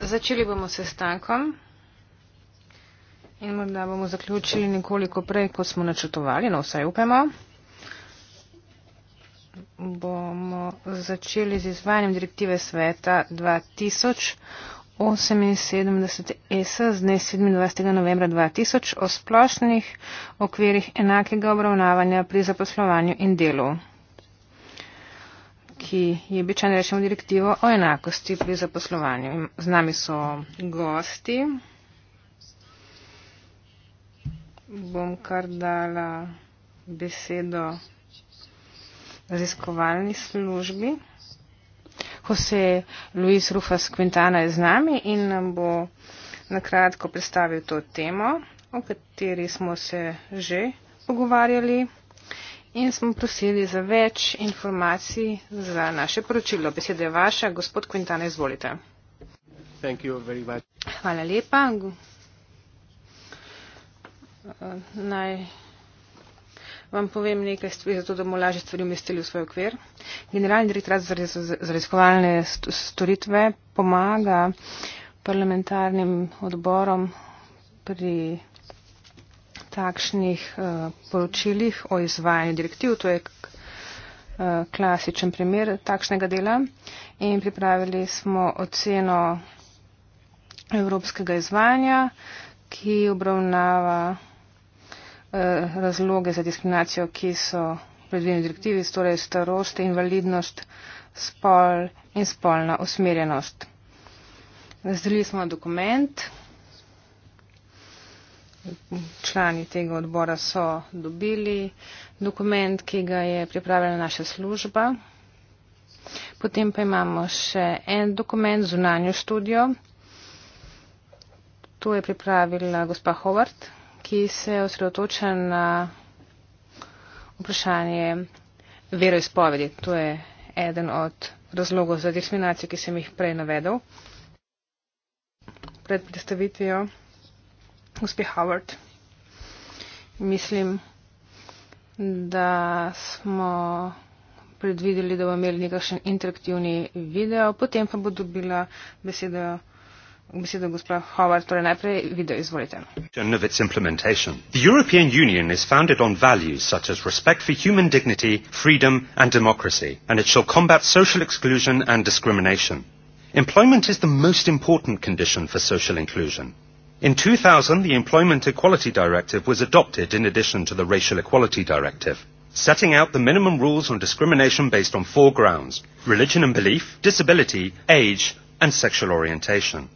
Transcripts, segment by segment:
Začeli bomo s sestankom in morda bomo zaključili nekoliko prej, kot smo načrtovali, no vsaj upemo. Bomo začeli z izvajanjem direktive sveta 2078 ES z dne 27. novembra 2000 o splošnih okvirih enakega obravnavanja pri zaposlovanju in delu ki je običajno rečemo direktivo o enakosti pri zaposlovanju. Z nami so gosti. Bom kar dala besedo raziskovalni službi. Jose Luis Rufas Quintana je z nami in nam bo nakratko predstavil to temo, o kateri smo se že pogovarjali in smo prosili za več informacij za naše poročilo. Besede je vaša, gospod Quintana, izvolite. Hvala lepa. Naj vam povem nekaj stvari, zato da bomo lažje stvari umestili v svoj okvir. Generalni direktorat za raziskovalne storitve pomaga parlamentarnim odborom pri takšnih uh, poročilih o izvajanju direktiv. To je uh, klasičen primer takšnega dela. In pripravili smo oceno evropskega izvajanja, ki obravnava eh, razloge za diskriminacijo, ki so predvideni v direktivi, torej starost, invalidnost, spol in spolna usmerjenost. Razdelili smo dokument člani tega odbora so dobili dokument, ki ga je pripravila naša služba. Potem pa imamo še en dokument zunanjo študijo. To je pripravila gospa Howard, ki se osredotoča na vprašanje veroizpovedi. To je eden od razlogov za diskriminacijo, ki sem jih prej navedel pred predstavitvijo uspehavati. Mislim, da smo predvideli, da bo imeli nekakšen interaktivni video, potem pa bo dobila besedo, besedo gospa Howard. Torej najprej video izvolite. Of its implementation. The European Union is founded on values such as respect for human dignity, freedom and democracy and it shall combat social exclusion and discrimination. Employment is the most important condition for social inclusion. In 2000, the Employment Equality Directive was adopted in addition to the Racial Equality Directive, setting out the minimum rules on discrimination based on four grounds religion and belief, disability, age, and sexual orientation.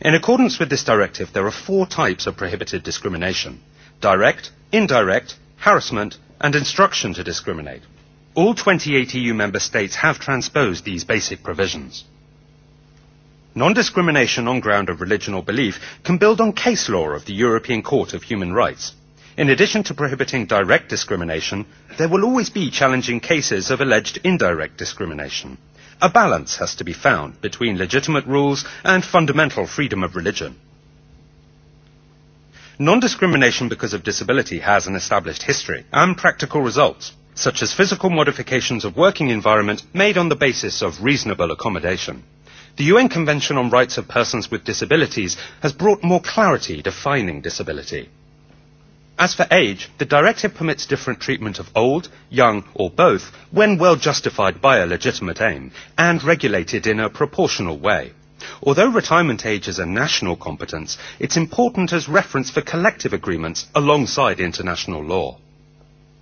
In accordance with this directive, there are four types of prohibited discrimination direct, indirect, harassment, and instruction to discriminate. All 28 EU member states have transposed these basic provisions. Non-discrimination on ground of religion or belief can build on case law of the European Court of Human Rights. In addition to prohibiting direct discrimination, there will always be challenging cases of alleged indirect discrimination. A balance has to be found between legitimate rules and fundamental freedom of religion. Non-discrimination because of disability has an established history and practical results, such as physical modifications of working environment made on the basis of reasonable accommodation. The UN Convention on Rights of Persons with Disabilities has brought more clarity defining disability. As for age, the directive permits different treatment of old, young, or both when well justified by a legitimate aim and regulated in a proportional way. Although retirement age is a national competence, it's important as reference for collective agreements alongside international law.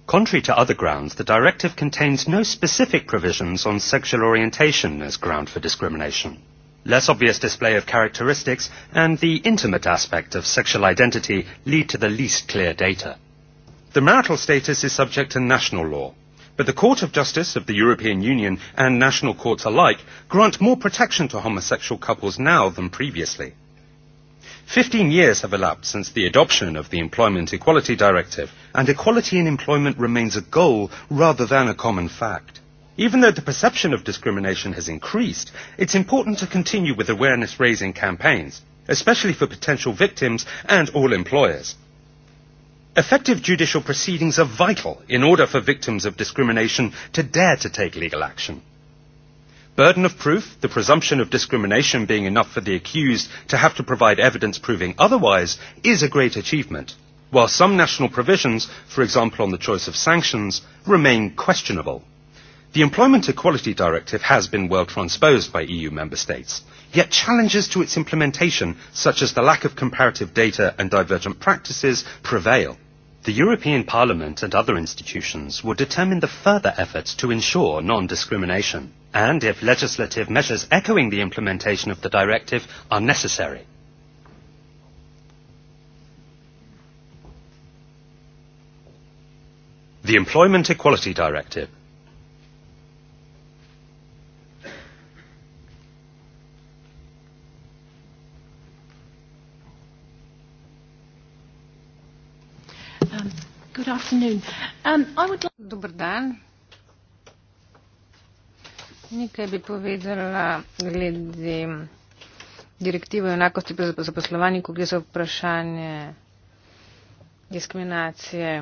Contrary to other grounds, the directive contains no specific provisions on sexual orientation as ground for discrimination. Less obvious display of characteristics and the intimate aspect of sexual identity lead to the least clear data. The marital status is subject to national law, but the Court of Justice of the European Union and national courts alike grant more protection to homosexual couples now than previously. 15 years have elapsed since the adoption of the Employment Equality Directive, and equality in employment remains a goal rather than a common fact. Even though the perception of discrimination has increased, it's important to continue with awareness raising campaigns, especially for potential victims and all employers. Effective judicial proceedings are vital in order for victims of discrimination to dare to take legal action burden of proof, the presumption of discrimination being enough for the accused to have to provide evidence proving otherwise, is a great achievement, while some national provisions, for example on the choice of sanctions, remain questionable. The Employment Equality Directive has been well transposed by EU member states, yet challenges to its implementation, such as the lack of comparative data and divergent practices, prevail. The European Parliament and other institutions will determine the further efforts to ensure non-discrimination and if legislative measures echoing the implementation of the directive are necessary. The Employment Equality Directive. Um, um, Dober dan. Nekaj bi povedala glede direktive o enakosti pri zaposlovanju, ko gre za vprašanje diskriminacije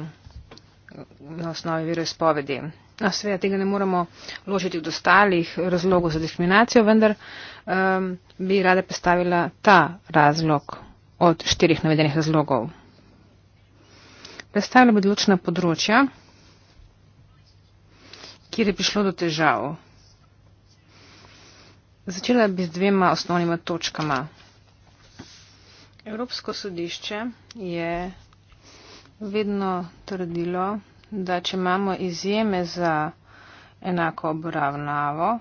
na osnovi veroizpovedi. No, sveda tega ne moramo ložiti v dostalih razlogov za diskriminacijo, vendar um, bi rada predstavila ta razlog od štirih navedenih razlogov. Predstavila bi določena področja, kjer je prišlo do težav. Začela bi z dvema osnovnima točkama. Evropsko sodišče je vedno trdilo, da če imamo izjeme za enako obravnavo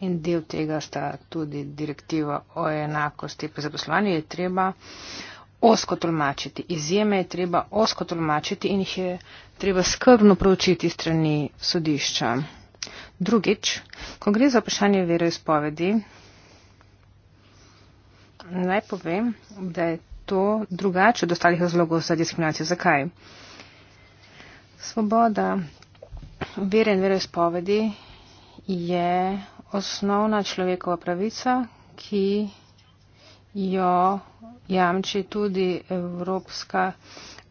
in del tega sta tudi direktiva o enakosti pri zaposlovanju, je treba osko tolmačiti. Izjeme je treba osko tolmačiti in jih je treba skrbno proučiti strani sodišča. Drugič, ko gre za vprašanje veroizpovedi, naj povem, da je to drugače od ostalih razlogov za diskriminacijo. Zakaj? Svoboda vere in veroizpovedi je osnovna človekova pravica, ki jo jamči tudi Evropska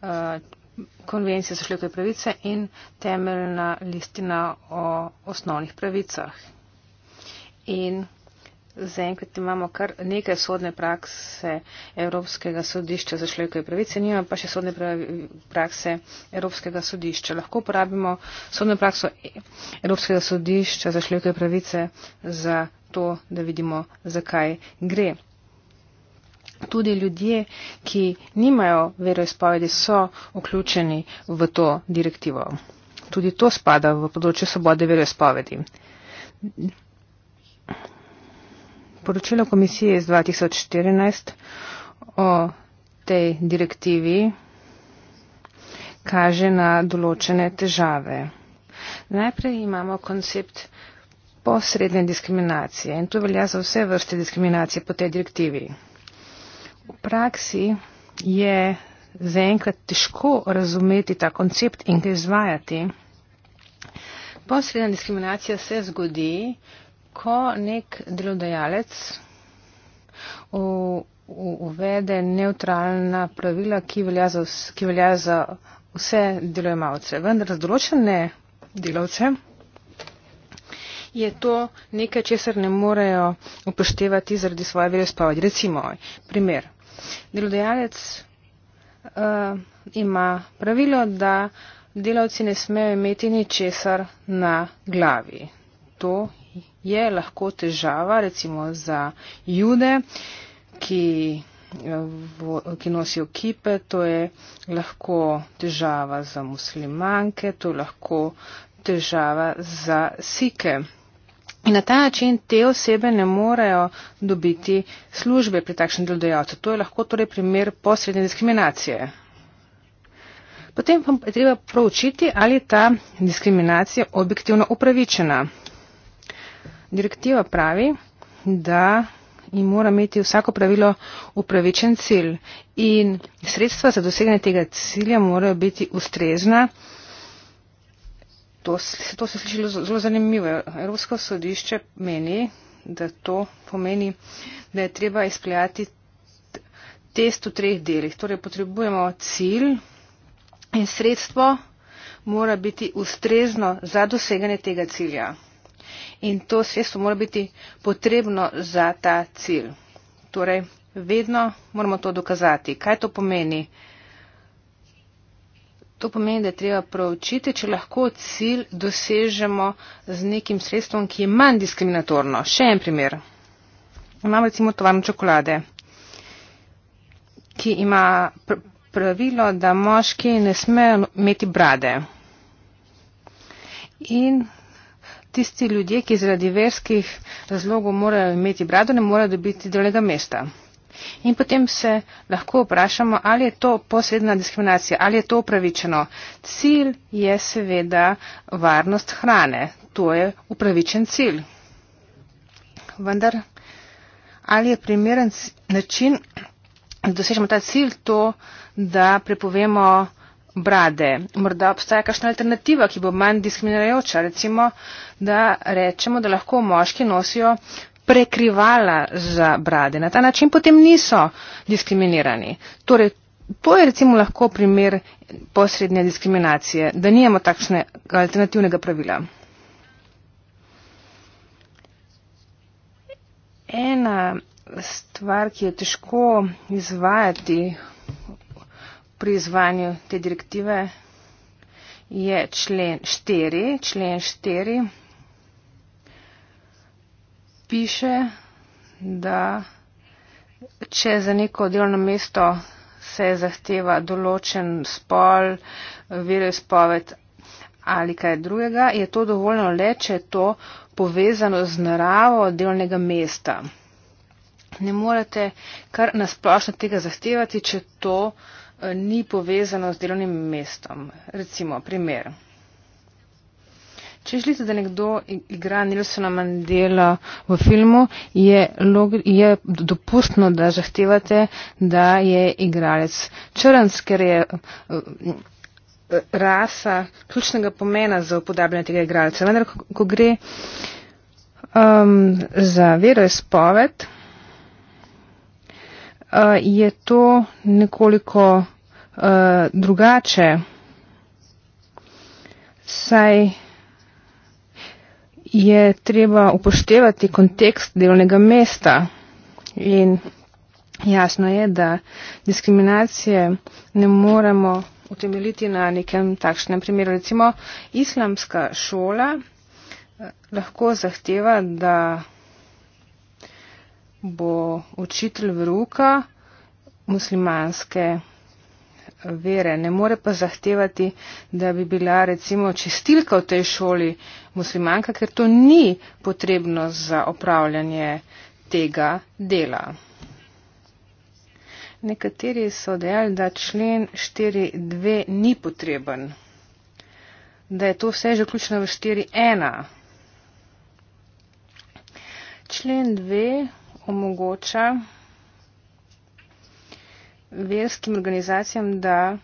uh, konvencije za človekove pravice in temeljna listina o osnovnih pravicah. In zaenkrat imamo kar nekaj sodne prakse Evropskega sodišča za človekove pravice, nima pa še sodne prakse Evropskega sodišča. Lahko uporabimo sodno prakso Evropskega sodišča za človekove pravice za to, da vidimo, zakaj gre tudi ljudje, ki nimajo veroizpovedi, so vključeni v to direktivo. Tudi to spada v področje svobode veroizpovedi. Poročilo komisije iz 2014 o tej direktivi kaže na določene težave. Najprej imamo koncept posredne diskriminacije in to velja za vse vrste diskriminacije po tej direktivi v praksi je zaenkrat težko razumeti ta koncept in ga izvajati. Posredna diskriminacija se zgodi, ko nek delodajalec uvede neutralna pravila, ki velja za, ki velja za vse delojemalce. Vendar za določene delavce je to nekaj, česar ne morejo upoštevati zaradi svoje verje spavati. Recimo, primer, Delodajalec uh, ima pravilo, da delavci ne smejo imeti ničesar na glavi. To je lahko težava, recimo za jude, ki, eh, ki nosijo kipe, to je lahko težava za muslimanke, to je lahko težava za sike. In na ta način te osebe ne morejo dobiti službe pri takšnem delodajalcu. To je lahko torej primer posredne diskriminacije. Potem pa je treba proučiti, ali je ta diskriminacija objektivno upravičena. Direktiva pravi, da in mora imeti vsako pravilo upravičen cilj. In sredstva za doseganje tega cilja morajo biti ustrezna to, to se sliši zelo, zelo zanimivo. Evropsko sodišče meni, da to pomeni, da je treba izpeljati test v treh delih. Torej potrebujemo cilj in sredstvo mora biti ustrezno za doseganje tega cilja. In to sredstvo mora biti potrebno za ta cilj. Torej, vedno moramo to dokazati. Kaj to pomeni? To pomeni, da je treba proučiti, če lahko cilj dosežemo z nekim sredstvom, ki je manj diskriminatorno. Še en primer. Imamo recimo tovarno čokolade, ki ima pravilo, da moški ne smejo imeti brade. In tisti ljudje, ki zaradi verskih razlogov morajo imeti brado, ne morajo dobiti delnega mesta. In potem se lahko vprašamo, ali je to posredna diskriminacija, ali je to upravičeno. Cilj je seveda varnost hrane. To je upravičen cilj. Vendar, ali je primeren način, da dosežemo ta cilj, to, da prepovemo brade. Morda obstaja kakšna alternativa, ki bo manj diskriminirajoča. Recimo, da rečemo, da lahko moški nosijo prekrivala za brade. Na ta način potem niso diskriminirani. Torej, to je recimo lahko primer posrednje diskriminacije, da nijemo takšne alternativnega pravila. Ena stvar, ki je težko izvajati pri izvajanju te direktive, je člen 4, člen 4 piše, da če za neko delovno mesto se zahteva določen spol, veroizpoved ali kaj drugega, je to dovoljno le, če je to povezano z naravo delovnega mesta. Ne morete kar nasplošno tega zahtevati, če to eh, ni povezano z delovnim mestom. Recimo primer. Če želite, da nekdo igra Nilsona Mandela v filmu, je, log, je dopustno, da zahtevate, da je igralec črnc, ker je rasa ključnega pomena za upodabljanje tega igralca. Vendar, ko, ko gre um, za veroizpoved, uh, je to nekoliko uh, drugače. Saj je treba upoštevati kontekst delovnega mesta. In jasno je, da diskriminacije ne moremo utemeljiti na nekem takšnem primeru. Recimo, islamska šola eh, lahko zahteva, da bo učitelj v ruka muslimanske vere, ne more pa zahtevati, da bi bila recimo čestilka v tej šoli muslimanka, ker to ni potrebno za opravljanje tega dela. Nekateri so dejali, da člen 4.2 ni potreben, da je to vse že vključeno v 4.1. Člen 2 omogoča, verskim organizacijam, da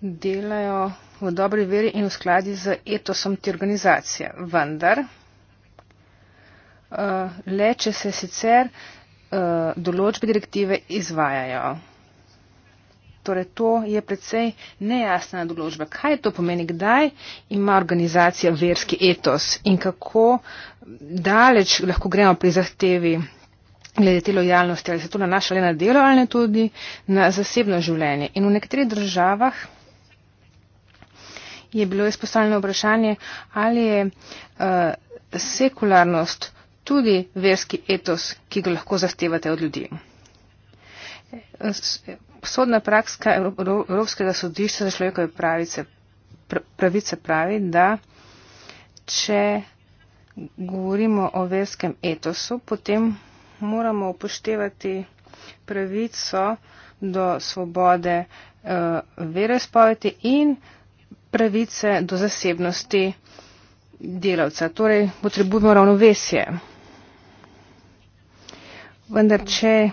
delajo v dobri veri in v skladi z etosom te organizacije. Vendar, eh, le če se sicer eh, določbe direktive izvajajo. Torej, to je predvsej nejasna določba. Kaj to pomeni, kdaj ima organizacija verski etos in kako daleč lahko gremo pri zahtevi glede te lojalnosti, ali se to nanaša le na delo ali ne tudi na zasebno življenje. In v nekaterih državah je bilo izpostavljeno vprašanje, ali je uh, sekularnost tudi verski etos, ki ga lahko zahtevate od ljudi. Sodna praksa Evropskega sodišča za človekove pravice, pravice pravi, da če govorimo o verskem etosu, potem moramo upoštevati pravico do svobode uh, eh, verespovedi in pravice do zasebnosti delavca. Torej, potrebujemo ravnovesje. Vendar, če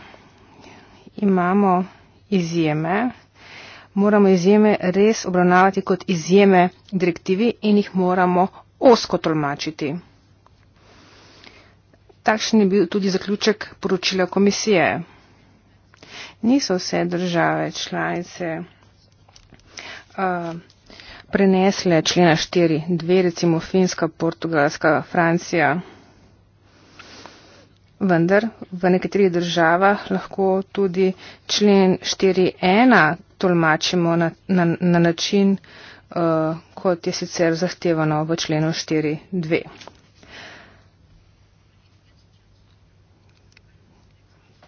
imamo izjeme, moramo izjeme res obravnavati kot izjeme direktivi in jih moramo osko tolmačiti. Takšen je bil tudi zaključek poročila komisije. Niso vse države članice uh, prenesle člena 4, dve recimo Finska, Portugalska, Francija. Vendar v nekaterih državah lahko tudi člen 4.1 tolmačimo na, na, na način, uh, kot je sicer zahtevano v členu 4.2.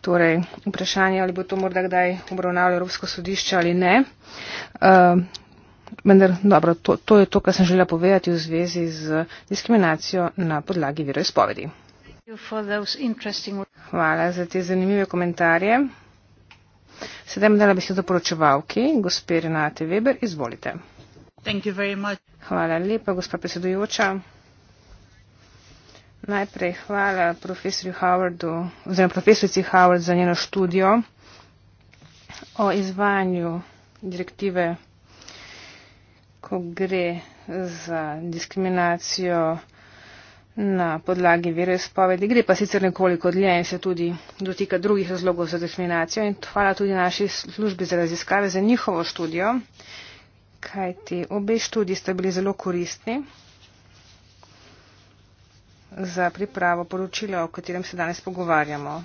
torej vprašanje, ali bo to morda kdaj obravnavalo Evropsko sodišče ali ne. Ehm, vendar, uh, dobro, to, to je to, kar sem želela povedati v zvezi z diskriminacijo na podlagi veroizpovedi. Hvala za te zanimive komentarje. Sedaj bom dala besedo poročevalki, gospe Renate Weber, izvolite. Hvala lepa, gospa predsedujoča. Najprej hvala profesorju Howardu, oziroma profesorici Howard za njeno študijo o izvajanju direktive, ko gre za diskriminacijo na podlagi veroizpovedi. Gre pa sicer nekoliko dlje in se tudi dotika drugih razlogov za diskriminacijo. In hvala tudi naši službi za raziskave za njihovo študijo, kajti obe študiji sta bili zelo koristni za pripravo poročila, o katerem se danes pogovarjamo.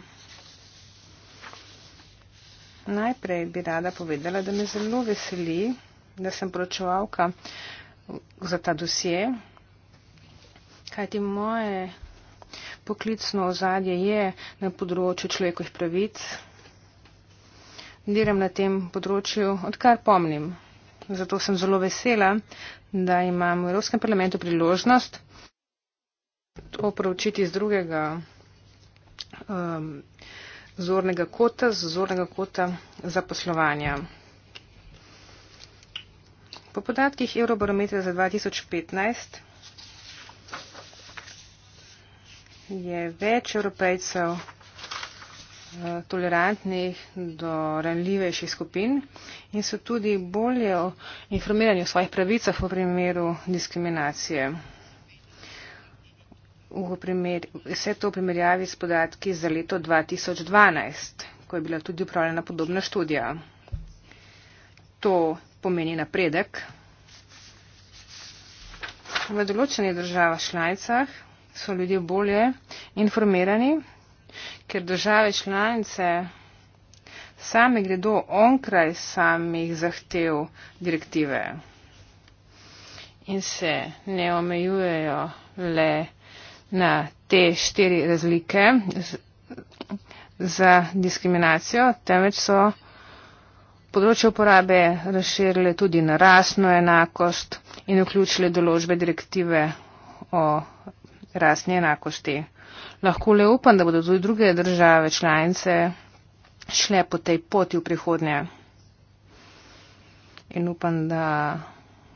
Najprej bi rada povedala, da me zelo veseli, da sem poročevalka za ta dosje, kajti moje poklicno ozadje je na področju človekovih pravic. Diram na tem področju, odkar pomnim. Zato sem zelo vesela, da imam v Evropskem parlamentu priložnost to proučiti z drugega um, zornega kota, z zornega kota zaposlovanja. Po podatkih Eurobarometra za 2015 je več evropejcev uh, tolerantnih do ranljivejših skupin in so tudi bolje informirani o svojih pravicah v primeru diskriminacije vse to v primerjavi s podatki za leto 2012, ko je bila tudi upravljena podobna študija. To pomeni napredek. V določenih državah članicah so ljudje bolje informirani, ker države članice same gredo onkraj samih zahtev direktive in se ne omejujejo le na te štiri razlike za diskriminacijo, temveč so področje uporabe razširile tudi na rasno enakost in vključile določbe direktive o rasni enakosti. Lahko le upam, da bodo tudi druge države članice šle po tej poti v prihodnje. In upam, da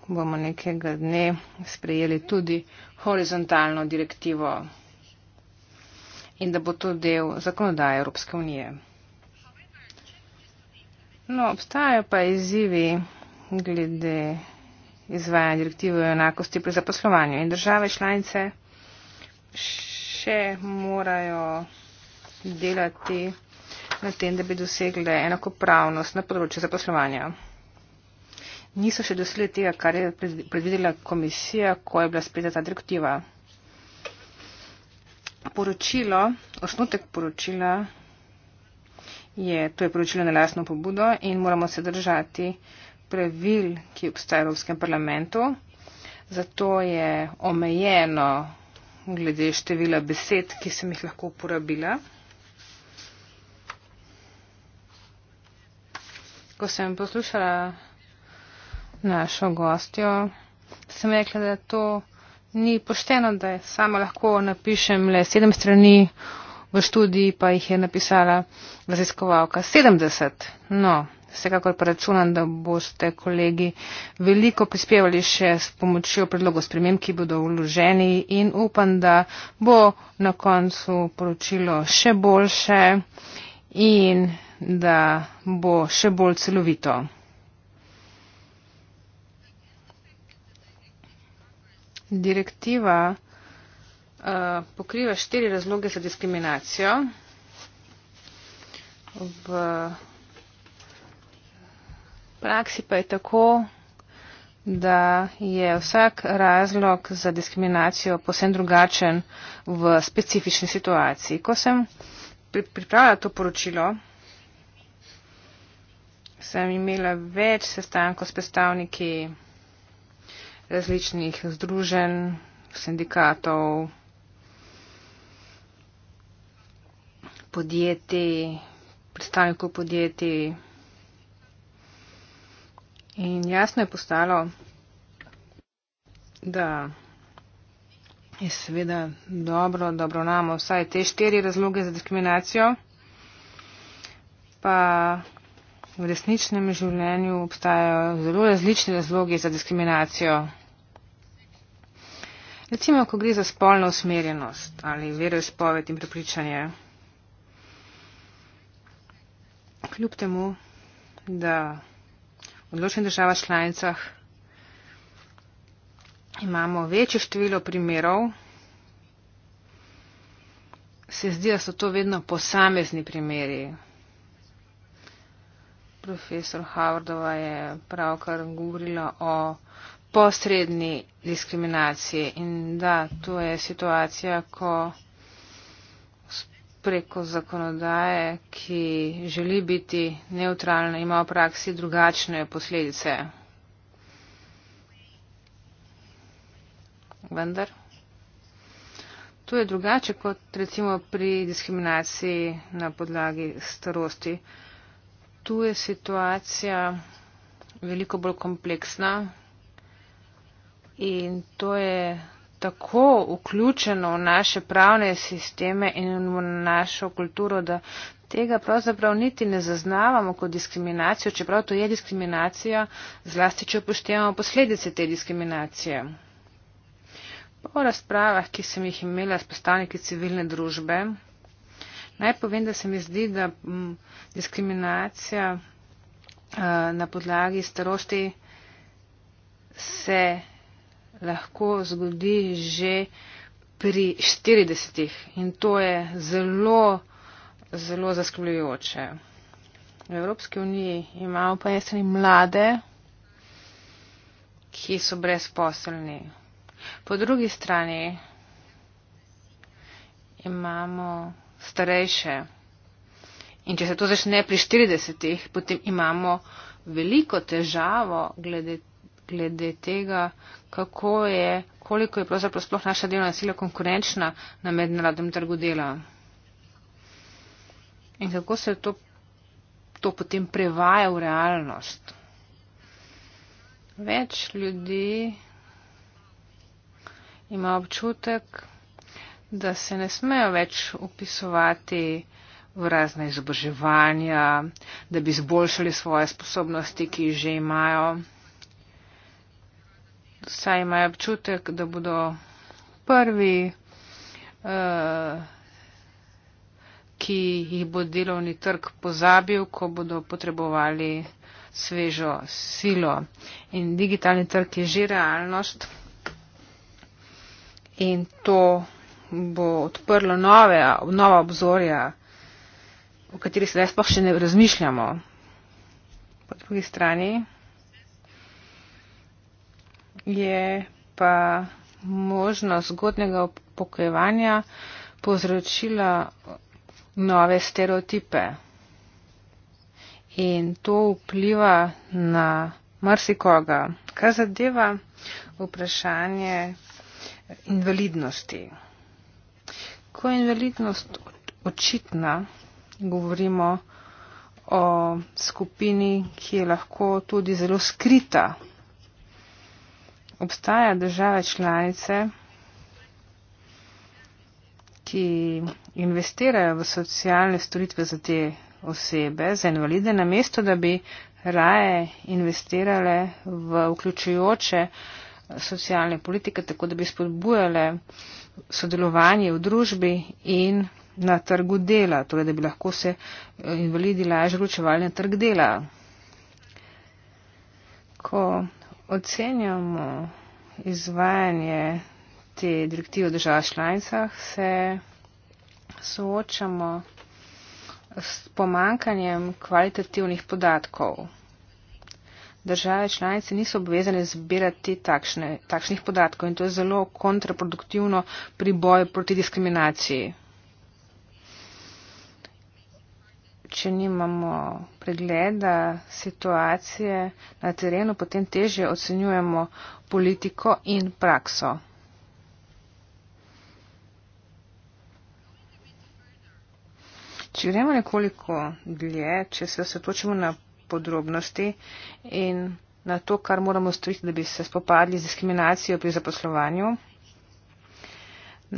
bomo nekega dne sprejeli tudi horizontalno direktivo in da bo to del zakonodaje Evropske unije. No, obstajajo pa izzivi glede izvajanja direktive o enakosti pri zaposlovanju in države članice še morajo delati na tem, da bi dosegle enakopravnost na področju zaposlovanja niso še dosledili tega, kar je predvidela komisija, ko je bila sprejeta ta direktiva. Poročilo, osnutek poročila je, to je poročilo na lastno pobudo in moramo se držati pravil, ki obstajajo v Evropskem parlamentu. Zato je omejeno glede števila besed, ki sem jih lahko uporabila. Ko sem poslušala našo gostjo, sem rekla, da to ni pošteno, da je sama lahko napišem le sedem strani, v študiji pa jih je napisala raziskovalka sedemdeset. No, vsekakor pa računam, da boste kolegi veliko prispevali še s pomočjo predlogov spremem, ki bodo vloženi in upam, da bo na koncu poročilo še boljše in da bo še bolj celovito. direktiva uh, pokriva štiri razloge za diskriminacijo. V praksi pa je tako, da je vsak razlog za diskriminacijo posebno drugačen v specifični situaciji. Ko sem pripravila to poročilo, sem imela več sestankov s predstavniki različnih združenj, sindikatov, podjetij, predstavnikov podjetij. In jasno je postalo, da je seveda dobro, da obravnamo vsaj te štiri razloge za diskriminacijo, pa v resničnem življenju obstajajo zelo različni razlogi za diskriminacijo. Recimo, ko gre za spolno usmerjenost ali veroizpoved in prepričanje. Kljub temu, da v odločenih državah članicah imamo večje število primerov, se zdi, da so to vedno posamezni primeri. Profesor Howardova je pravkar govorila o posredni diskriminaciji. In da, to je situacija, ko preko zakonodaje, ki želi biti neutralna, ima v praksi drugačne posledice. Vendar. To je drugače kot recimo pri diskriminaciji na podlagi starosti. Tu je situacija veliko bolj kompleksna, in to je tako vključeno v naše pravne sisteme in v našo kulturo, da tega pravzaprav niti ne zaznavamo kot diskriminacijo, čeprav to je diskriminacija, zlasti če upoštevamo posledice te diskriminacije. Po razpravah, ki sem jih imela s predstavniki civilne družbe, naj povem, da se mi zdi, da m, mm, diskriminacija a, eh, na podlagi starosti se lahko zgodi že pri 40. In to je zelo, zelo zaskrbljujoče. V Evropski uniji imamo pa jeseni mlade, ki so brezposelni. Po drugi strani imamo starejše. In če se to začne pri 40, potem imamo veliko težavo glede, glede tega, kako je, koliko je pravzaprav sploh naša delovna sila konkurenčna na mednarodnem trgu dela. In kako se to, to potem prevaja v realnost. Več ljudi ima občutek, da se ne smejo več upisovati v razne izobraževanja, da bi izboljšali svoje sposobnosti, ki jih že imajo saj imajo občutek, da bodo prvi, eh, ki jih bo delovni trg pozabil, ko bodo potrebovali svežo silo. In digitalni trg je že realnost in to bo odprlo nove, nova obzorja, o katerih sedaj sploh še ne razmišljamo. Po drugi strani je pa možnost zgodnega upokojevanja povzročila nove stereotipe. In to vpliva na marsikoga, kar zadeva vprašanje invalidnosti. Ko je invalidnost očitna, govorimo o skupini, ki je lahko tudi zelo skrita obstaja države članice, ki investirajo v socialne storitve za te osebe, za invalide, namesto da bi raje investirale v vključujoče socialne politike, tako da bi spodbujale sodelovanje v družbi in na trgu dela, torej da bi lahko se eh, invalidi lažje vključevali na trg dela. Ko ocenjamo izvajanje te direktive v državah članicah, se soočamo s pomankanjem kvalitativnih podatkov. Države članice niso obvezane zbirati takšne, takšnih podatkov in to je zelo kontraproduktivno pri boju proti diskriminaciji. če nimamo pregleda situacije na terenu, potem teže ocenjujemo politiko in prakso. Če gremo nekoliko dlje, če se osredotočimo na podrobnosti in na to, kar moramo storiti, da bi se spopadli z diskriminacijo pri zaposlovanju,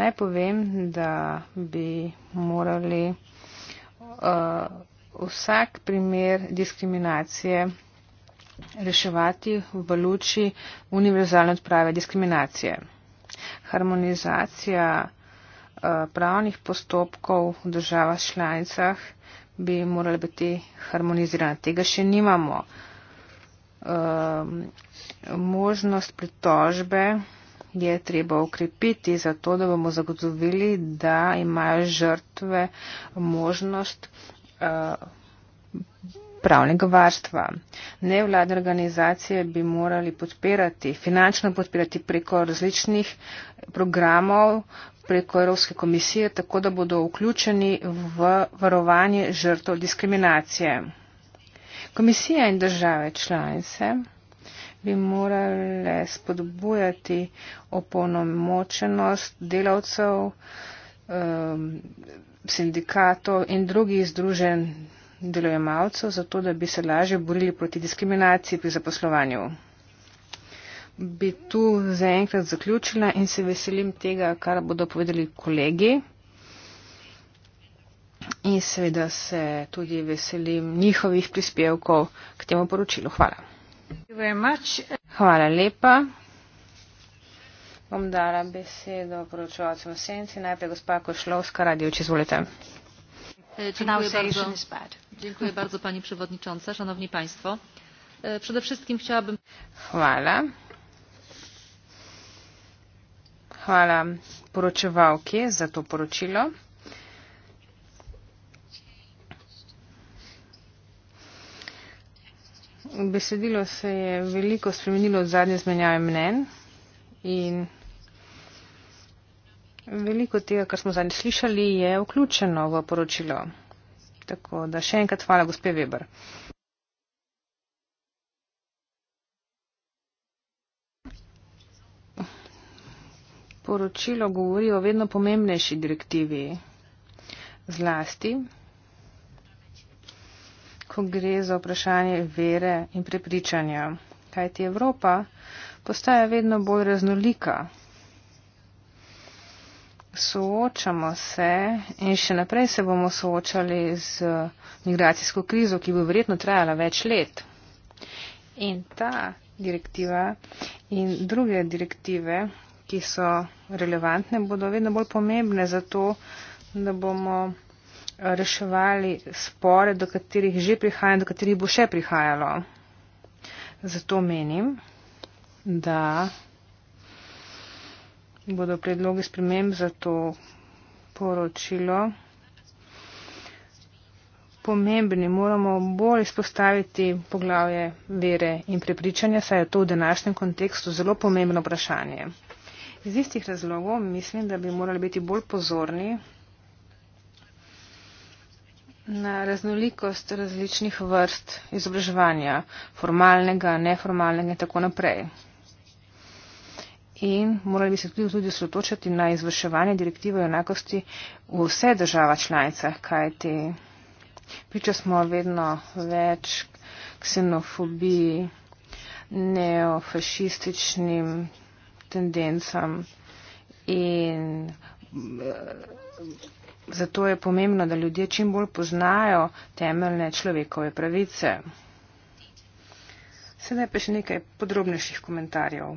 naj povem, da bi morali uh, vsak primer diskriminacije reševati v luči univerzalne odprave diskriminacije. Harmonizacija uh, pravnih postopkov v državah članicah bi morala biti harmonizirana. Tega še nimamo. Uh, možnost pritožbe je treba ukrepiti, zato da bomo zagotovili, da imajo žrtve možnost eh, pravnega varstva. Nevladne organizacije bi morali podpirati, finančno podpirati preko različnih programov, preko Evropske komisije, tako da bodo vključeni v varovanje žrtev diskriminacije. Komisija in države članice bi morale spodbujati opolnomočenost delavcev, um, sindikatov in drugih združenj delojemalcev, zato da bi se lažje borili proti diskriminaciji pri zaposlovanju. Bi tu zaenkrat zaključila in se veselim tega, kar bodo povedali kolegi. In seveda se tudi veselim njihovih prispevkov k temu poročilu. Hvala. Hvala lepa. Bom dala besedo poročevalcem senci. Najprej gospa Košlovska, radioč, izvolite. E, dziękuję bardzo Pani Przewodnicząca, Szanowni Państwo. E, przede wszystkim chciałabym. Chwala. Chwala poroczywałki za to poroczilo. besedilo se je veliko spremenilo od zadnje zmenjave mnen in veliko tega, kar smo zadnje slišali, je vključeno v poročilo. Tako da še enkrat hvala, gospe Weber. Poročilo govori o vedno pomembnejši direktivi zlasti ko gre za vprašanje vere in prepričanja. Kaj ti Evropa postaja vedno bolj raznolika? Soočamo se in še naprej se bomo soočali z migracijsko krizo, ki bo verjetno trajala več let. In ta direktiva in druge direktive, ki so relevantne, bodo vedno bolj pomembne za to, da bomo reševali spore, do katerih že prihaja in do katerih bo še prihajalo. Zato menim, da bodo predlogi sprememb za to poročilo pomembni. Moramo bolj izpostaviti poglavje vere in prepričanja, saj je to v današnjem kontekstu zelo pomembno vprašanje. Iz istih razlogov mislim, da bi morali biti bolj pozorni na raznolikost različnih vrst izobraževanja, formalnega, neformalnega in tako naprej. In morali bi se tudi, tudi sotočati na izvrševanje direktive o enakosti v vse država članice, kajti priča smo vedno več ksenofobiji, neofašističnim tendencam in Zato je pomembno, da ljudje čim bolj poznajo temeljne človekove pravice. Sedaj pa še nekaj podrobnejših komentarjev.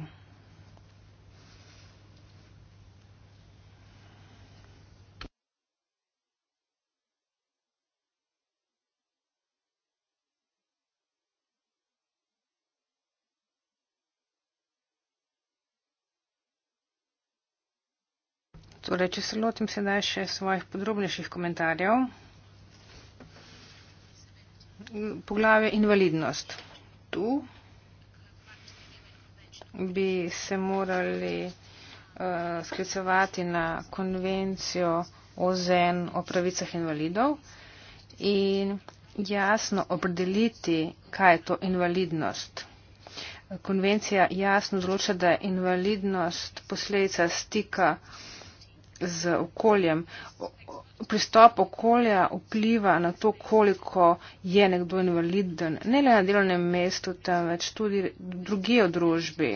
Torej, če se lotim sedaj še svojih podrobnejših komentarjev. Poglavje invalidnost. Tu bi se morali uh, sklicevati na konvencijo o ZEN o pravicah invalidov in jasno opredeliti, kaj je to invalidnost. Konvencija jasno zloča, da je invalidnost posledica stika uh, z okoljem. Pristop okolja vpliva na to, koliko je nekdo invaliden, ne le na delovnem mestu, temveč tudi drugi v družbi.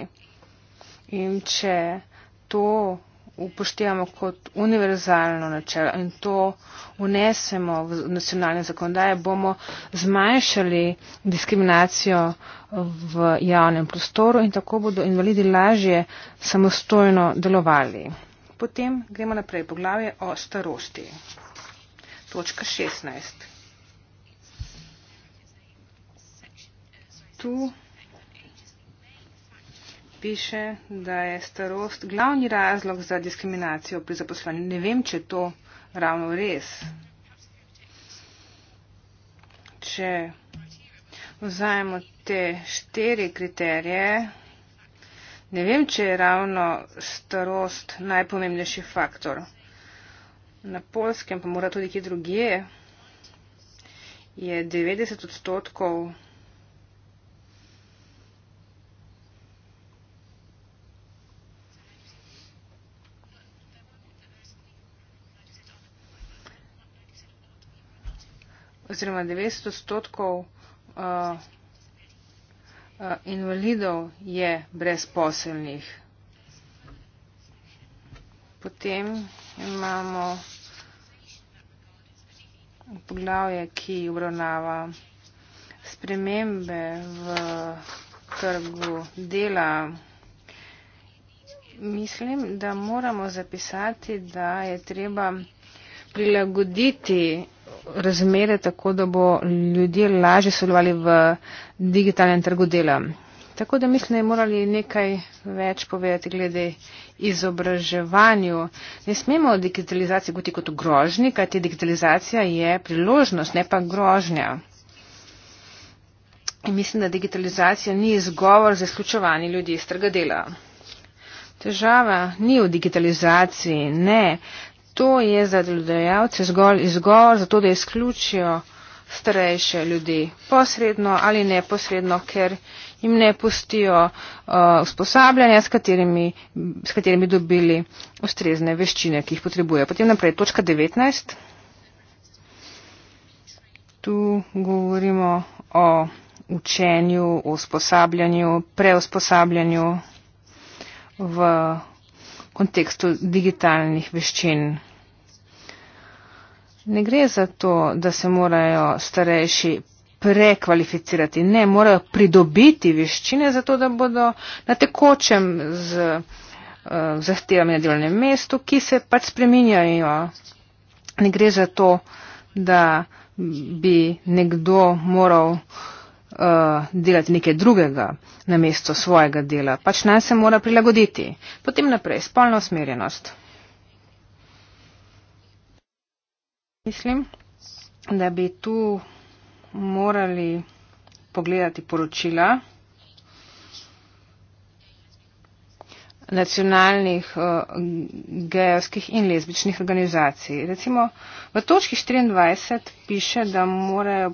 In če to upoštevamo kot univerzalno načelo in to unesemo v nacionalne zakonodaje, bomo zmanjšali diskriminacijo v javnem prostoru in tako bodo invalidi lažje samostojno delovali. Potem gremo naprej poglavje o starosti. Točka 16. Tu piše, da je starost glavni razlog za diskriminacijo pri zaposlovanju. Ne vem, če je to ravno res. Če vzajemo te štiri kriterije, Ne vem, če je ravno starost najpomembnejši faktor. Na polskem, pa mora tudi kje druge, je 90 odstotkov oziroma 90 odstotkov uh, Eh, invalidov je brezposelnih. Potem imamo poglavje, ki obravnava spremembe v trgu dela. Mislim, da moramo zapisati, da je treba prilagoditi razmere tako, da bo ljudje lažje sodelovali v digitalnem trgu dela. Tako da mislim, da je morali nekaj več povedati glede izobraževanju. Ne smemo digitalizacijo goti kot grožnji, kajti digitalizacija je priložnost, ne pa grožnja. In mislim, da digitalizacija ni izgovor za izključevanje ljudi iz trga dela. Težava ni v digitalizaciji, ne. To je za delodajalce zgolj izgovor, zato da izključijo starejše ljudi, posredno ali neposredno, ker jim ne pustijo uh, usposabljanja, s katerimi, s katerimi dobili ustrezne veščine, ki jih potrebujejo. Potem naprej, točka 19. Tu govorimo o učenju, o usposabljanju, preusposabljanju v kontekstu digitalnih veščin. Ne gre za to, da se morajo starejši prekvalificirati, ne, morajo pridobiti veščine za to, da bodo na tekočem z uh, zahtevami na delovnem mestu, ki se pač spreminjajo. Ne gre za to, da bi nekdo moral uh, delati nekaj drugega na mesto svojega dela, pač naj se mora prilagoditi. Potem naprej, spolna usmerjenost. Mislim, da bi tu morali pogledati poročila nacionalnih eh, gejovskih in lezbičnih organizacij. Recimo v točki 24 piše, da morajo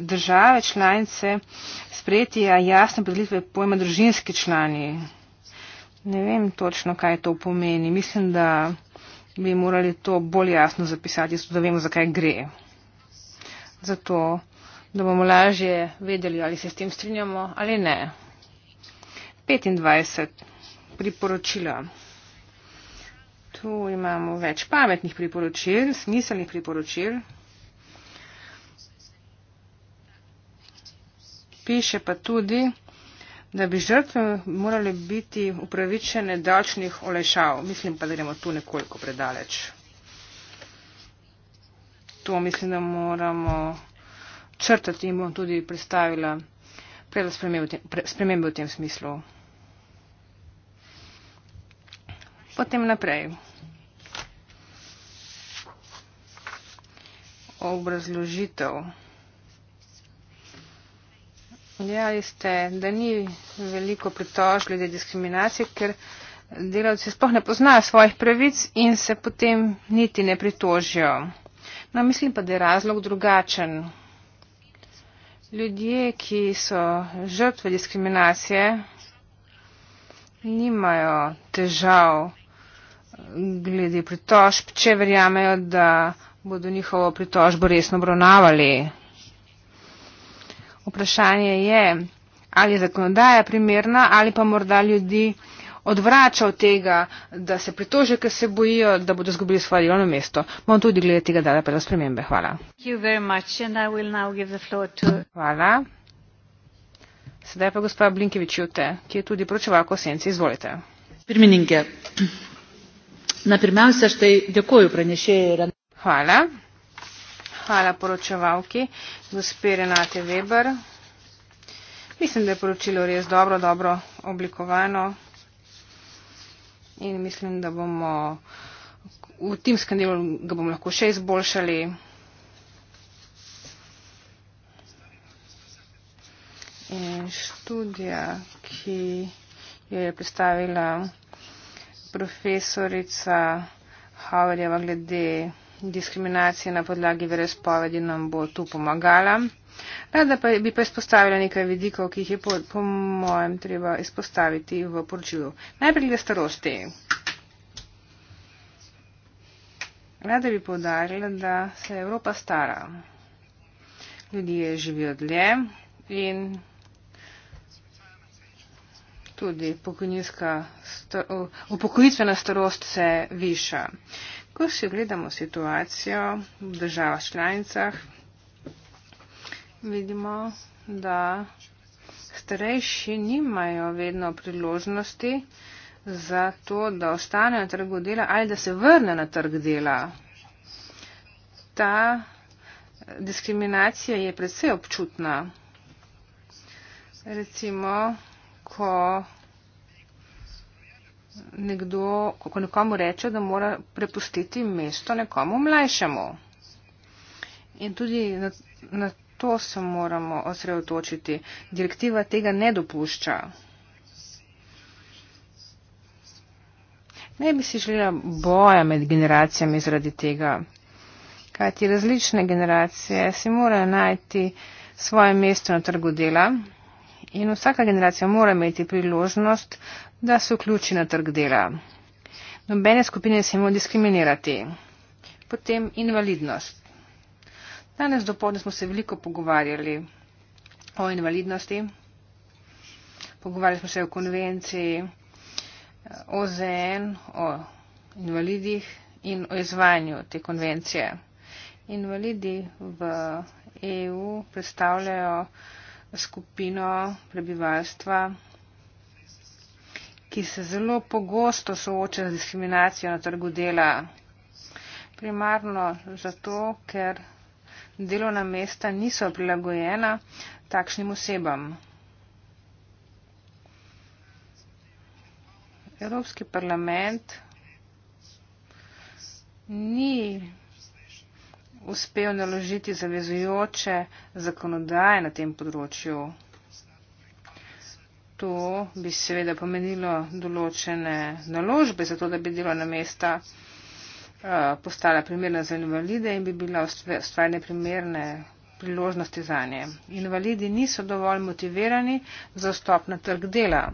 države članice sprejeti ja, jasne predlitve pojma družinski člani. Ne vem točno, kaj to pomeni. Mislim, da bi morali to bolj jasno zapisati, zato da vemo, zakaj gre. Zato, da bomo lažje vedeli, ali se s tem strinjamo ali ne. 25. Priporočila. Tu imamo več pametnih priporočil, smiselnih priporočil. Piše pa tudi, da bi žrtve morali biti upravičene dačnih olešav. Mislim pa, da gremo tu nekoliko predaleč. To mislim, da moramo črtati in bom tudi predstavila predlog spremembe v tem smislu. Potem naprej. Obrazložitev. Ja, ste, da ni veliko pritož glede diskriminacije, ker delavci sploh ne poznajo svojih pravic in se potem niti ne pritožijo. No, mislim pa, da je razlog drugačen. Ljudje, ki so žrtve diskriminacije, nimajo težav glede pritožb, če verjamejo, da bodo njihovo pritožbo resno obravnavali. Vprašanje je, ali je zakonodaja primerna ali pa morda ljudi odvrača od tega, da se pritožijo, ker se bojijo, da bodo izgubili svoje delovno mesto. Bom tudi glede tega dala predlog spremembe. Hvala. Hvala. Sedaj pa gospod Blinkevič Jute, ki je tudi pročevalko senci. Izvolite. Pirmininke, na primer se štej, dekoju pranešeje. Hvala. Hvala poročevalki, gospe Renate Weber. Mislim, da je poročilo res dobro, dobro oblikovano in mislim, da bomo v tem skandilu ga bomo lahko še izboljšali. In študija, ki jo je predstavila profesorica Haverjeva glede diskriminacije na podlagi verespovedi nam bo tu pomagala. Rada pa bi pa izpostavila nekaj vidikov, ki jih je po, po mojem treba izpostaviti v poročilu. Najprej glede starosti. Rada bi povdarila, da se Evropa stara. Ljudje živijo dlje in tudi upokojitvena starost se viša. Uh, Ko še gledamo situacijo v državah članicah, vidimo, da starejši nimajo vedno priložnosti za to, da ostanejo na trgu dela ali da se vrne na trg dela. Ta diskriminacija je predvsej občutna. Recimo, ko nekdo, ko nekomu reče, da mora prepustiti mesto nekomu mlajšemu. In tudi na, na to se moramo osredotočiti. Direktiva tega ne dopušča. Ne bi si želela boja med generacijami zaradi tega, kajti različne generacije si morajo najti svoje mesto na trgu dela in vsaka generacija mora imeti priložnost, da se vključi na trg dela. Nobene skupine se mora diskriminirati. Potem invalidnost. Danes do podne smo se veliko pogovarjali o invalidnosti. Pogovarjali smo se o konvenciji eh, OZN, o invalidih in o izvajanju te konvencije. Invalidi v EU predstavljajo skupino prebivalstva, ki se zelo pogosto sooča z diskriminacijo na trgu dela. Primarno zato, ker delovna mesta niso prilagojena takšnim osebam. Evropski parlament ni uspel naložiti zavezujoče zakonodaje na tem področju. To bi seveda pomenilo določene naložbe, zato da bi delovna mesta eh, postala primerna za invalide in bi bila ustvarjene primerne priložnosti za nje. Invalidi niso dovolj motivirani za vstop na trg dela.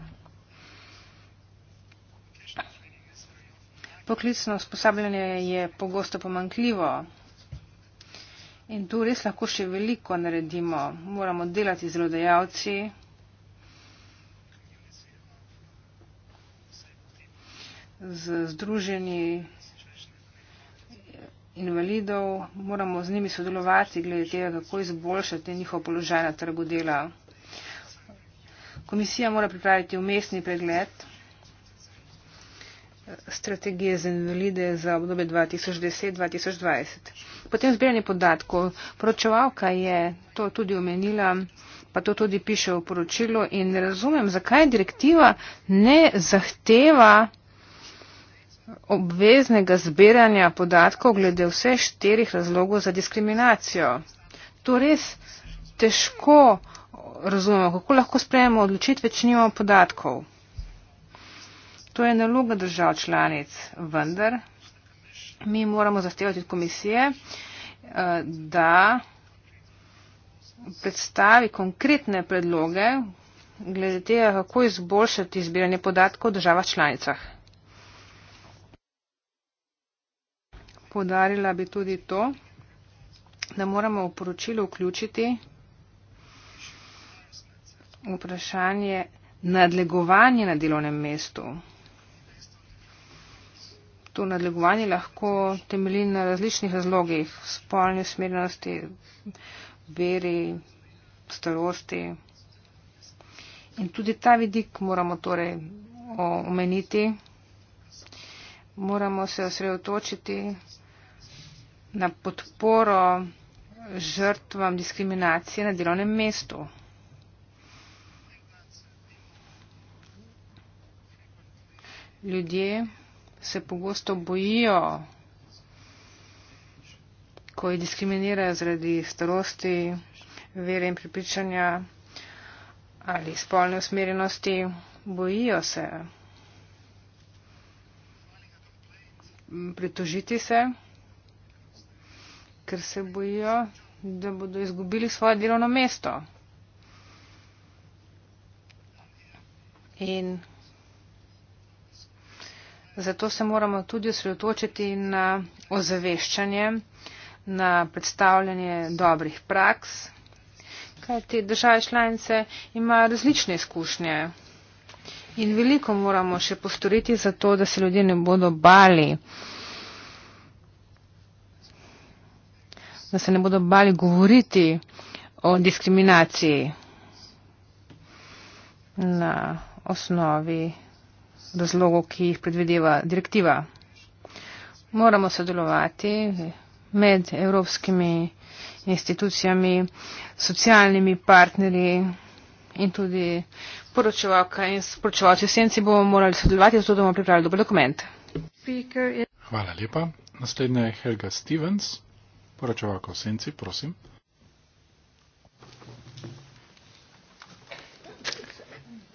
Poklicno usposabljanje je pogosto pomankljivo. In tu res lahko še veliko naredimo. Moramo delati z rodajalci. Z združenji invalidov moramo z njimi sodelovati glede tega, kako izboljšati njihov položaj na trgu dela. Komisija mora pripraviti umestni pregled strategije za invalide za obdobje 2010-2020. Potem zbiranje podatkov. Poročevalka je to tudi omenila, pa to tudi piše v poročilu in ne razumem, zakaj direktiva ne zahteva obveznega zbiranja podatkov glede vse štirih razlogov za diskriminacijo. To res težko razumemo, kako lahko sprejemo odločitve, če nimamo podatkov. To je naloga držav članic, vendar mi moramo zahtevati od komisije, eh, da predstavi konkretne predloge glede tega, kako izboljšati izbiranje podatkov v državah članicah. Podarila bi tudi to, da moramo v poročilu vključiti vprašanje nadlegovanje na delovnem mestu to nadlegovanje lahko temelji na različnih razlogih, spolni usmerjenosti, veri, starosti. In tudi ta vidik moramo torej omeniti, moramo se osredotočiti na podporo žrtvam diskriminacije na delovnem mestu. Ljudje, se pogosto bojijo, ko jih diskriminirajo zaradi starosti, vere in pripričanja ali spolne usmerjenosti. Bojijo se pritožiti se, ker se bojijo, da bodo izgubili svoje delovno mesto. In Zato se moramo tudi osredotočiti na ozaveščanje, na predstavljanje dobrih praks, kaj te države članice imajo različne izkušnje. In veliko moramo še postoriti za to, da se ljudje ne bodo bali, da se ne bodo bali govoriti o diskriminaciji na osnovi razlogov, ki jih predvideva direktiva. Moramo sodelovati med evropskimi institucijami, socialnimi partnerji in tudi poročevalka in poročevalci senci bomo morali sodelovati, zato da bomo pripravili dober dokument. Hvala lepa. Naslednja je Helga Stevens, poročevalka v senci, prosim.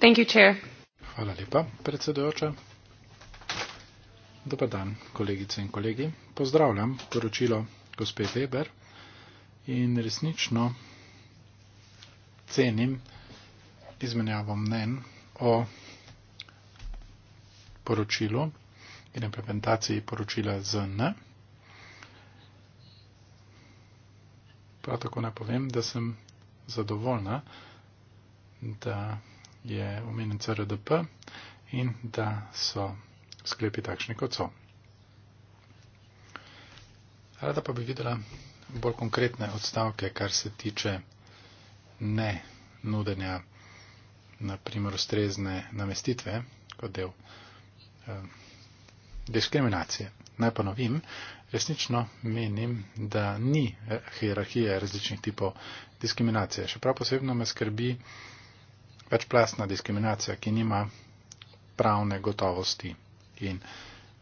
Thank you, Chair. Hvala lepa, predsedojoča. Dobar dan, kolegice in kolegi. Pozdravljam poročilo gospe Weber in resnično cenim izmenjavo mnen o poročilu in implementaciji poročila ZN. Prav tako naj povem, da sem zadovoljna, da je omenjen CRDP in da so sklepi takšni, kot so. Rada pa bi videla bolj konkretne odstavke, kar se tiče ne nudenja, naprimer, ustrezne namestitve kot del eh, diskriminacije. Naj ponovim, resnično menim, da ni hierarhije različnih tipov diskriminacije. Še prav posebno me skrbi, večplastna diskriminacija, ki nima pravne gotovosti in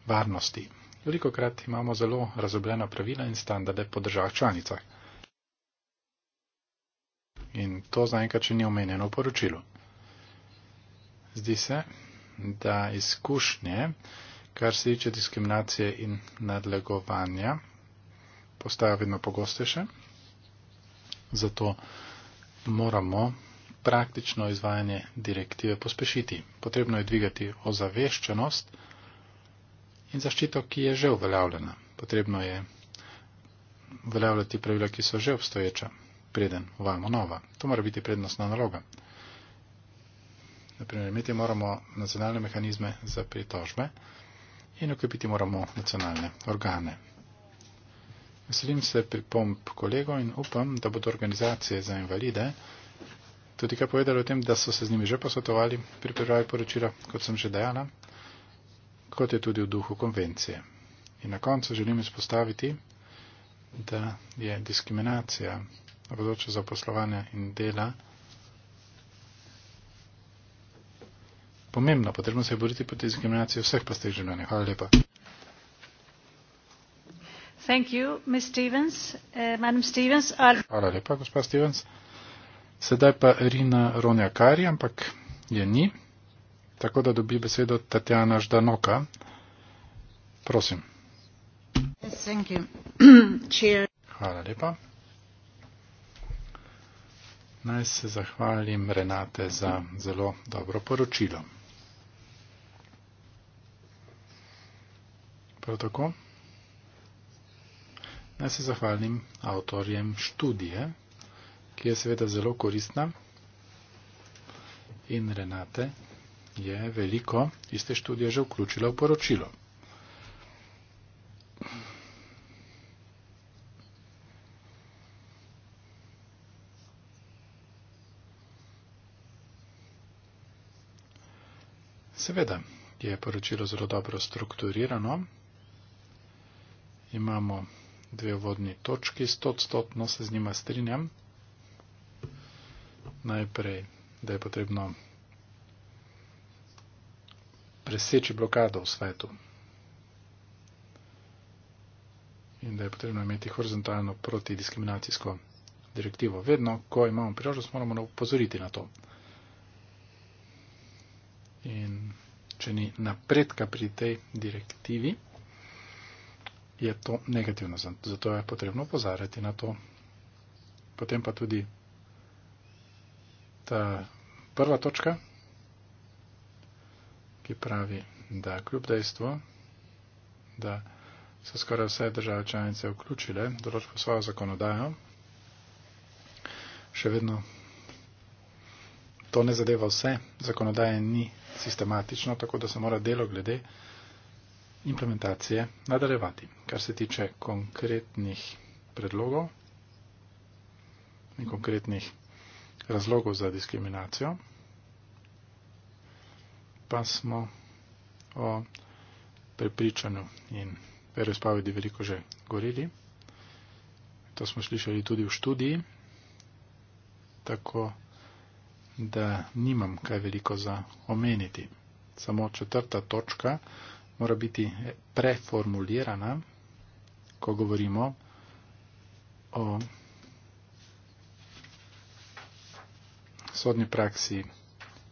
varnosti. Veliko krat imamo zelo razobljena pravila in standarde po državah članicah. In to zaenkrat, če ni omenjeno v poročilu. Zdi se, da izkušnje, kar se tiče diskriminacije in nadlegovanja, postajajo vedno pogostejše. Zato moramo praktično izvajanje direktive pospešiti. Potrebno je dvigati ozaveščenost in zaščito, ki je že uveljavljena. Potrebno je uveljavljati pravila, ki so že obstoječa, preden uvajamo nova. To mora biti prednostna naloga. Naprimer, imeti moramo nacionalne mehanizme za pritožbe in okrepiti moramo nacionalne organe. Veselim se pripomb kolego in upam, da bodo organizacije za invalide tudi kaj povedali o tem, da so se z njimi že posvetovali pri pripravi poročila, kot sem že dejala, kot je tudi v duhu konvencije. In na koncu želim izpostaviti, da je diskriminacija na področju zaposlovanja in dela pomembna. Potrebno se je boriti proti diskriminaciji vseh pastih življenja. Hvala lepa. Thank you, Ms. Stevens. Uh, Madam Stevens, I'll... Hvala lepa, gospod Stevens. Sedaj pa Rina Ronja Kari, ampak je ni. Tako da dobi besedo Tatjana Ždanoka. Prosim. Hvala lepa. Naj se zahvalim Renate za zelo dobro poročilo. Prav tako. Naj se zahvalim avtorjem študije ki je seveda zelo koristna. In Renate je veliko iste študije že vključila v poročilo. Seveda je poročilo zelo dobro strukturirano. Imamo dve vodni točki, stotstotno se z njima strinjam najprej, da je potrebno preseči blokado v svetu. In da je potrebno imeti horizontalno protidiskriminacijsko direktivo. Vedno, ko imamo priložnost, moramo upozoriti na to. In če ni napredka pri tej direktivi, je to negativno. Zato je potrebno opozarjati na to. Potem pa tudi ta eh, prva točka, ki pravi, da kljub dejstvu, da so skoraj vse države članice vključile določbo svojo zakonodajo, še vedno to ne zadeva vse, zakonodaje ni sistematično, tako da se mora delo glede implementacije nadaljevati. Kar se tiče konkretnih predlogov in konkretnih razlogov za diskriminacijo. Pa smo o prepričanju in verospovedi veliko že govorili. To smo slišali tudi v študiji, tako da nimam kaj veliko za omeniti. Samo četrta točka mora biti preformulirana, ko govorimo o sodni praksi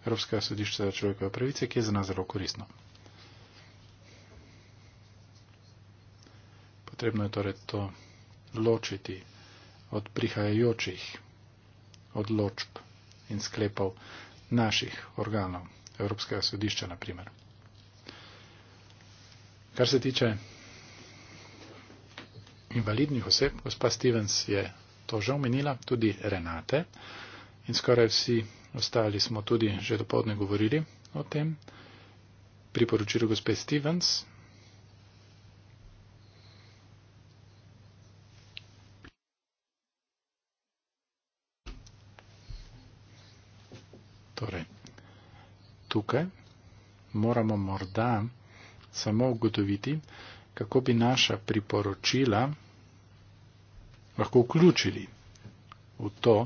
Evropskega sodišča za človekove pravice, ki je za nas zelo koristno. Potrebno je torej to ločiti od prihajajočih odločb in sklepov naših organov, Evropskega sodišča naprimer. Kar se tiče invalidnih oseb, gospa Stevens je to že omenila, tudi Renate in skoraj vsi ostali smo tudi že dopoledne govorili o tem. Priporočilo gospe Stevens. Torej, tukaj moramo morda samo ugotoviti, kako bi naša priporočila lahko vključili v to,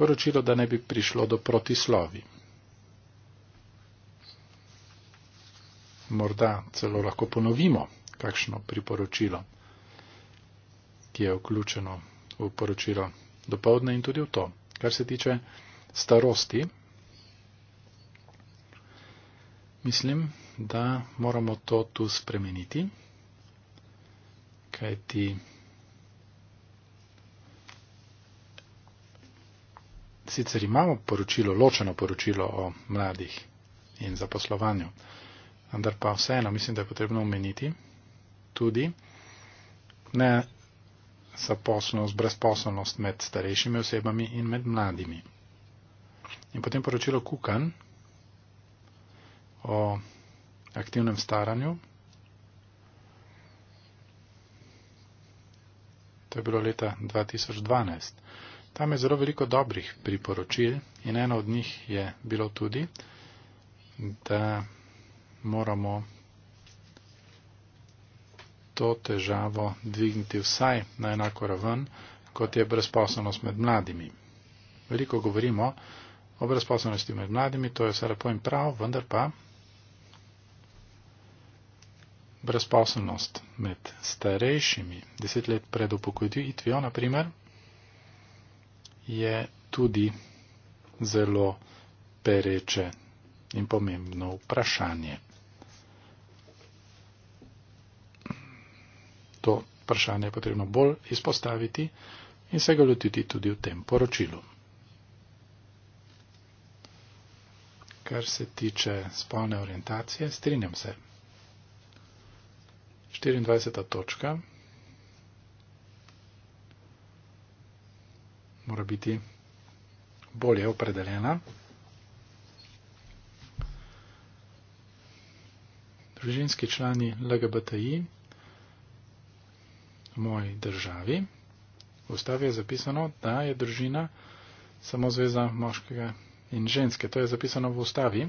poročilo, da ne bi prišlo do protislovi. Morda celo lahko ponovimo kakšno priporočilo, ki je vključeno v poročilo dopovdne in tudi v to. Kar se tiče starosti, mislim, da moramo to tu spremeniti, kajti sicer imamo poročilo, ločeno poročilo o mladih in zaposlovanju, vendar pa vseeno mislim, da je potrebno omeniti tudi ne zaposlenost, brezposlenost med starejšimi osebami in med mladimi. In potem poročilo Kukan o aktivnem staranju. To je bilo leta 2012. Tam je zelo veliko dobrih priporočil in eno od njih je bilo tudi, da moramo to težavo dvigniti vsaj na enako raven, kot je brezposobnost med mladimi. Veliko govorimo o brezposobnosti med mladimi, to je vse lepo in prav, vendar pa brezposobnost med starejšimi, deset let pred upokojitvijo, na primer, je tudi zelo pereče in pomembno vprašanje. To vprašanje je potrebno bolj izpostaviti in se ga lotiti tudi v tem poročilu. Kar se tiče spolne orientacije, strinjam se. 24. točka. mora biti bolje opredeljena. Družinski člani LGBTI v moji državi. V ustavi je zapisano, da je družina samo zveza moškega in ženske. To je zapisano v ustavi.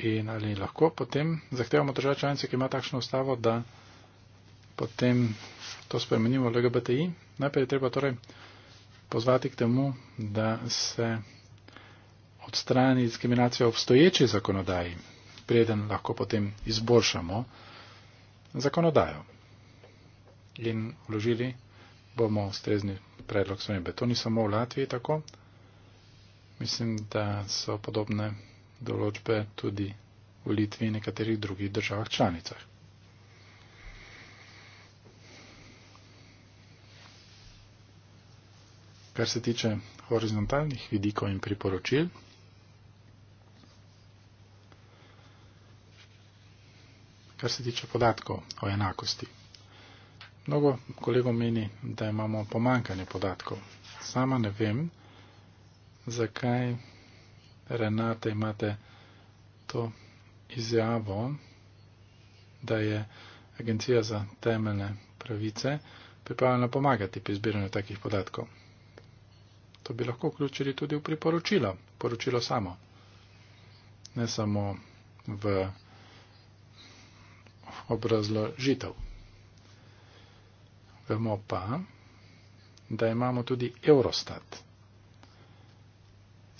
In ali lahko potem zahtevamo državo članice, ki ima takšno ustavo, da potem to spremenimo v LGBTI? Najprej je treba torej pozvati k temu, da se odstrani diskriminacija obstoječej zakonodaji, preden lahko potem izboljšamo zakonodajo. In vložili bomo ustrezni predlog spremembe. To ni samo v Latviji tako. Mislim, da so podobne določbe tudi v Litvi in nekaterih drugih državah članicah. kar se tiče horizontalnih vidikov in priporočil. Kar se tiče podatkov o enakosti. Mnogo kolegov meni, da imamo pomankanje podatkov. Sama ne vem, zakaj Renate imate to izjavo, da je Agencija za temeljne pravice pripravljena pomagati pri zbiranju takih podatkov. To bi lahko vključili tudi v priporočilo, poročilo samo. Ne samo v obrazložitev. Vemo pa, da imamo tudi Eurostat.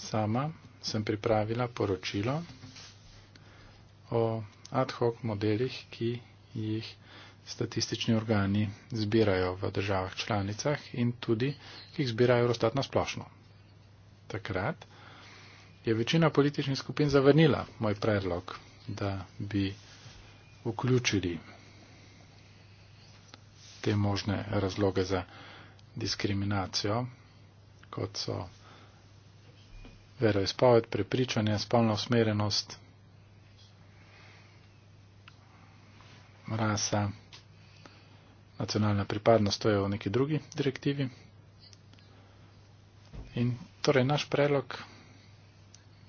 Sama sem pripravila poročilo o ad hoc modelih, ki jih statistični organi zbirajo v državah članicah in tudi, ki jih zbirajo Eurostat na splošno. Takrat je večina političnih skupin zavrnila moj predlog, da bi vključili te možne razloge za diskriminacijo, kot so veroizpoved, prepričanje, spolna usmerjenost, rasa, nacionalna pripadnost, to je v neki drugi direktivi. In torej naš predlog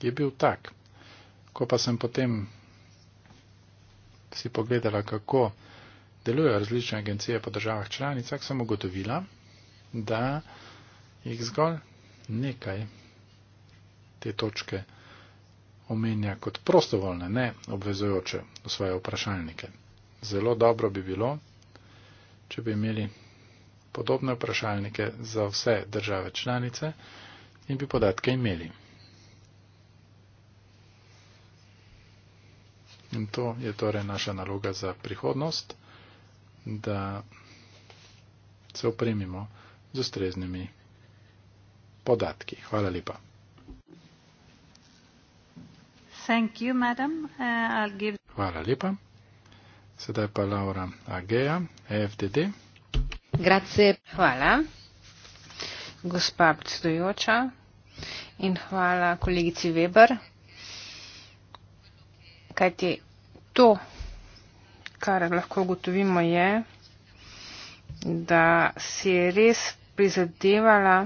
je bil tak. Ko pa sem potem si pogledala, kako delujejo različne agencije po državah članicah, sem ugotovila, da jih zgolj nekaj te točke omenja kot prostovoljne, ne obvezujoče v svoje vprašalnike. Zelo dobro bi bilo, če bi imeli podobne vprašalnike za vse države članice in bi podatke imeli. In to je torej naša naloga za prihodnost, da se opremimo z ustreznimi podatki. Hvala lepa. Thank you, madam. Uh, I'll give... Hvala lepa. Sedaj pa Laura Ageja, e FDD. Grazie, hvala, gospa predsedujoča in hvala kolegici Weber, kajti to, kar lahko ugotovimo, je, da si je res prizadevala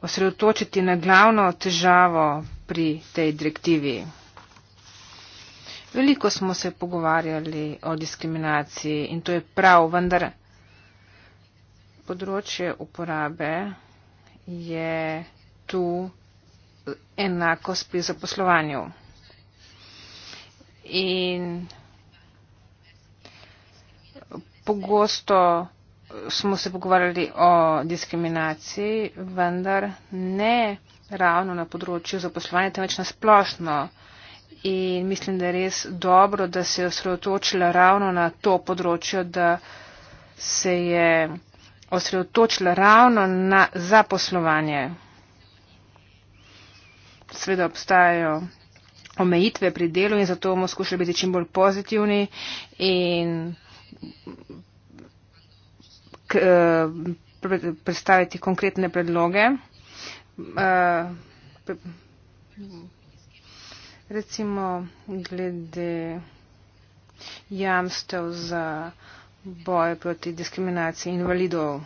osredotočiti na glavno težavo pri tej direktivi. Veliko smo se pogovarjali o diskriminaciji in to je prav, vendar področje uporabe je tu enakost pri zaposlovanju. In pogosto smo se pogovarjali o diskriminaciji, vendar ne ravno na področju zaposlovanja, temveč na splošno in mislim, da je res dobro, da se je osredotočila ravno na to področje, da se je osredotočila ravno na zaposlovanje. Sveda obstajajo omejitve pri delu in zato bomo skušali biti čim bolj pozitivni in k, pre, eh, predstaviti konkretne predloge. Uh, eh, pre, recimo glede jamstev za boj proti diskriminaciji invalidov.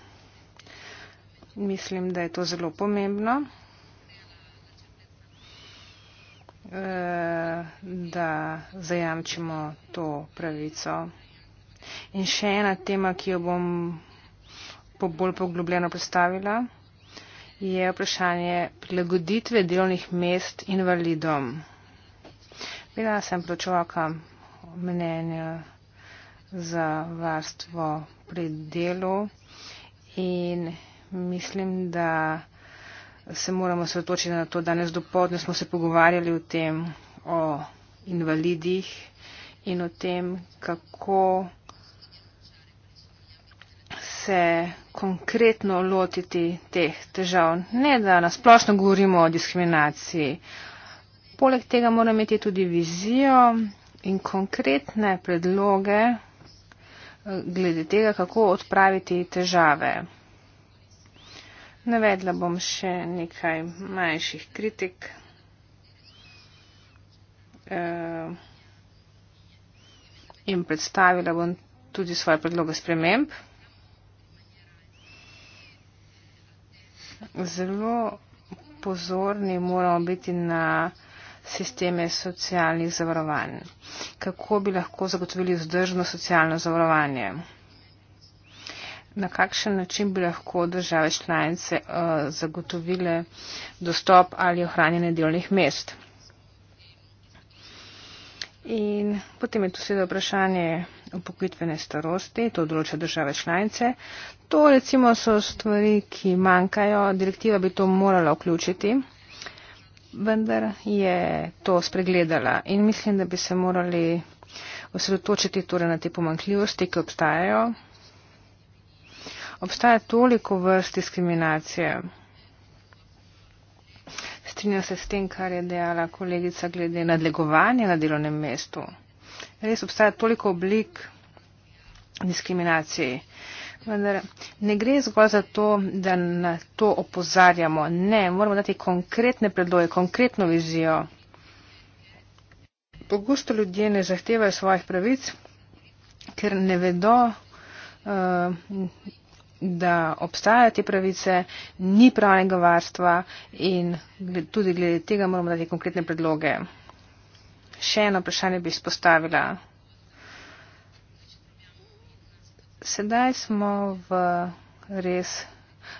Mislim, da je to zelo pomembno, eh, da zajamčimo to pravico. In še ena tema, ki jo bom bolj poglobljeno predstavila, je vprašanje prilagoditve delovnih mest invalidom. Bila sem pročovaka mnenja za varstvo pri delu in mislim, da se moramo sotočiti na to. Danes do podne smo se pogovarjali o tem, o invalidih in o tem, kako se konkretno lotiti teh težav. Ne, da nasplošno govorimo o diskriminaciji, Poleg tega mora imeti tudi vizijo in konkretne predloge eh, glede tega, kako odpraviti težave. Navedla bom še nekaj manjših kritik. Eh, in predstavila bom tudi svoje predloge sprememb. Zelo pozorni moramo biti na sisteme socialnih zavarovanj. Kako bi lahko zagotovili vzdržno socialno zavarovanje? Na kakšen način bi lahko države članice uh, zagotovile dostop ali ohranjene delovnih mest? In potem je tu seveda vprašanje upokojitvene starosti, to določa države članice. To recimo so stvari, ki manjkajo, direktiva bi to morala vključiti vendar je to spregledala in mislim, da bi se morali osredotočiti torej na te pomankljivosti, ki obstajajo. Obstaja toliko vrst diskriminacije. Strinjam se s tem, kar je dejala kolegica glede nadlegovanja na delovnem mestu. Res obstaja toliko oblik diskriminacije. Vendar ne gre zgolj za to, da na to opozarjamo. Ne, moramo dati konkretne predloge, konkretno vizijo. Pogosto ljudje ne zahtevajo svojih pravic, ker ne vedo, eh, da obstajajo te pravice, ni pravnega varstva in tudi glede tega moramo dati konkretne predloge. Še eno vprašanje bi izpostavila. sedaj smo v res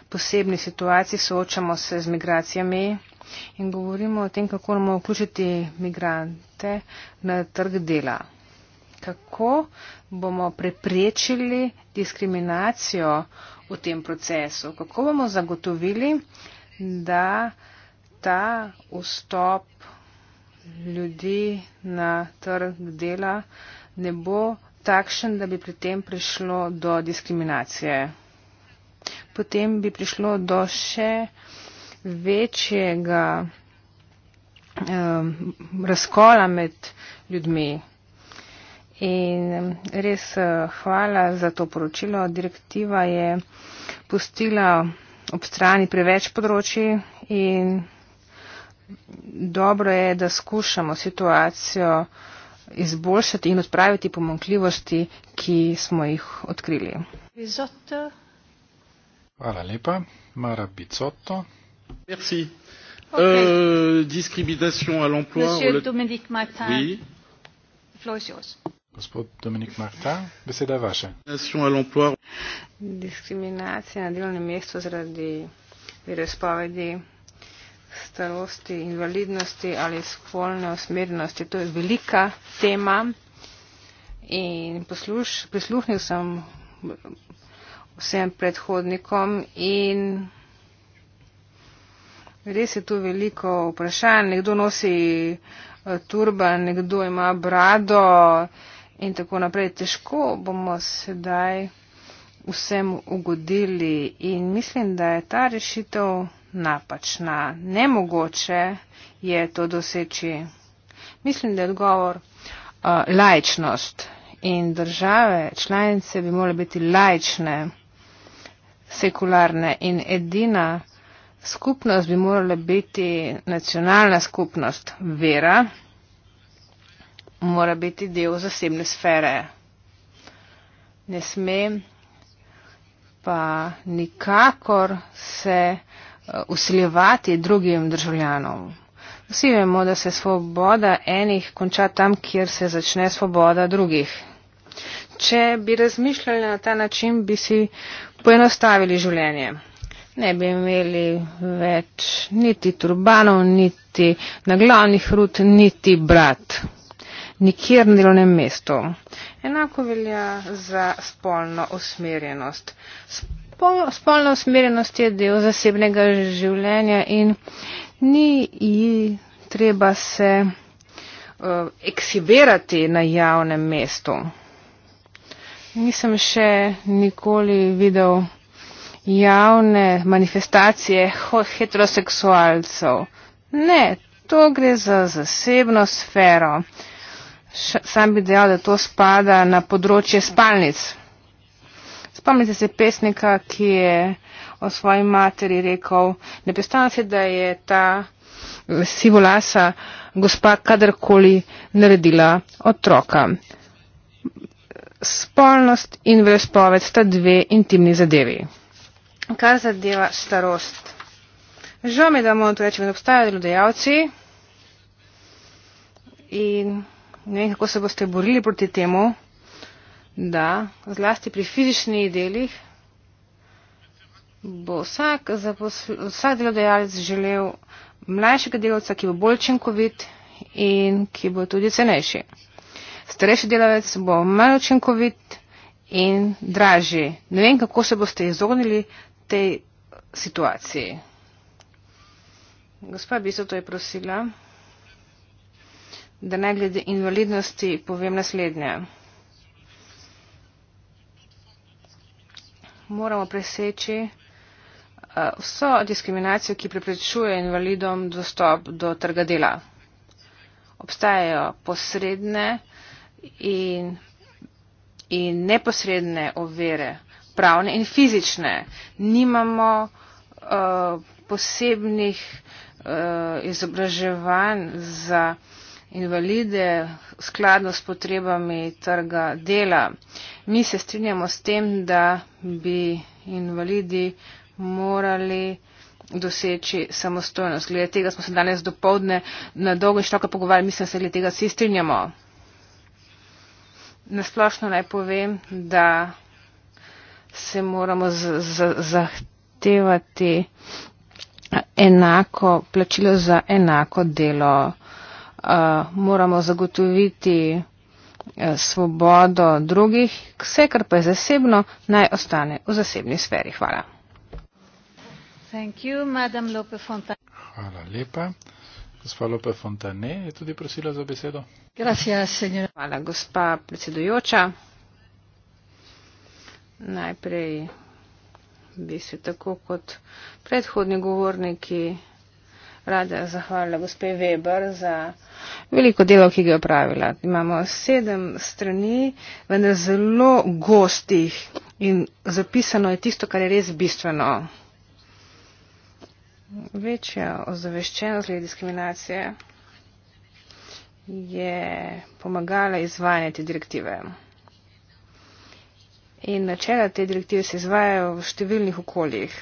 posebni situaciji, soočamo se z migracijami in govorimo o tem, kako moramo vključiti migrante na trg dela. Kako bomo preprečili diskriminacijo v tem procesu? Kako bomo zagotovili, da ta vstop ljudi na trg dela ne bo takšen, da bi pri tem prišlo do diskriminacije. Potem bi prišlo do še večjega um, razkola med ljudmi. In eh, res eh, hvala za to poročilo. Direktiva je pustila ob strani preveč področji in dobro je, da skušamo situacijo uh, izboljšati in odpraviti pomankljivosti, ki smo jih odkrili. Bizotto. Hvala lepa. Mara Bicotto. Merci. Okay. Uh, discrimination à l'emploi. Monsieur le... Dominic Martin. Oui. The floor is yours. Gospod Dominik Marta, beseda je vaša. Diskriminacija na delovnem mestu zaradi verospovedi starosti, invalidnosti ali spolne osmerjenosti. To je velika tema in posluš, prisluhnil sem vsem predhodnikom in res je tu veliko vprašanj. Nekdo nosi eh, turban, nekdo ima brado in tako naprej. Težko bomo sedaj vsem ugodili in mislim, da je ta rešitev napačna. Nemogoče je to doseči. Mislim, da je odgovor uh, eh, lajčnost in države članice bi morale biti lajčne, sekularne in edina skupnost bi morala biti nacionalna skupnost. Vera mora biti del zasebne sfere. Ne sme pa nikakor se uh, Eh, usiljevati drugim državljanom. Vsi vemo, da se svoboda enih konča tam, kjer se začne svoboda drugih. Če bi razmišljali na ta način, bi si poenostavili življenje. Ne bi imeli več niti turbanov, niti naglavnih rut, niti brat. Nikjer na delovnem mestu. Enako velja za spolno usmerjenost spolna usmerjenost je del zasebnega življenja in ni ji treba se uh, eksibirati na javnem mestu. Nisem še nikoli videl javne manifestacije heteroseksualcev. Ne, to gre za zasebno sfero. Š sam bi dejal, da to spada na področje spalnic spomnite se pesnika, ki je o svoji materi rekel, ne predstavljam se, da je ta sivolasa gospa kadarkoli naredila otroka. Spolnost in verspoved sta dve intimni zadevi. Kar zadeva starost. Žal mi je, da moram to reči, da obstajajo delodajalci in ne vem, kako se boste borili proti temu da zlasti pri fizičnih delih bo vsak, vsak delodajalec želel mlajšega delavca, ki bo bolj učinkovit in ki bo tudi cenejši. Starejši delavec bo manj učinkovit in dražji. Ne vem, kako se boste izognili tej situaciji. Gospa Biso to je prosila, da ne glede invalidnosti povem naslednje. moramo preseči eh, vso diskriminacijo, ki preprečuje invalidom dostop do trga dela. Obstajajo posredne in, in neposredne ovire, pravne in fizične. Nimamo uh, posebnih uh, izobraževanj za invalide skladno s potrebami trga dela. Mi se strinjamo s tem, da bi invalidi morali doseči samostojnost. Glede tega smo se danes dopovdne na dolgo in široko pogovarjali, mislim, da se glede tega vsi strinjamo. Nasplošno naj povem, da se moramo zahtevati enako plačilo za enako delo. Eh, moramo zagotoviti eh, svobodo drugih. Vse, kar pa je zasebno, naj ostane v zasebni sferi. Hvala. You, Hvala lepa. Gospa Lope Fontane je tudi prosila za besedo. Gracias, Hvala, gospa predsedujoča. Najprej bi se tako kot predhodni govorniki rada zahvalila gospe Weber za veliko delo, ki ga je opravila. Imamo sedem strani, vendar zelo gostih in zapisano je tisto, kar je res bistveno. Večja ozaveščenost glede diskriminacije je pomagala izvajanje te direktive. In načela te direktive se izvajajo v številnih okoljih.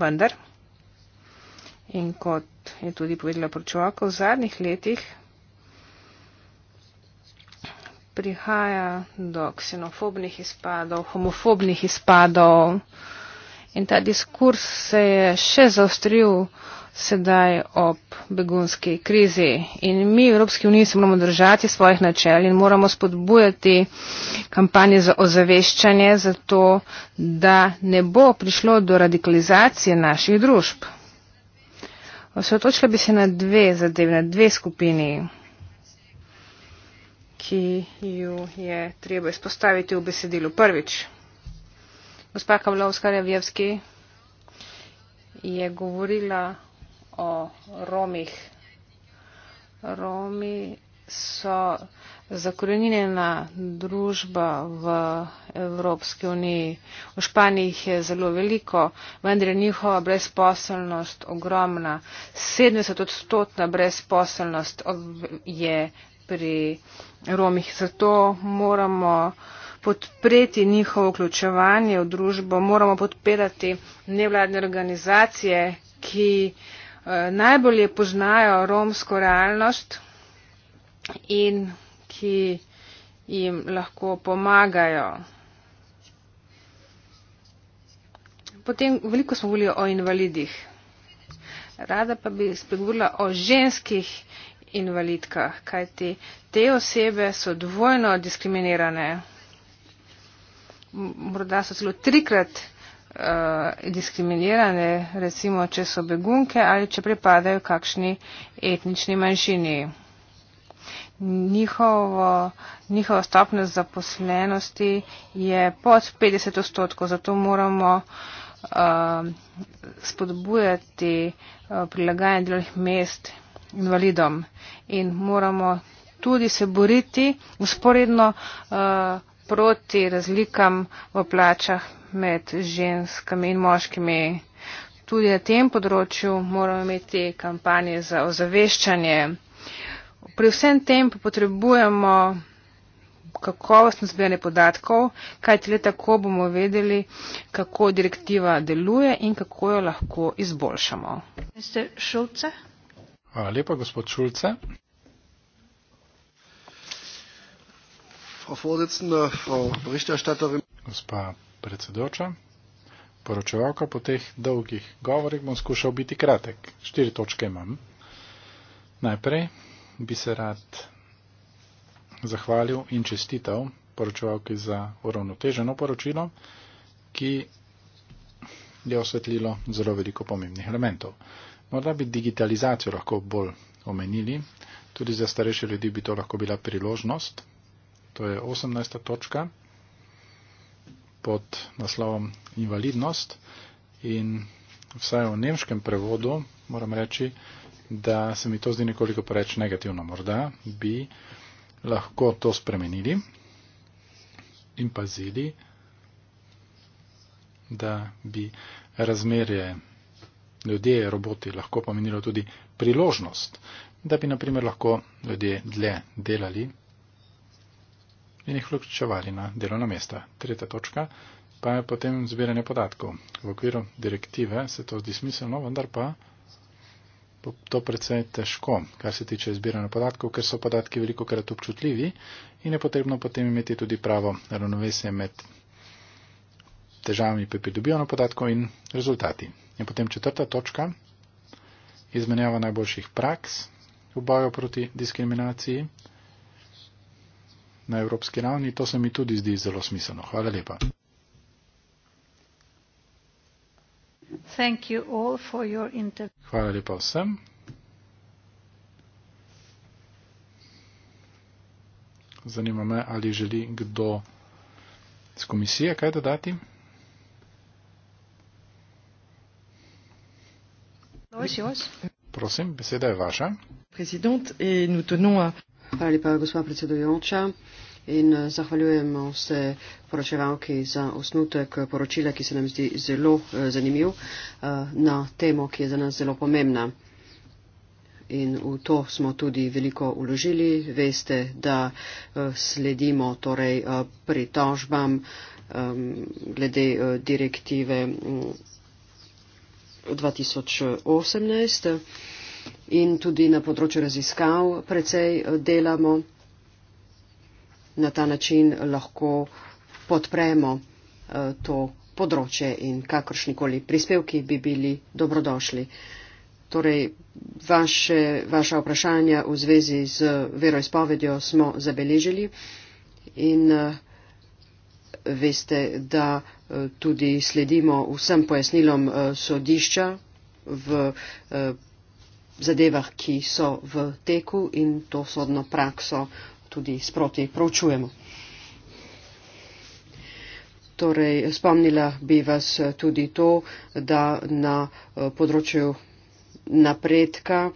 Vendar In kot je tudi povedala pročovaka, v zadnjih letih prihaja do ksenofobnih izpadov, homofobnih izpadov in ta diskurs se je še zaostril sedaj ob begunski krizi. In mi v Evropski uniji se moramo držati svojih načel in moramo spodbujati kampanje za ozaveščanje, zato da ne bo prišlo do radikalizacije naših družb. Osredotočila bi se na dve zadeve, na dve skupini, ki ju je treba izpostaviti v besedilu. Prvič, gospa Kavlovska Revjevski je govorila o Romih. Romi so zakoreninjena družba v Evropski uniji. V Španiji jih je zelo veliko, vendar je njihova brezposelnost ogromna. 70 odstotna brezposelnost je pri Romih. Zato moramo podpreti njihovo vključevanje v družbo, moramo podpirati nevladne organizacije, ki eh, najbolje poznajo romsko realnost in ki jim lahko pomagajo. Potem veliko smo govorili o invalidih. Rada pa bi spregovorila o ženskih invalidkah, kajti te osebe so dvojno diskriminirane. Morda so celo trikrat uh, diskriminirane, recimo, če so begunke ali če pripadajo kakšni etnični manjšini njihovo, njihova stopnja zaposlenosti je pod 50 odstotkov, zato moramo uh, spodbujati uh, prilagajanje delovnih mest invalidom in moramo tudi se boriti usporedno uh, proti razlikam v plačah med ženskami in moškimi. Tudi na tem področju moramo imeti kampanje za ozaveščanje. Pri vsem tem pa potrebujemo kakovostno zbiranje podatkov, kajti le tako bomo vedeli, kako direktiva deluje in kako jo lahko izboljšamo. Hvala lepa, gospod Šulce. Gospa predsedoča, poročevalka, po teh dolgih govorih bom skušal biti kratek. Štiri točke imam. Najprej bi se rad zahvalil in čestital poročevalki za uravnoteženo poročilo, ki je osvetlilo zelo veliko pomembnih elementov. Morda bi digitalizacijo lahko bolj omenili, tudi za starejše ljudi bi to lahko bila priložnost. To je 18. točka pod naslovom invalidnost in vsaj v nemškem prevodu moram reči, da se mi to zdi nekoliko preveč negativno. Morda bi lahko to spremenili in pazili, da bi razmerje ljudje, roboti lahko pomenilo tudi priložnost, da bi naprimer lahko ljudje dlje delali in jih vključevali na delovna mesta. Tretja točka pa je potem zbiranje podatkov. V okviru direktive se to zdi smiselno, vendar pa to predvsej težko, kar se tiče zbiranja podatkov, ker so podatki veliko krat občutljivi in je potrebno potem imeti tudi pravo ravnovesje med težavami pri pridobivanju podatkov in rezultati. In potem četrta točka, izmenjava najboljših praks v boju proti diskriminaciji na evropski ravni, to se mi tudi zdi zelo smiselno. Hvala lepa. Hvala lepa vsem. Zanima me, ali želi kdo z komisije kaj dodati? No, Prosim, beseda je vaša. Hvala lepa, gospod predsedujoča in eh, zahvaljujemo se poročevalki za osnutek poročila, ki se nam zdi zelo eh, zanimiv eh, na temo, ki je za nas zelo pomembna. In v to smo tudi veliko uložili. Veste, da sledimo torej pritožbam glede direktive 2018 mm, in tudi na področju raziskav precej delamo na ta način lahko podpremo eh, to področje in kakršnikoli prispevki bi bili dobrodošli. Torej, vaše, vaša vprašanja v zvezi z veroizpovedjo smo zabeležili in eh, veste, da eh, tudi sledimo vsem pojasnilom sodišča v zadevah, ki so v teku in to sodno prakso tudi sproti proučujemo. Torej, spomnila bi vas tudi to, da na eh, področju napredka,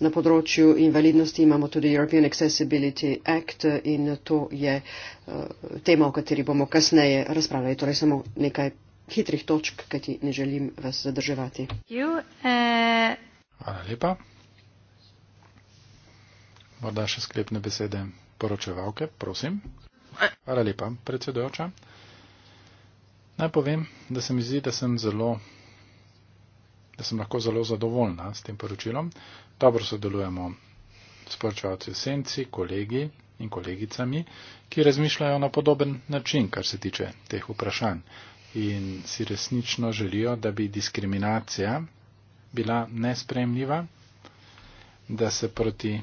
na področju invalidnosti imamo tudi European Accessibility Act in to je eh, tema, o kateri bomo kasneje razpravljali. Torej, samo nekaj hitrih točk, kajti ne želim vas zadrževati. Eh, Hvala lepa. Morda še sklepne besede poročevalke, prosim. Hvala lepa, predsedojoča. Naj povem, da se mi zdi, da sem zelo, da sem lahko zelo zadovoljna s tem poročilom. Dobro sodelujemo s poročevalci senci, kolegi in kolegicami, ki razmišljajo na podoben način, kar se tiče teh vprašanj in si resnično želijo, da bi diskriminacija bila nespremljiva, da se proti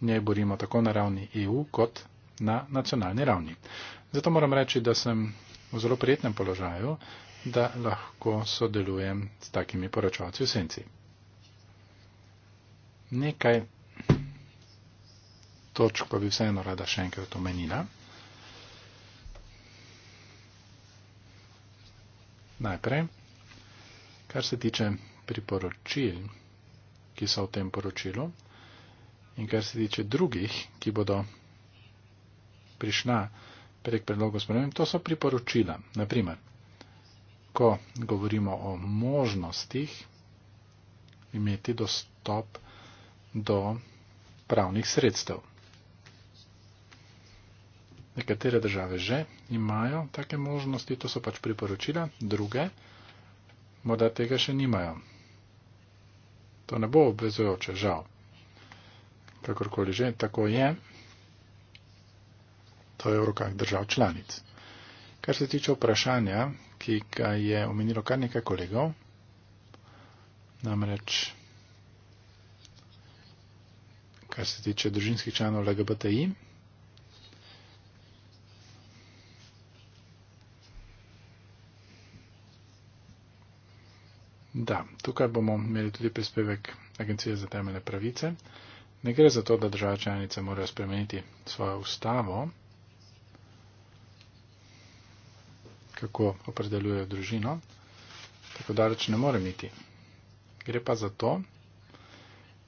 njej borimo tako na ravni EU kot na nacionalni ravni. Zato moram reči, da sem v zelo prijetnem položaju, da lahko sodelujem s takimi poročavci v senci. Nekaj točk pa bi vseeno rada še enkrat omenila. Najprej, kar se tiče priporočil, ki so v tem poročilu, In kar se tiče drugih, ki bodo prišla prek predlogov spremem, to so priporočila. Naprimer, ko govorimo o možnostih imeti dostop do pravnih sredstev. Nekatere države že imajo take možnosti, to so pač priporočila, druge morda tega še nimajo. To ne bo obvezujoče, žal kakorkoli že, tako je. To je v rokah držav članic. Kar se tiče vprašanja, ki ga je omenilo kar nekaj kolegov, namreč, kar se tiče družinskih članov LGBTI, da, tukaj bomo imeli tudi prispevek Agencije za temeljne pravice. Ne gre za to, da država članica mora spremeniti svojo ustavo, kako opredeljuje družino, tako daleč ne more miti. Gre pa za to,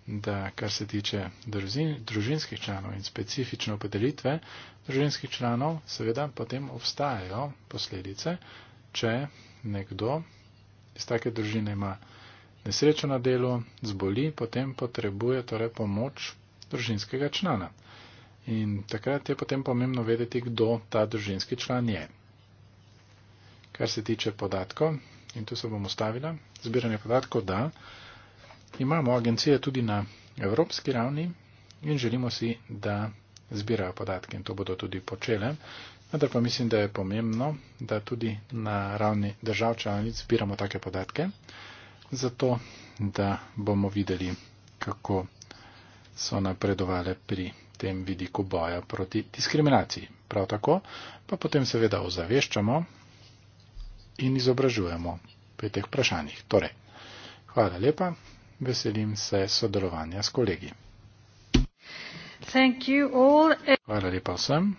da kar se tiče družin, družinskih članov in specifično opredelitve družinskih članov, seveda potem obstajajo posledice, če nekdo iz take družine ima nesreča na delu, zboli, potem potrebuje torej pomoč družinskega člana. In takrat je potem pomembno vedeti, kdo ta družinski član je. Kar se tiče podatkov, in tu se bom ustavila, zbiranje podatkov, da imamo agencije tudi na evropski ravni in želimo si, da zbirajo podatke in to bodo tudi počele. Vendar pa mislim, da je pomembno, da tudi na ravni držav članic zbiramo take podatke zato da bomo videli, kako so napredovale pri tem vidiku boja proti diskriminaciji. Prav tako pa potem seveda ozaveščamo in izobražujemo pri teh vprašanjih. Torej, hvala lepa, veselim se sodelovanja s kolegi. Hvala lepa vsem.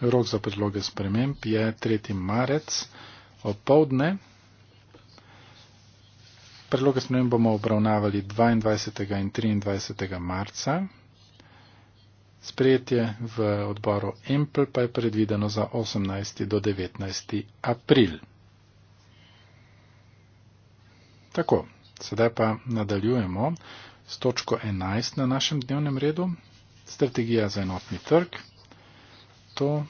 Rok za predloge sprememb je 3. marec opovdne. Predloge sprememb bomo obravnavali 22. in 23. marca. Sprejetje v odboru EMPL pa je predvideno za 18. do 19. april. Tako, sedaj pa nadaljujemo s točko 11 na našem dnevnem redu. Strategija za enotni trg. To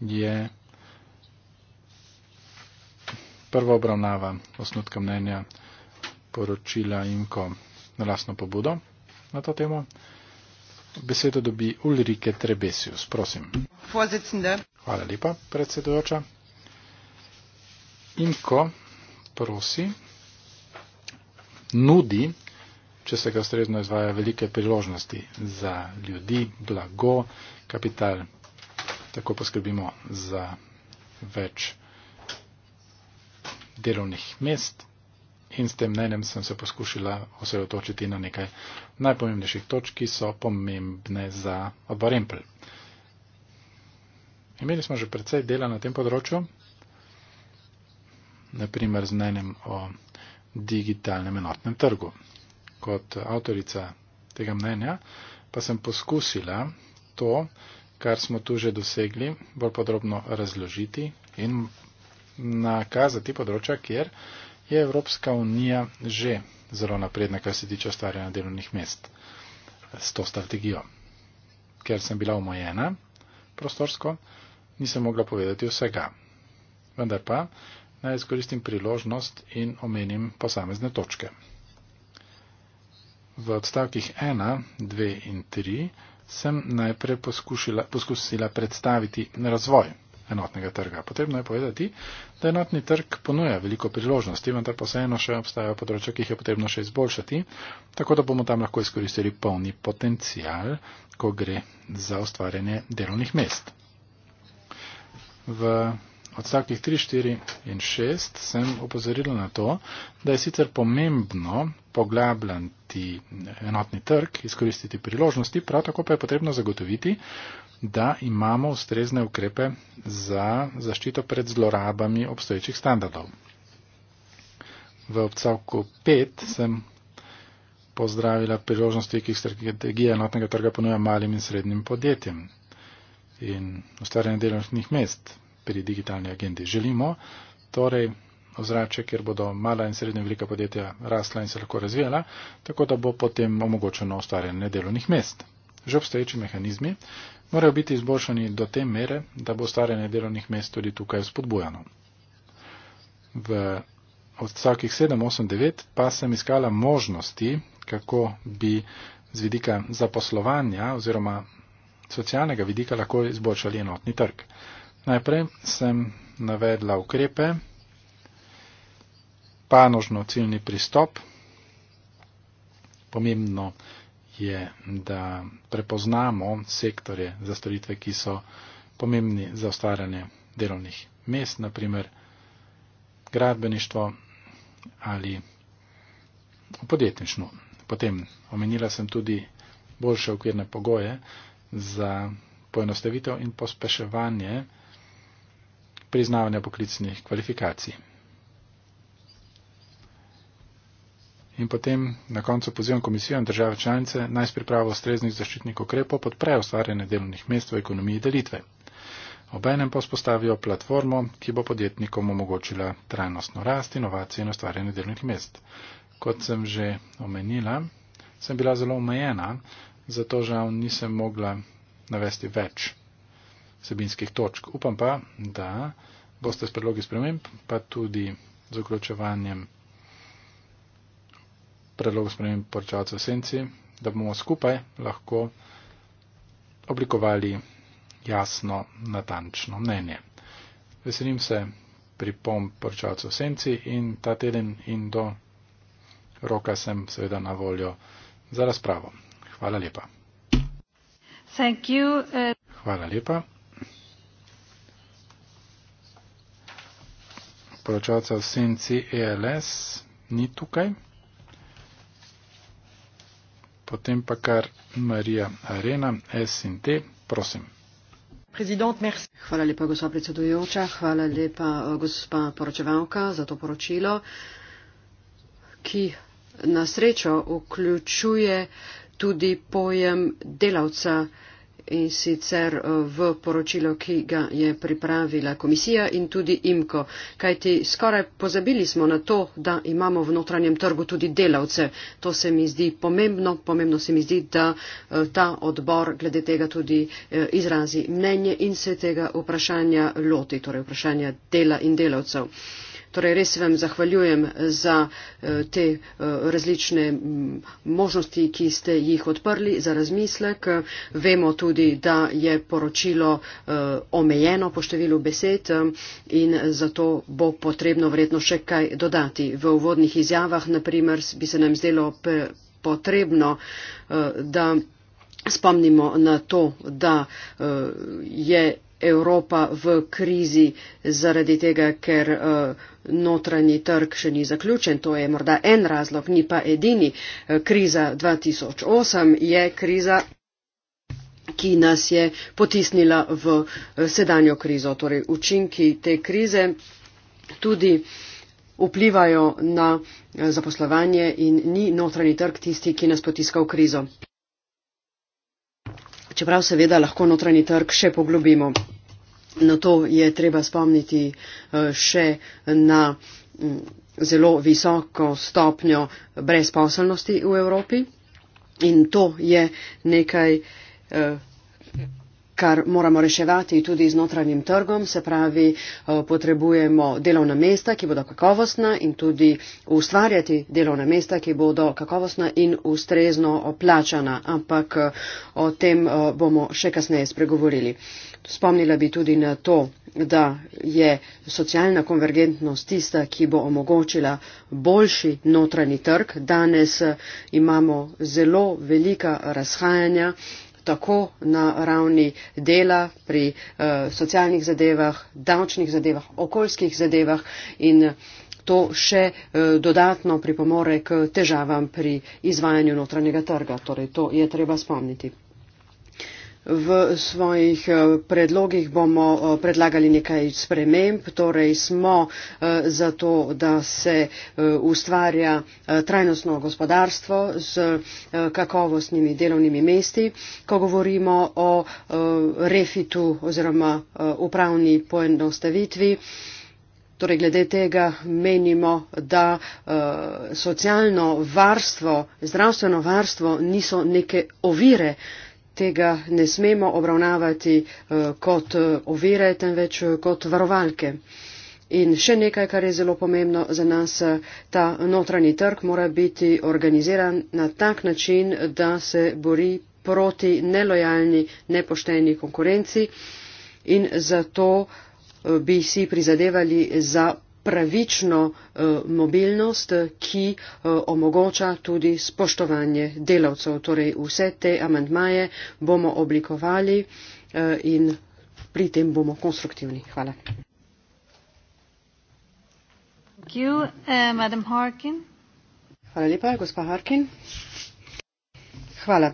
je prva obravnava osnutka mnenja poročila Imko na lasno pobudo na to temo. Besedo dobi Ulrike Trebesius, prosim. Vozicende. Hvala lepa, predsedujoča. Imko prosi, nudi, če se ga ustrezno izvaja, velike priložnosti za ljudi, blago, kapital. Tako poskrbimo za več delovnih mest in s tem mnenjem sem se poskušala osredotočiti na nekaj najpomembnejših točk, ki so pomembne za odbor Empel. Imeli smo že precej dela na tem področju, naprimer z mnenjem o digitalnem enotnem trgu. Kot avtorica tega mnenja pa sem poskusila to, kar smo tu že dosegli, bolj podrobno razložiti in nakazati področja, kjer je Evropska unija že zelo napredna, kar se tiče ustvarjanja delovnih mest s to strategijo. Ker sem bila omojena prostorsko, nisem mogla povedati vsega. Vendar pa naj izkoristim priložnost in omenim posamezne točke. V odstavkih 1, 2 in 3 sem najprej poskusila, poskusila predstaviti razvoj enotnega trga. Potrebno je povedati, da enotni trg ponuja veliko priložnosti, vendar pa vseeno še obstajajo področja, ki jih je potrebno še izboljšati, tako da bomo tam lahko izkoristili polni potencial, ko gre za ustvarjanje delovnih mest. V odstavkih 3, 4 in 6 sem opozorila na to, da je sicer pomembno poglabljati enotni trg, izkoristiti priložnosti, prav tako pa je potrebno zagotoviti, da imamo ustrezne ukrepe za zaščito pred zlorabami obstoječih standardov. V obcavku 5 sem pozdravila priložnosti, ki jih strategija enotnega trga ponuja malim in srednjim podjetjem in ustvarjanje delovnih mest pri digitalni agendi. Želimo torej ozračje, kjer bodo mala in srednja velika podjetja rasla in se lahko razvijala, tako da bo potem omogočeno ustvarjanje delovnih mest. Že obstoječi mehanizmi morajo biti izboljšani do te mere, da bo ustvarjanje delovnih mest tudi tukaj spodbujano. V odstavkih 7-8-9 pa sem iskala možnosti, kako bi z vidika zaposlovanja oziroma socialnega vidika lahko izboljšali enotni trg. Najprej sem navedla ukrepe, panožno ciljni pristop, pomembno je, da prepoznamo sektorje za storitve, ki so pomembni za ustvarjanje delovnih mest, naprimer gradbeništvo ali podjetništvo. Potem omenila sem tudi boljše okvirne pogoje za poenostavitev in pospeševanje priznavanja poklicnih kvalifikacij. in potem na koncu pozivam komisijo in države članice naj s pripravo ustreznih zaščitnih ukrepov podprejo ustvarjanje delovnih mest v ekonomiji delitve. Obenem pa spostavijo platformo, ki bo podjetnikom omogočila trajnostno rast, inovacije in ustvarjanje delovnih mest. Kot sem že omenila, sem bila zelo omejena, zato žal nisem mogla navesti več sebinskih točk. Upam pa, da boste s predlogi sprememb, pa tudi z vključevanjem predlog spremem porčalcev senci, da bomo skupaj lahko oblikovali jasno, natančno mnenje. Veselim se pripomb porčalcev senci in ta teden in do roka sem seveda na voljo za razpravo. Hvala lepa. Thank you. Eh. Hvala lepa. Poročalca v senci ELS ni tukaj potem pa kar Marija Arena, SNT, prosim. Hvala lepa, gospa predsedujoča, hvala lepa, eh, gospa poročevalka, za to poročilo, ki na srečo vključuje tudi pojem delavca in sicer eh, v poročilo, ki ga je pripravila komisija in tudi IMKO. Kajti skoraj pozabili smo na to, da imamo v notranjem trgu tudi delavce. To se mi zdi pomembno. Pomembno se mi zdi, da eh, ta odbor glede tega tudi eh, izrazi mnenje in se tega vprašanja loti, torej vprašanja dela in delavcev. Torej, res vam zahvaljujem za eh, te eh, različne možnosti, ki ste jih odprli za razmislek. Vemo tudi, da je poročilo eh, omejeno po številu besed in zato bo potrebno vredno še kaj dodati. V uvodnih izjavah, na primer, bi se nam zdelo potrebno, da spomnimo na to, da je Evropa v krizi zaradi tega, ker uh, notranji trg še ni zaključen. To je morda en razlog, ni pa edini. Eh, kriza 2008 je kriza, ki nas je potisnila v eh, sedanjo krizo. Torej, učinki te krize tudi vplivajo na zaposlovanje in ni notranji trg tisti, ki nas potiska v krizo čeprav seveda lahko notranji trg še poglobimo. Na to je treba spomniti eh, še na mm, zelo visoko stopnjo brezposelnosti v Evropi in to je nekaj eh, kar moramo reševati tudi z notranjim trgom, se pravi, eh, potrebujemo delovna mesta, ki bodo kakovostna in tudi ustvarjati delovna mesta, ki bodo kakovostna in ustrezno plačana, ampak eh, o tem eh, bomo še kasneje spregovorili. Spomnila bi tudi na to, da je socialna konvergentnost tista, ki bo omogočila boljši notranji trg. Danes imamo zelo velika razhajanja tako na ravni dela, pri uh, socialnih zadevah, davčnih zadevah, okoljskih zadevah in to še uh, dodatno pripomore k težavam pri izvajanju notranjega trga. Torej, to je treba spomniti. V svojih eh, predlogih bomo eh, predlagali nekaj sprememb, torej smo eh, za to, da se ustvarja trajnostno gospodarstvo z kakovostnimi delovnimi mesti. Ko govorimo o refitu oziroma upravni poenostavitvi, Torej, glede tega menimo, da uh, socialno varstvo, zdravstveno varstvo niso neke ovire tega ne smemo obravnavati eh, kot eh, ovire, temveč eh, kot varovalke. In še nekaj, kar je zelo pomembno za nas, ta notranji trg mora biti organiziran na tak način, da se bori proti nelojalni, nepošteni konkurenci in zato bi si prizadevali za pravično uh, mobilnost, eh, ki uh, omogoča tudi spoštovanje delavcev. Torej vse te amantmaje bomo oblikovali uh, in pri tem bomo konstruktivni. Hvala. You, uh, Hvala lepa, gospa Harkin. Hvala.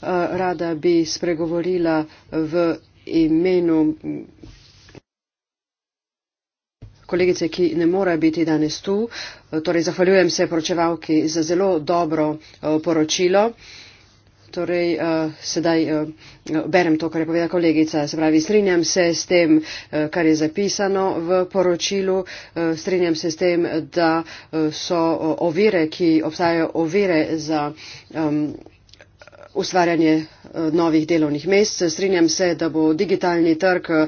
Uh, rada bi spregovorila v imenu kolegice, ki ne more biti danes tu. Eh, torej, zahvaljujem se poročevalki za zelo dobro eh, poročilo. Torej, eh, sedaj berem to, kar je povedala kolegica. Se pravi, strinjam se s tem, kar je zapisano v poročilu. Strinjam se s tem, da so ovire, ki obstajajo ovire za. Um, ustvarjanje eh, novih delovnih mest. Strinjam se, da bo digitalni trg eh,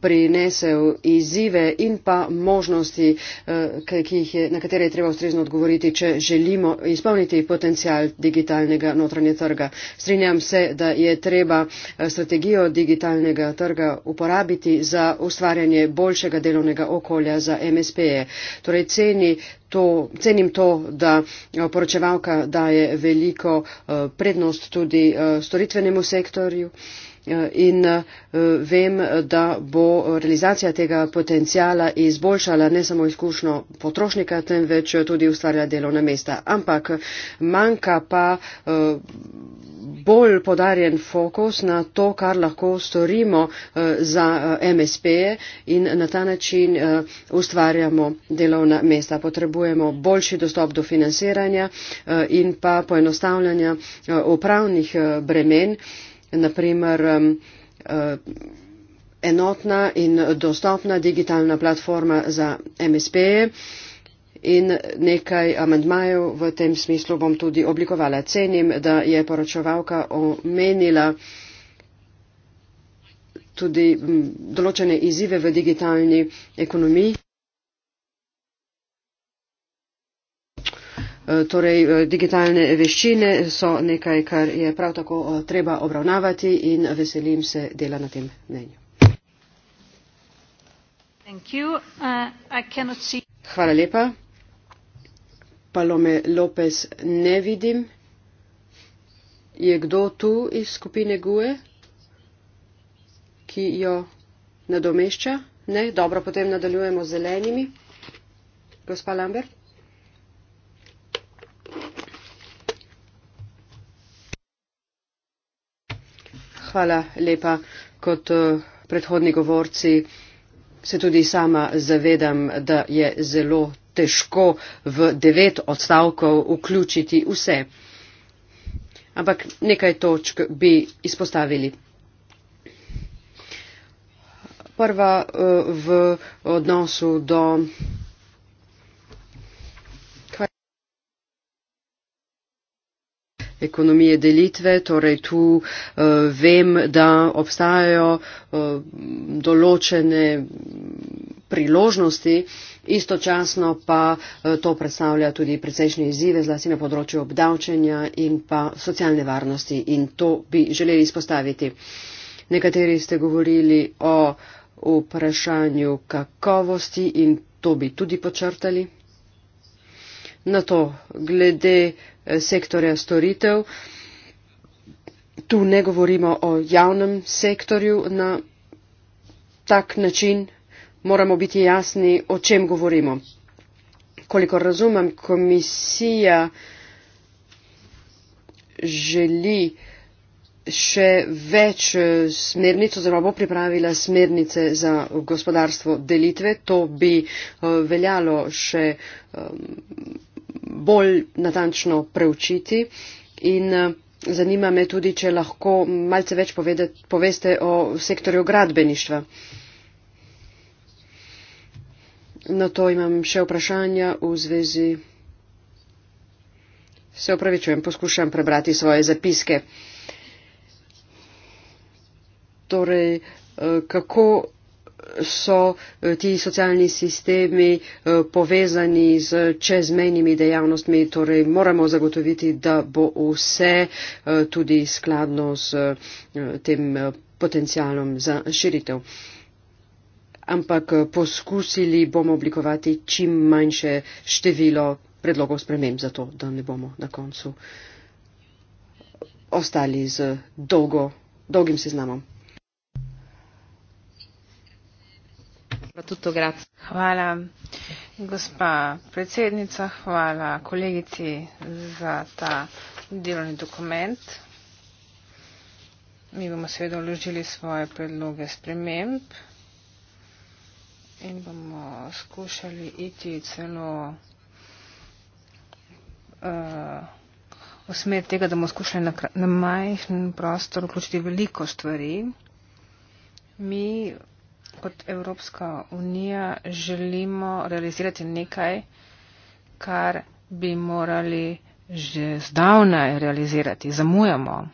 prinesel izzive in pa možnosti, eh, je, na katere je treba ustrezno odgovoriti, če želimo izpolniti potencial digitalnega notranje trga. Strinjam se, da je treba strategijo digitalnega trga uporabiti za ustvarjanje boljšega delovnega okolja za MSP-je. Torej, ceni to, cenim to, da eh, poročevalka daje veliko eh, prednost tudi eh, storitvenemu sektorju in eh, vem, da bo realizacija tega potencijala izboljšala ne samo izkušnjo potrošnika, temveč tudi ustvarja delovna mesta. Ampak manjka pa eh, bolj podarjen fokus na to, kar lahko storimo eh, za MSP -e in na ta način ustvarjamo delovna mesta. Potrebujemo boljši dostop do financiranja in pa poenostavljanja upravnih bremen naprimer um, uh, enotna in dostopna digitalna platforma za MSP -je. in nekaj amendmajev v tem smislu bom tudi oblikovala. Cenim, da je poročevalka omenila tudi mm, določene izzive v digitalni ekonomiji. Eh, torej, eh, digitalne veščine so nekaj, kar je prav tako eh, treba obravnavati in veselim se dela na tem mnenju. Uh, Hvala lepa. Palome Lopez ne vidim. Je kdo tu iz skupine GUE, ki jo nadomešča? Ne, dobro, potem nadaljujemo z zelenimi. Gospa Lambert. hvala lepa. Kot eh, predhodni govorci se tudi sama zavedam, da je zelo težko v devet odstavkov vključiti vse. Ampak nekaj točk bi izpostavili. Prva eh, v odnosu do ekonomije delitve, torej tu uh, vem, da obstajajo uh, določene priložnosti, istočasno pa uh, to predstavlja tudi precejšnje izzive, zlasti na področju obdavčenja in pa socialne varnosti in to bi želeli izpostaviti. Nekateri ste govorili o vprašanju kakovosti in to bi tudi počrtali na to glede eh, sektorja storitev. Tu ne govorimo o javnem sektorju na tak način. Moramo biti jasni, o čem govorimo. Koliko razumem, komisija želi še več eh, smernic oziroma bo pripravila smernice za gospodarstvo delitve. To bi eh, veljalo še ehm, bolj natančno preučiti. In eh, zanima me tudi, če lahko malce več povedet, poveste o sektorju gradbeništva. Na to imam še vprašanja v zvezi. Se upravičujem, poskušam prebrati svoje zapiske. Torej, eh, kako so eh, ti socialni sistemi eh, povezani z čezmejnimi dejavnostmi, torej moramo zagotoviti, da bo vse eh, tudi skladno s tem potencialom za širitev. Ampak poskusili bomo oblikovati čim manjše število predlogov sprememb, zato da ne bomo na koncu ostali z dolgo, dolgim seznamom. Hvala tudi, Grac. Hvala, gospa predsednica, hvala kolegici za ta delovni dokument. Mi bomo seveda vložili svoje predloge sprememb in bomo skušali iti celo uh, v smer tega, da bomo skušali na, na majhen prostor vključiti veliko stvari. Mi kot Evropska unija želimo realizirati nekaj, kar bi morali že zdavnaj realizirati. Zamujamo.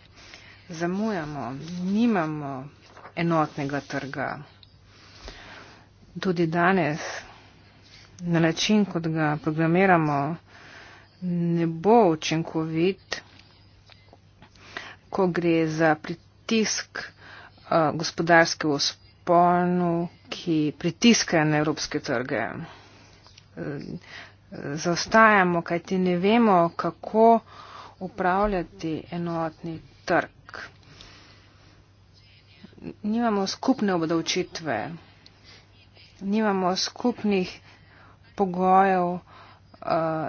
Zamujamo. Nimamo enotnega trga. Tudi danes na način, kot ga programiramo, ne bo učinkovit, ko gre za pritisk eh, gospodarske uspešnosti vzponu, ki pritiska na evropske trge. Zaostajamo, kajti ne vemo, kako upravljati enotni trg. Nimamo skupne obdavčitve, nimamo skupnih pogojev uh,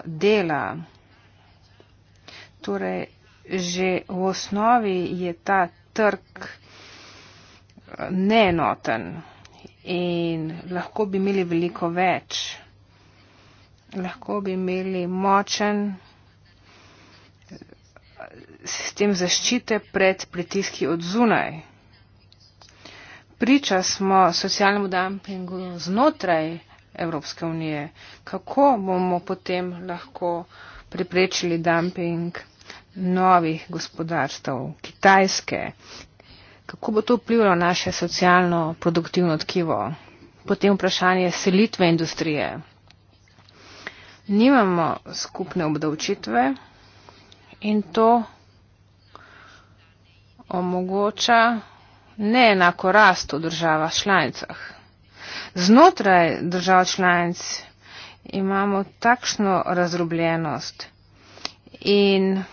dela. Torej, že v osnovi je ta trg neenoten in lahko bi imeli veliko več. Lahko bi imeli močen sistem zaščite pred pritiski od zunaj. Priča smo socialnemu dumpingu znotraj Evropske unije. Kako bomo potem lahko preprečili dumping novih gospodarstv, Kitajske, kako bo to vplivalo naše socialno produktivno tkivo. Potem vprašanje selitve industrije. Nimamo skupne obdavčitve in to omogoča neenako rast v državah članicah. Znotraj držav članic imamo takšno razrobljenost in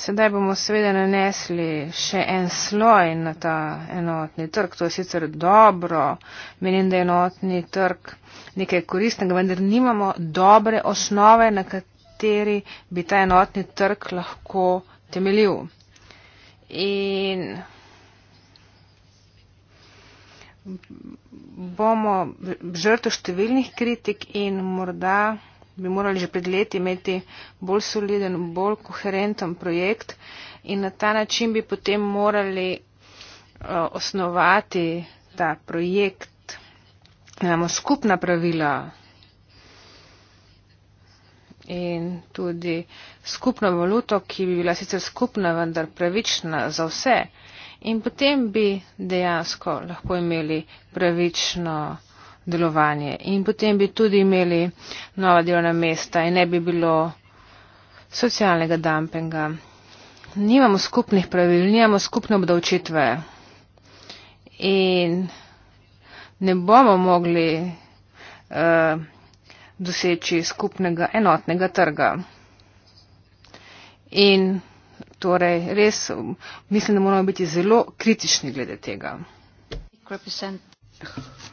Sedaj bomo seveda nanesli še en sloj na ta enotni trg. To je sicer dobro, menim, da je enotni trg nekaj koristnega, vendar nimamo dobre osnove, na kateri bi ta enotni trg lahko temeljil. In bomo žrtev številnih kritik in morda bi morali že pred leti imeti bolj soliden, bolj koherenten projekt in na ta način bi potem morali uh, osnovati ta projekt, da imamo skupna pravila in tudi skupno valuto, ki bi bila sicer skupna, vendar pravična za vse. In potem bi dejansko lahko imeli pravično delovanje. In potem bi tudi imeli nova delovna mesta in ne bi bilo socialnega dumpinga. Nimamo skupnih pravil, nimamo skupne obdavčitve in ne bomo mogli uh, doseči skupnega enotnega trga. In torej res mislim, da moramo biti zelo kritični glede tega.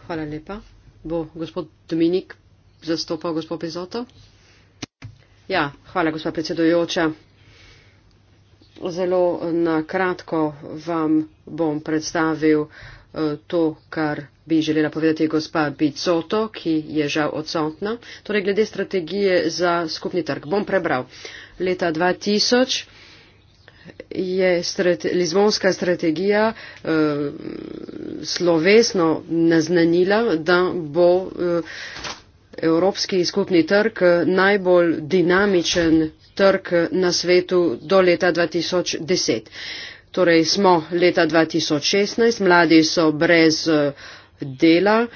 Hvala lepa bo gospod Dominik zastopal gospod Pezoto. Ja, hvala, gospod predsedojoča. Zelo na kratko vam bom predstavil eh, to, kar bi želela povedati gospa Bicoto, ki je žal odsotna. Torej, glede strategije za skupni trg. Bom prebral. Leta 2000 je lizbonska strategija eh, slovesno naznanila, da bo eh, evropski skupni trg najbolj dinamičen trg na svetu do leta 2010. Torej smo leta 2016, mladi so brez eh, dela,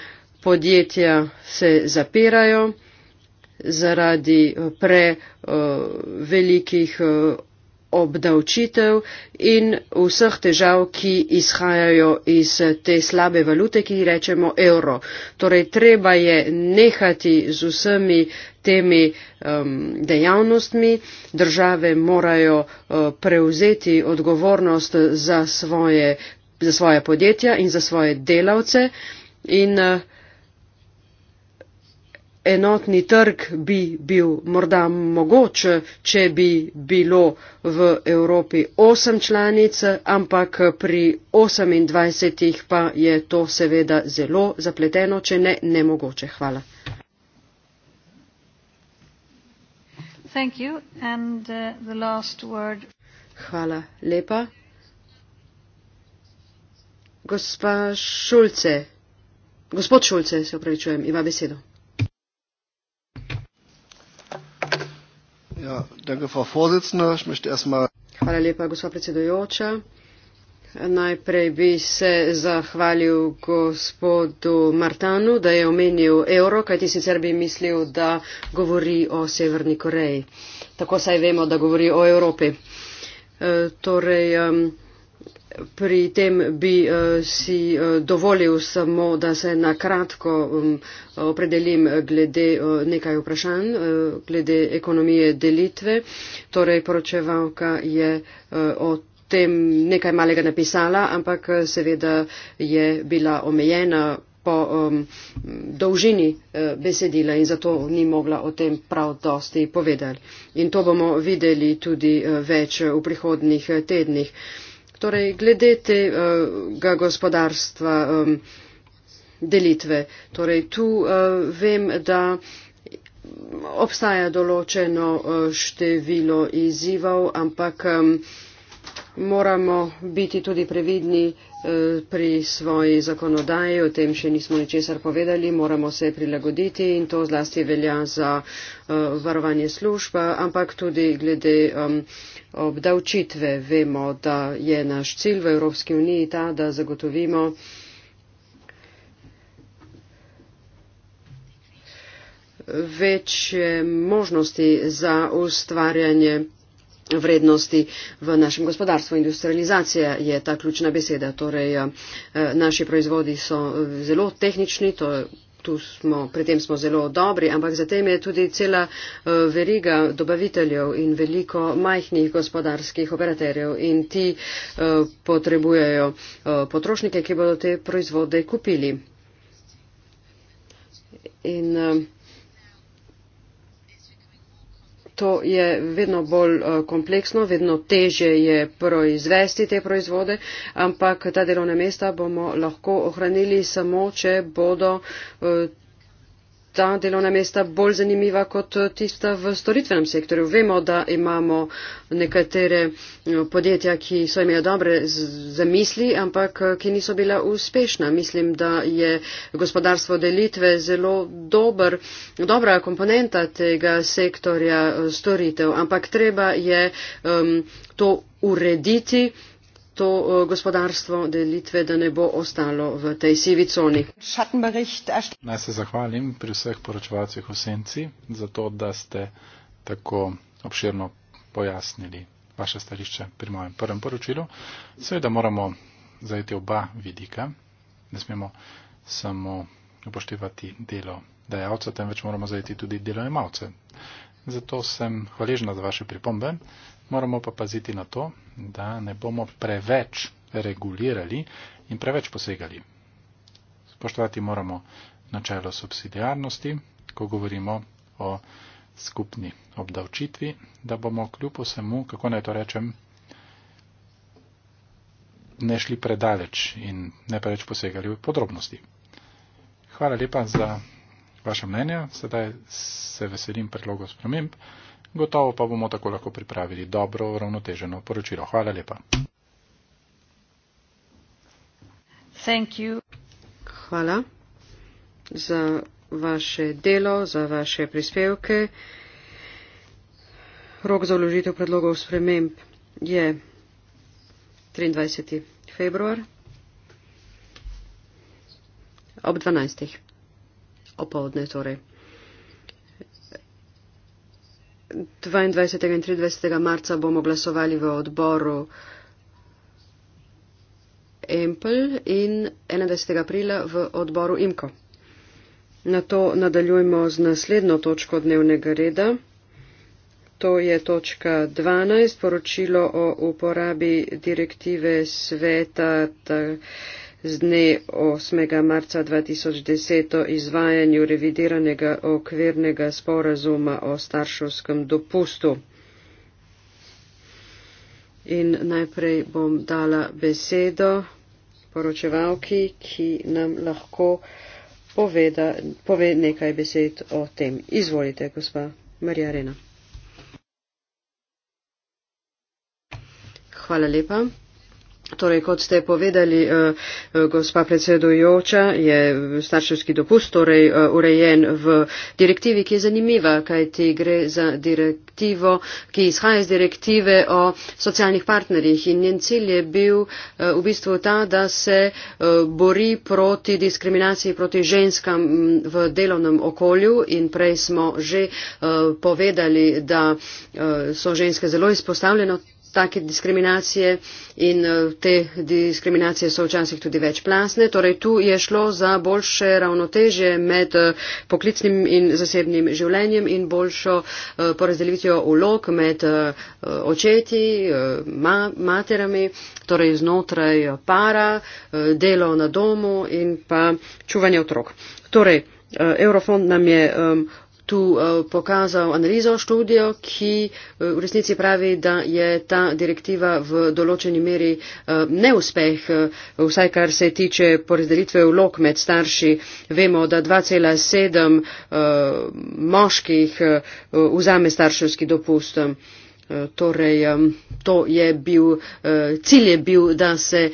podjetja se zapirajo zaradi prevelikih obdavčitev in vseh težav, ki izhajajo iz te slabe valute, ki rečemo evro. Torej, treba je nehati z vsemi temi um, dejavnostmi, države morajo uh, prevzeti odgovornost za svoje, za svoje podjetja in za svoje delavce in uh, enotni trg bi bil morda mogoč, če bi bilo v Evropi osem članic, ampak pri 28 pa je to seveda zelo zapleteno, če ne nemogoče. Hvala. Thank you. And, uh, the last word. Hvala lepa. Gospa Šulce, gospod Šulce, se opravičujem, ima besedo. Ja, danke, Frau Vorsitzende. Ich möchte erstmal. Hvala lepa, gospa predsedujoča. Najprej bi se zahvalil gospodu Martanu, da je omenil evro, kajti sicer bi mislil, da govori o Severni Koreji. Tako saj vemo, da govori o Evropi. E, torej, um, Pri tem bi eh, si eh, dovolil samo, da se nakratko um, opredelim glede eh, nekaj vprašanj, glede ekonomije delitve. Torej, poročevalka je o tem nekaj malega napisala, ampak seveda je bila omejena po um, dolžini uh, besedila in zato ni mogla o tem prav dosti povedati. In to bomo videli tudi uh, več v prihodnih uh, tednih. Uh, Torej, glede tega eh, gospodarstva delitve. Torej, tu eh, vem, da obstaja določeno eh, število izzivov, ampak moramo biti tudi previdni pri svoji zakonodaji, o tem še nismo ničesar povedali, moramo se prilagoditi in to zlasti velja za varovanje služb, ampak tudi glede obdavčitve. Vemo, da je naš cilj v Evropski uniji ta, da zagotovimo več možnosti za ustvarjanje vrednosti v našem gospodarstvu. Industrializacija je ta ključna beseda. Torej, eh, naši proizvodi so eh, zelo tehnični, to je tu smo, pri tem smo zelo dobri, ampak zatem je tudi cela eh, veriga dobaviteljev in veliko majhnih gospodarskih operaterjev in ti eh, potrebujejo eh, potrošnike, ki bodo te proizvode kupili. In uh, to je vedno bolj eh, kompleksno, vedno teže je proizvesti te proizvode, ampak ta delovna mesta bomo lahko ohranili samo, če bodo eh, ta delovna mesta bolj zanimiva kot tista v storitvenem sektorju. Vemo, da imamo nekatere eh, podjetja, ki so imele dobre zamisli, ampak eh, ki niso bila uspešna. Mislim, da je gospodarstvo delitve zelo dober, dobra komponenta tega sektorja eh, storitev, ampak treba je um, to urediti to eh, gospodarstvo delitve, da ne bo ostalo v tej sivi coni. Naj se zahvalim pri vseh poročevalcih v Senci za to, da ste tako obširno pojasnili vaše stališče pri mojem prvem poročilu. Seveda moramo zajeti oba vidika, ne smemo samo upoštevati delo dajalca, temveč moramo zajeti tudi delo imavce. Zato sem hvaležna za vaše pripombe, Moramo pa paziti na to, da ne bomo preveč regulirali in preveč posegali. Spoštovati moramo načelo subsidijarnosti, ko govorimo o skupni obdavčitvi, da bomo kljub vsemu, kako naj to rečem, ne šli predaleč in ne preveč posegali v podrobnosti. Hvala lepa za vaše mnenje, sedaj se veselim predlogov spremembe. Gotovo pa bomo tako lahko pripravili dobro, ravnoteženo poročilo. Hvala lepa. Hvala za vaše delo, za vaše prispevke. Rok za vložitev predlogov sprememb je 23. februar ob 12. opoldne torej. 22. in 23. marca bomo glasovali v odboru Empel in 21. aprila v odboru Imko. Na to nadaljujemo z naslednjo točko dnevnega reda. To je točka 12, poročilo o uporabi direktive sveta. Ta, z dne 8. marca 2010 o izvajanju revidiranega okvirnega sporazuma o starševskem dopustu. In najprej bom dala besedo poročevalki, ki nam lahko poveda, pove nekaj besed o tem. Izvolite, gospa Marija Rena. Hvala lepa. Torej, kot ste povedali, eh, eh, gospa predsedujoča, je starševski dopust torej, eh, urejen v direktivi, ki je zanimiva, kajti gre za direktivo, ki izhaja iz direktive o socialnih partnerjih in njen cilj je bil v bistvu ta, da se bori proti diskriminaciji proti ženskam mm, v delovnem okolju in prej smo že povedali, da so ženske zelo izpostavljene take diskriminacije in eh, te diskriminacije so včasih tudi večplasne. Torej, tu je šlo za boljše ravnotežje med eh, poklicnim in zasebnim življenjem in boljšo eh, porazdelitvijo ulog med očeti, ma, materami, torej znotraj para, delo na domu in pa čuvanje otrok. Torej, Eurofond nam je um, tu eh, pokazal analizo študijo, ki eh, v resnici pravi, da je ta direktiva v določeni meri eh, neuspeh, vsaj kar se tiče porazdelitve vlog med starši. Vemo, da 2,7 moških vzame starševski dopust. Torej, to je bil, cilj je bil, da se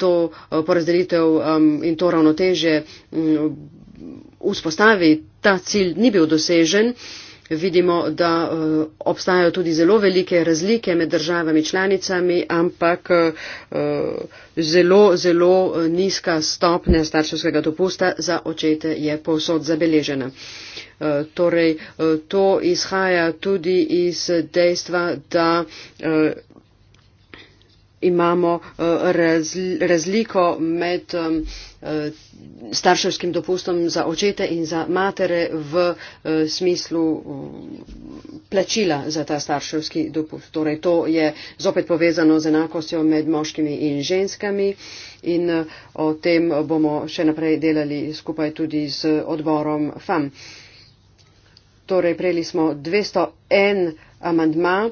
to porazdelitev in to ravnoteže mm, vzpostavi ta cilj ni bil dosežen. Vidimo, da eh, obstajajo tudi zelo velike razlike med državami članicami, ampak eh, zelo, zelo eh, nizka stopnja starševskega dopusta za očete je povsod zabeležena. Torej, to izhaja tudi iz dejstva, da imamo eh, razliko med eh, starševskim dopustom za očete in za matere v eh, smislu mm, plačila za ta starševski dopust. Torej, to je zopet povezano z enakostjo med moškimi in ženskami in o tem bomo še naprej delali skupaj tudi z odborom FAM. Torej, prejeli smo 201 amandma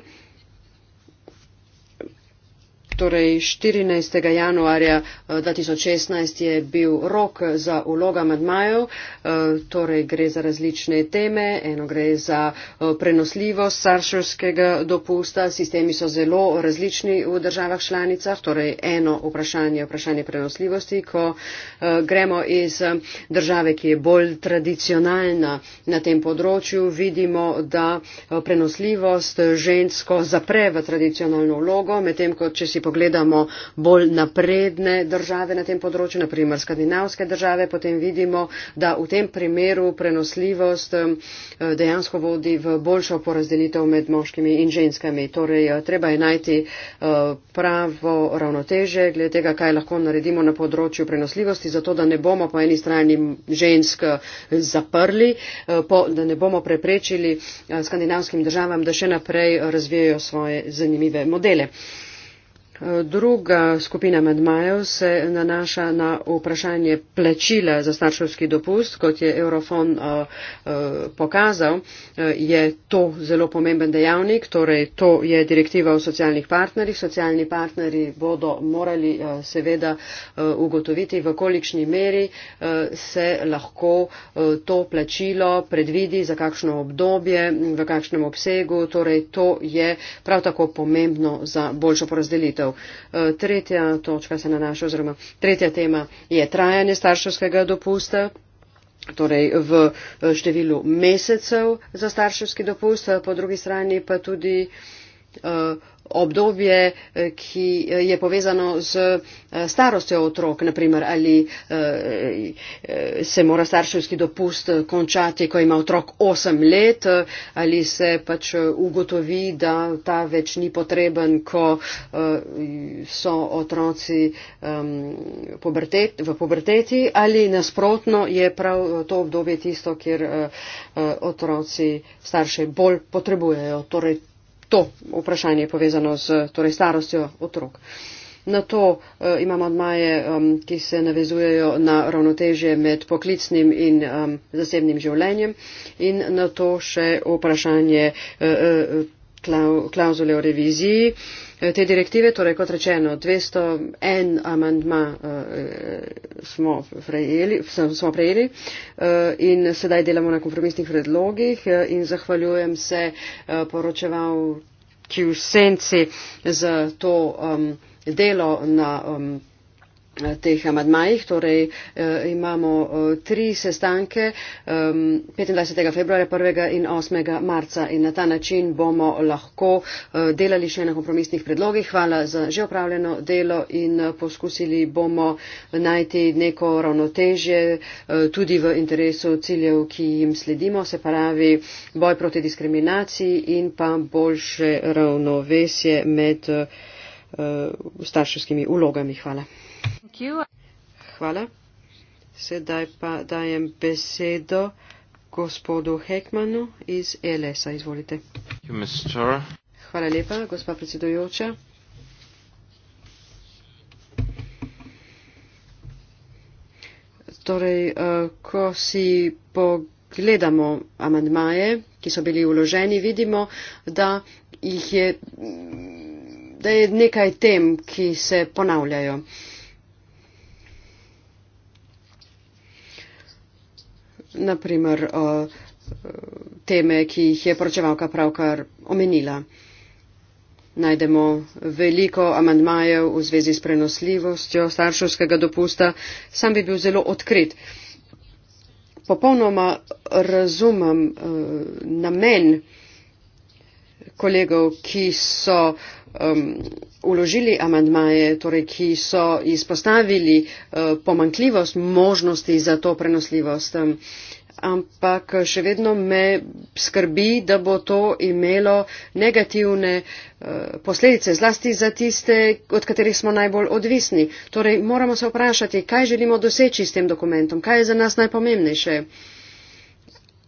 torej 14. januarja 2016 eh, je bil rok za vloga medmajev, eh, torej gre za različne teme, eno gre za eh, prenosljivost sarševskega dopusta, sistemi so zelo različni v državah članicah, torej eno vprašanje je vprašanje prenosljivosti, ko gremo iz države, ki je bolj tradicionalna na tem področju, vidimo, da prenosljivost žensko zapre v tradicionalno vlogo, medtem ko če si po pogledamo bolj napredne države na tem področju, naprimer skandinavske države, potem vidimo, da v tem primeru prenosljivost eh, dejansko vodi v boljšo porazdelitev med moškimi in ženskami. Torej, eh, treba je najti eh, pravo ravnoteže glede tega, kaj lahko naredimo na področju prenosljivosti, zato da ne bomo po eni strani žensk zaprli, da ne bomo preprečili skandinavskim državam, da še naprej razvijajo svoje zanimive modele. Druga skupina medmajev se nanaša na vprašanje plačila za starševski dopust. Kot je Eurofon eh, eh, pokazal, eh, je to zelo pomemben dejavnik, torej to je direktiva o socialnih partnerjih. Socialni partnerji bodo morali seveda ugotoviti, v kolikšni meri se lahko to plačilo predvidi, za kakšno obdobje, v kakšnem obsegu. Torej, to je prav tako pomembno za boljšo porazdelitev. Eh, tretja točka se nanaša, oziroma tretja tema je trajanje starševskega dopusta. Torej v eh, številu mesecev za starševski dopust, eh, po drugi strani pa tudi uh, obdobje, eh, ki eh, je povezano z eh, starostjo otrok, naprimer, ali se mora starševski dopust končati, ko ima otrok 8 let, ali se pač ugotovi, da ta več ni potreben, ko so otroci v puberteti, ali nasprotno je prav to obdobje tisto, kjer otroci starše bolj potrebujejo. Torej, to vprašanje povezano z torej, starostjo otrok. Na to uh, eh, imamo odmaje, um, ki se navezujejo na ravnotežje med poklicnim in um, zasebnim življenjem in na to še vprašanje uh, eh, uh, eh, klau, klauzule o reviziji. Uh, Eh, te direktive, torej kot rečeno, 201 amandma eh, smo prejeli, smo prejeli eh, in sedaj delamo na kompromisnih predlogih in zahvaljujem se poročeval Q-Senci za to delo na teh amadmajih. Torej eh, imamo eh, tri sestanke eh, 25. februarja, 1. in 8. marca in na ta način bomo lahko eh, delali še na kompromisnih predlogih. Hvala za že opravljeno delo in eh, poskusili bomo najti neko ravnotežje eh, tudi v interesu ciljev, ki jim sledimo, se pravi boj proti diskriminaciji in pa boljše ravnovesje med eh, eh starševskimi ulogami. Hvala. Hvala. Sedaj pa dajem besedo gospodu Hekmanu iz e LS-a. Izvolite. Hvala lepa, gospa predsedujoča. Torej, eh, ko si pogledamo amandmaje, ki so bili uloženi, vidimo, da jih je, da je nekaj tem, ki se ponavljajo. naprimer teme, ki jih je poročevalka pravkar omenila. Najdemo veliko amandmajev v zvezi s prenosljivostjo starševskega dopusta. Sam bi bil zelo odkrit. Popolnoma razumem e, namen kolegov, ki so vložili amandmaje, torej, ki so izpostavili eh, pomankljivost možnosti za to prenosljivost. Ampak še vedno me skrbi, da bo to imelo negativne eh, posledice, zlasti za tiste, od katerih smo najbolj odvisni. Torej, moramo se vprašati, kaj želimo doseči s tem dokumentom, kaj je za nas najpomembnejše.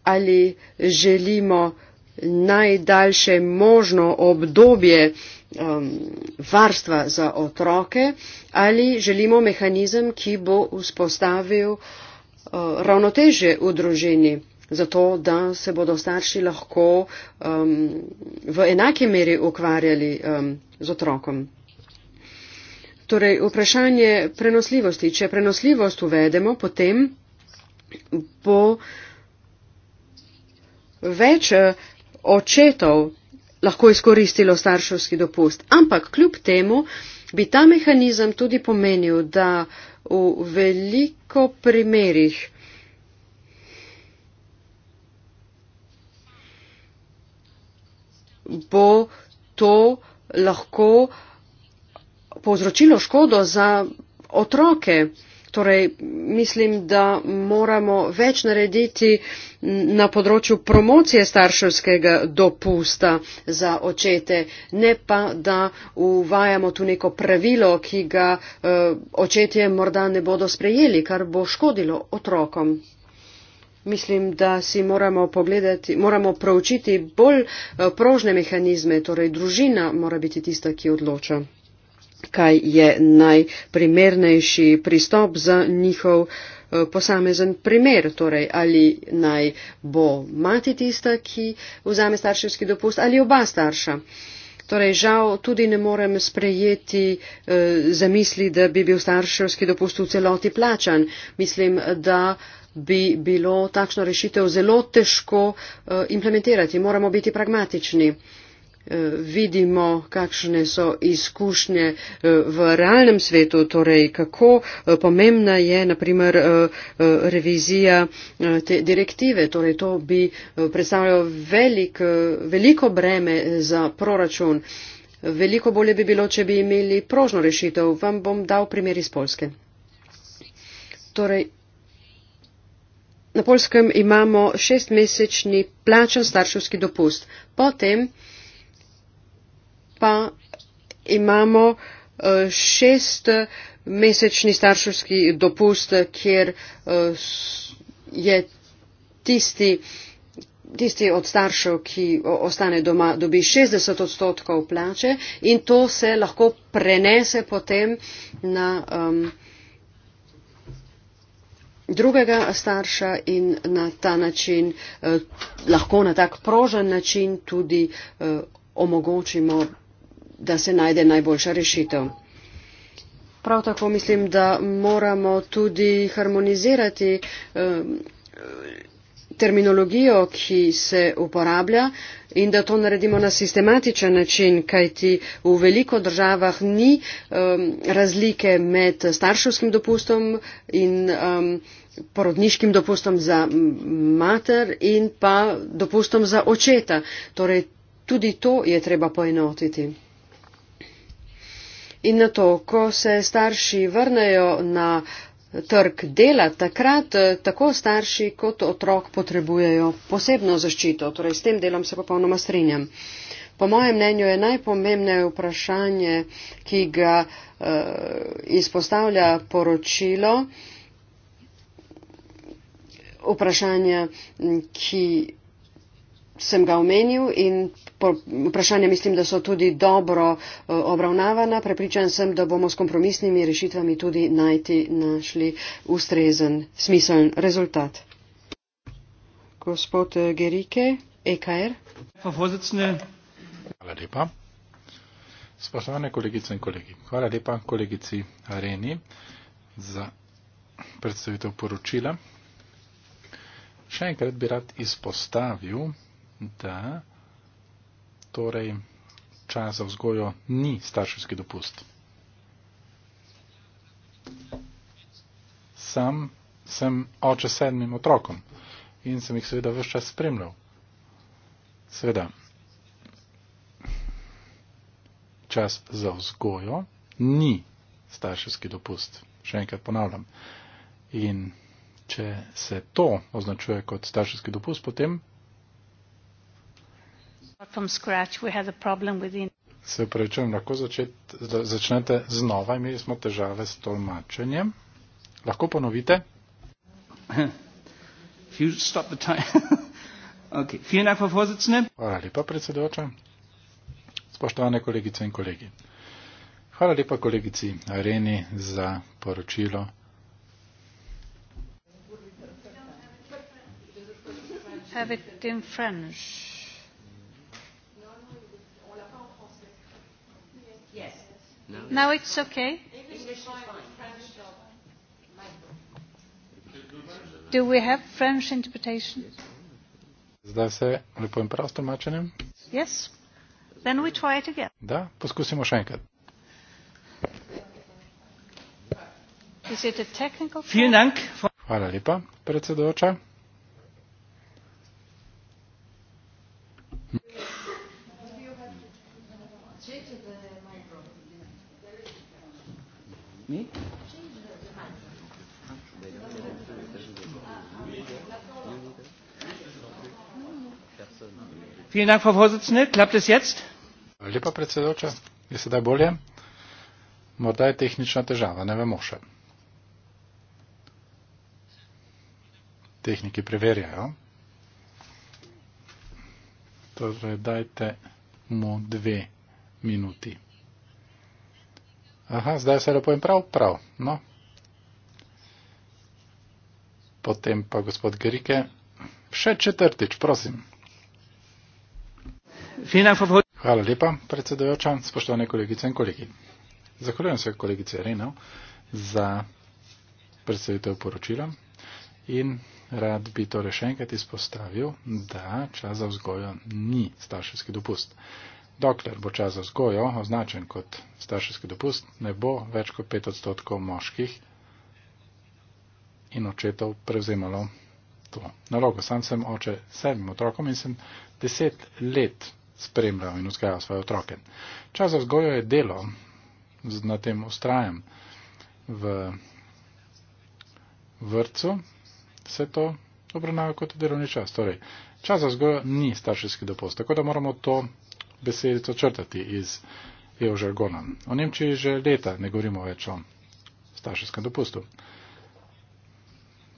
Ali želimo najdaljše možno obdobje um, varstva za otroke ali želimo mehanizem, ki bo vzpostavil uh, ravnoteže v družini, zato da se bodo starši lahko um, v enake meri ukvarjali um, z otrokom. Torej, vprašanje prenosljivosti. Če prenosljivost uvedemo, potem bo več uh, očetov lahko izkoristilo starševski dopust. Ampak kljub temu bi ta mehanizem tudi pomenil, da v veliko primerjih bo to lahko povzročilo škodo za otroke. Torej, mislim, da moramo več narediti na področju promocije starševskega dopusta za očete, ne pa, da uvajamo tu neko pravilo, ki ga uh, očetje morda ne bodo sprejeli, kar bo škodilo otrokom. Mislim, da si moramo pogledati, moramo proučiti bolj eh, prožne mehanizme, torej družina mora biti tista, ki odloča kaj je najprimernejši pristop za njihov eh, posamezen primer, torej ali naj bo mati tista, ki vzame starševski dopust ali oba starša. Torej, žal tudi ne morem sprejeti eh, zamisli, da bi bil starševski dopust v celoti plačan. Mislim, da bi bilo takšno rešitev zelo težko eh, implementirati. Moramo biti pragmatični. Eh, Eh, vidimo, kakšne so izkušnje eh, v realnem svetu, torej kako eh, pomembna je naprimer revizija te direktive. Torej to bi predstavljalo velik, veliko breme za proračun. Veliko bolje bi bilo, če bi imeli prožno rešitev. Vam bom dal primer iz Polske. Torej, na Polskem imamo šestmesečni plačen starševski dopust. Potem, pa imamo eh, šest mesečni starševski dopust, kjer eh, je tisti, tisti od staršev, ki ostane doma, dobi 60 odstotkov plače in to se lahko prenese potem na um, drugega starša in na ta način eh, lahko na tak prožen način tudi eh, omogočimo da se najde najboljša rešitev. Prav tako mislim, da moramo tudi harmonizirati um, terminologijo, ki se uporablja in da to naredimo na sistematičen način, kajti v veliko državah ni um, razlike med starševskim dopustom in um, porodniškim dopustom za mater in pa dopustom za očeta. Torej, tudi to je treba poenotiti. In na to, ko se starši vrnejo na trg dela, takrat eh, tako starši kot otrok potrebujejo posebno zaščito. Torej, s tem delom se popolnoma strinjam. Po mojem mnenju je najpomembnejše vprašanje, ki ga uh, izpostavlja poročilo, vprašanje, ki sem ga omenil in vprašanje mislim, da so tudi dobro eh, obravnavana. Prepričan sem, da bomo s kompromisnimi rešitvami tudi najti našli ustrezen, smiseln rezultat. Gospod eh, Gerike, EKR. Hvala lepa. Spoštovane kolegice in kolegi, hvala lepa kolegici Areni za predstavitev poročila. Še enkrat bi rad izpostavil, da torej čas za vzgojo ni starševski dopust. Sam sem oče sedmim otrokom in sem jih seveda vse čas spremljal. Seveda, čas za vzgojo ni starševski dopust. Še enkrat ponavljam. In če se to označuje kot starševski dopust, potem Se upravičujem, lahko začet, začnete znova, imeli smo težave s tolmačenjem. Lahko ponovite? Hvala lepa, predsedoča. Spoštovane kolegice in kolegi. Hvala lepa kolegici Areni za poročilo. Have it in French. Now no, it's okay. Do we have French interpretation? Zdaj se lepo in prav stolmačenem. Yes. Then we try it again. Da, poskusimo še enkrat. Is it a technical Vielen Dank. Hvala lepa, predsedujoča. Mi? Vielen Dank, Frau Vorsitzende. Klappt es jetzt? Lepa predsedoča, je sedaj bolje? Morda je tehnična težava, ne vemo še. Tehniki preverjajo. Torej, dajte mu dve minuti. Aha, zdaj se lepo in prav, prav. No. Potem pa gospod Grike, še četrtič, prosim. Hvala lepa, predsedojoča, spoštovane kolegice in kolegi. Zahvaljujem se kolegice Renov za predstavitev poročila in rad bi torej še enkrat izpostavil, da čas za vzgojo ni starševski dopust. Dokler bo čas za vzgojo označen kot starševski dopust, ne bo več kot 5 odstotkov moških in očetov prevzemalo to nalogo. Sam sem oče sedmim otrokom in sem deset let spremljal in vzgajal svoje otroke. Čas za vzgojo je delo, na tem ustrajam v vrtcu, se to obravnava kot delovni čas. Torej, čas za vzgojo ni starševski dopust, tako da moramo to besedico črtati iz EU žargona. O Nemčiji že leta ne govorimo več o starševskem dopustu.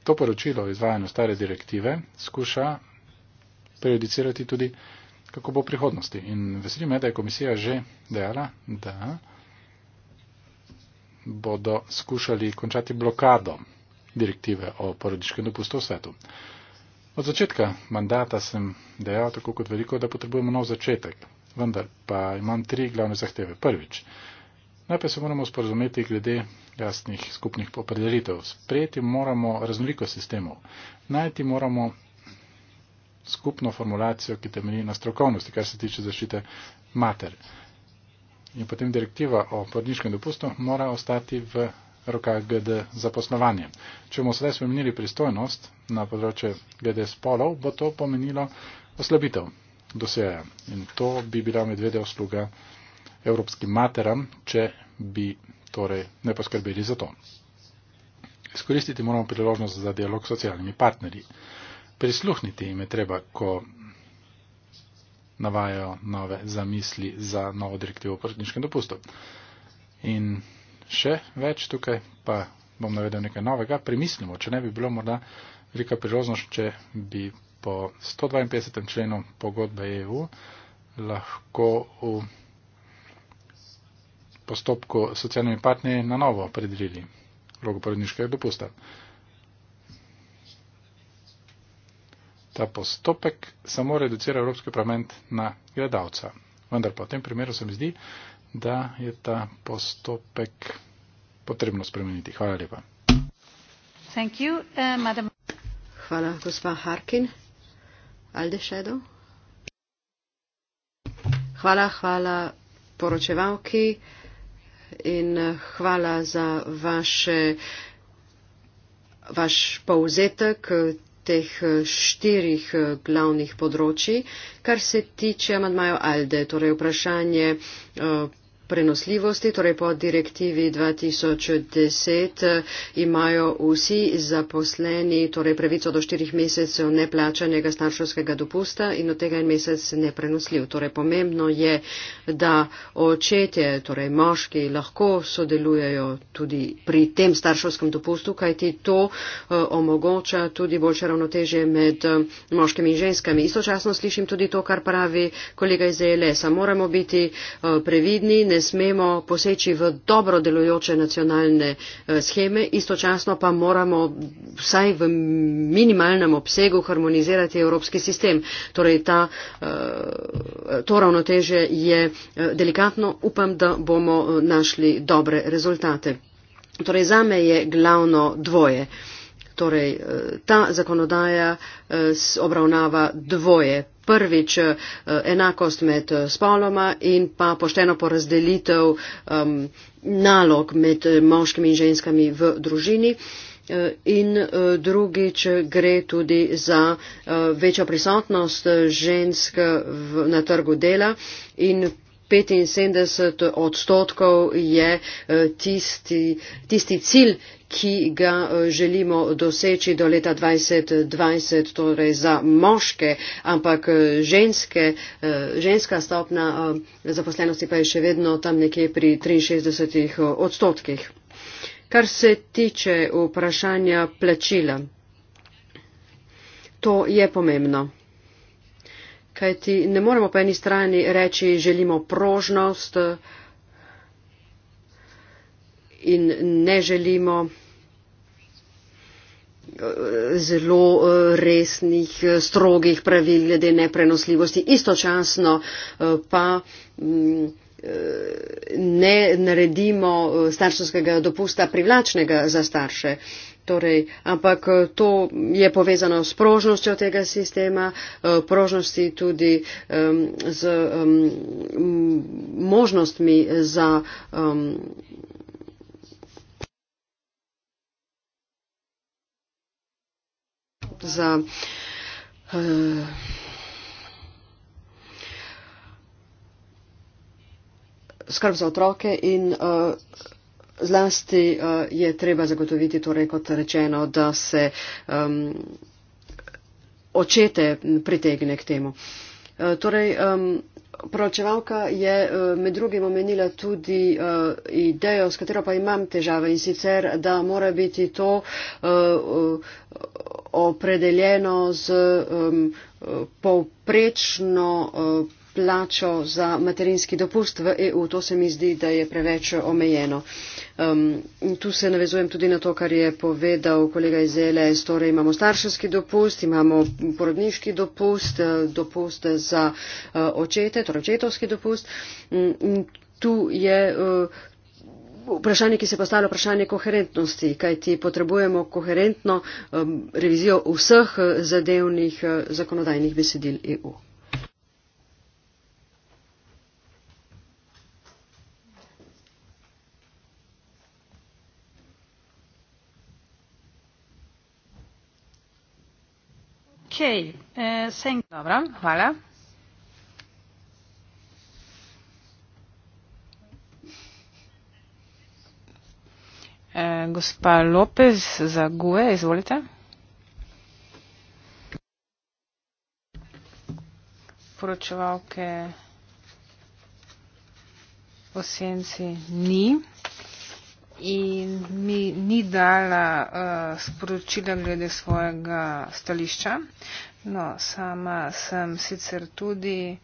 To poročilo o izvajanju stare direktive skuša prejudicirati tudi, kako bo v prihodnosti. In veseli me, da je komisija že dejala, da bodo skušali končati blokado direktive o porodniškem dopustu v svetu. Od začetka mandata sem dejal, tako kot veliko, da potrebujemo nov začetek, vendar pa imam tri glavne zahteve. Prvič, najprej se moramo sporozumeti glede jasnih skupnih opredelitev. Sprejeti moramo raznoliko sistemov. Najti moramo skupno formulacijo, ki temelji na strokovnosti, kar se tiče zaščite mater. In potem direktiva o porodniškem dopustu mora ostati v rokah GD za poslovanje. Če bomo sedaj spremenili pristojnost na področje GD spolov, bo to pomenilo oslabitev doseja. In to bi bila medvedja usluga evropskim materam, če bi torej ne poskrbeli za to. Izkoristiti moramo priložnost za dialog s socialnimi partnerji. Prisluhniti jim je treba, ko navajajo nove zamisli za novo direktivo o potniškem dopustu. In še več tukaj pa bom navedel nekaj novega. Primislimo, če ne bi bilo morda velika priložnost, če bi po 152. členu pogodbe EU lahko v postopku s socialnimi partnerji na novo predelili vlogo porodniškega dopusta. Ta postopek samo reducira Evropski parlament na gledalca. Vendar pa v tem primeru se mi zdi, da je ta postopek potrebno spremeniti. Hvala lepa. Thank you, uh, Hvala, gospa Harkin. Aldešedo. Hvala, hvala poročevalki in eh, hvala za vaše, vaš povzetek eh, teh eh, štirih glavnih področji, kar se tiče Madmajo Alde, torej vprašanje. Uh, prenosljivosti, torej po direktivi 2010 eh, imajo vsi zaposleni torej pravico do štirih mesecev neplačanega starševskega dopusta in od tega en mesec neprenosljiv. Torej pomembno je, da očetje, torej moški, lahko sodelujejo tudi pri tem starševskem dopustu, kajti to eh, omogoča tudi boljše ravnoteže med eh, moškimi in ženskami. Istočasno slišim tudi to, kar pravi kolega iz ELS-a. Moramo biti previdni, ne ne smemo poseči v dobro delujoče nacionalne eh, scheme, istočasno pa moramo vsaj v minimalnem obsegu harmonizirati evropski sistem. Torej ta, eh, to ravnoteže je eh, delikatno, upam, da bomo našli dobre rezultate. Torej zame je glavno dvoje. Torej, ta zakonodaja obravnava dvoje prvič eh, enakost med eh, spoloma in pa pošteno porazdelitev um, nalog med eh, moškimi in ženskami v družini. In drugič gre tudi za večjo prisotnost žensk v, na trgu dela in 75 odstotkov je tisti, tisti cilj, ki ga e, želimo doseči do leta 2020, torej za moške, ampak e, ženske, e, ženska stopna zaposlenosti pa je še vedno tam nekje pri 63 odstotkih. Kar se tiče vprašanja plačila, to je pomembno. Kajti ne moremo po eni strani reči, želimo prožnost, in ne želimo eh, zelo eh, resnih, eh, strogih pravil glede neprenosljivosti. Istočasno pa mm, ne naredimo starševskega dopusta privlačnega za starše. Torej, ampak to je povezano s prožnostjo tega sistema, prožnosti tudi z možnostmi za za uh, skrb za otroke in uh, zlasti uh, je treba zagotoviti, torej kot rečeno, da se um, očete pritegne k temu. Uh, torej, um, Pročevalka je med drugim omenila tudi uh, idejo, s katero pa imam težave in sicer, da mora biti to uh, uh, opredeljeno z um, povprečno uh, plačo za materinski dopust v EU. To se mi zdi, da je preveč omejeno. Um, tu se navezujem tudi na to, kar je povedal kolega iz e LS. Torej imamo starševski dopust, imamo porodniški dopust, uh, dopust za uh, očete, torej očetovski dopust. Um, tu je uh, vprašanje, ki se postavlja vprašanje koherentnosti, kajti potrebujemo koherentno um, revizijo vseh eh, zadevnih eh, zakonodajnih besedil EU. Okay. Eh, hvala. Eh, gospa Lopez za GUE, izvolite. Poročevalke o senci ni in mi ni dala uh, sporočila glede svojega stališča. No, sama sem sicer tudi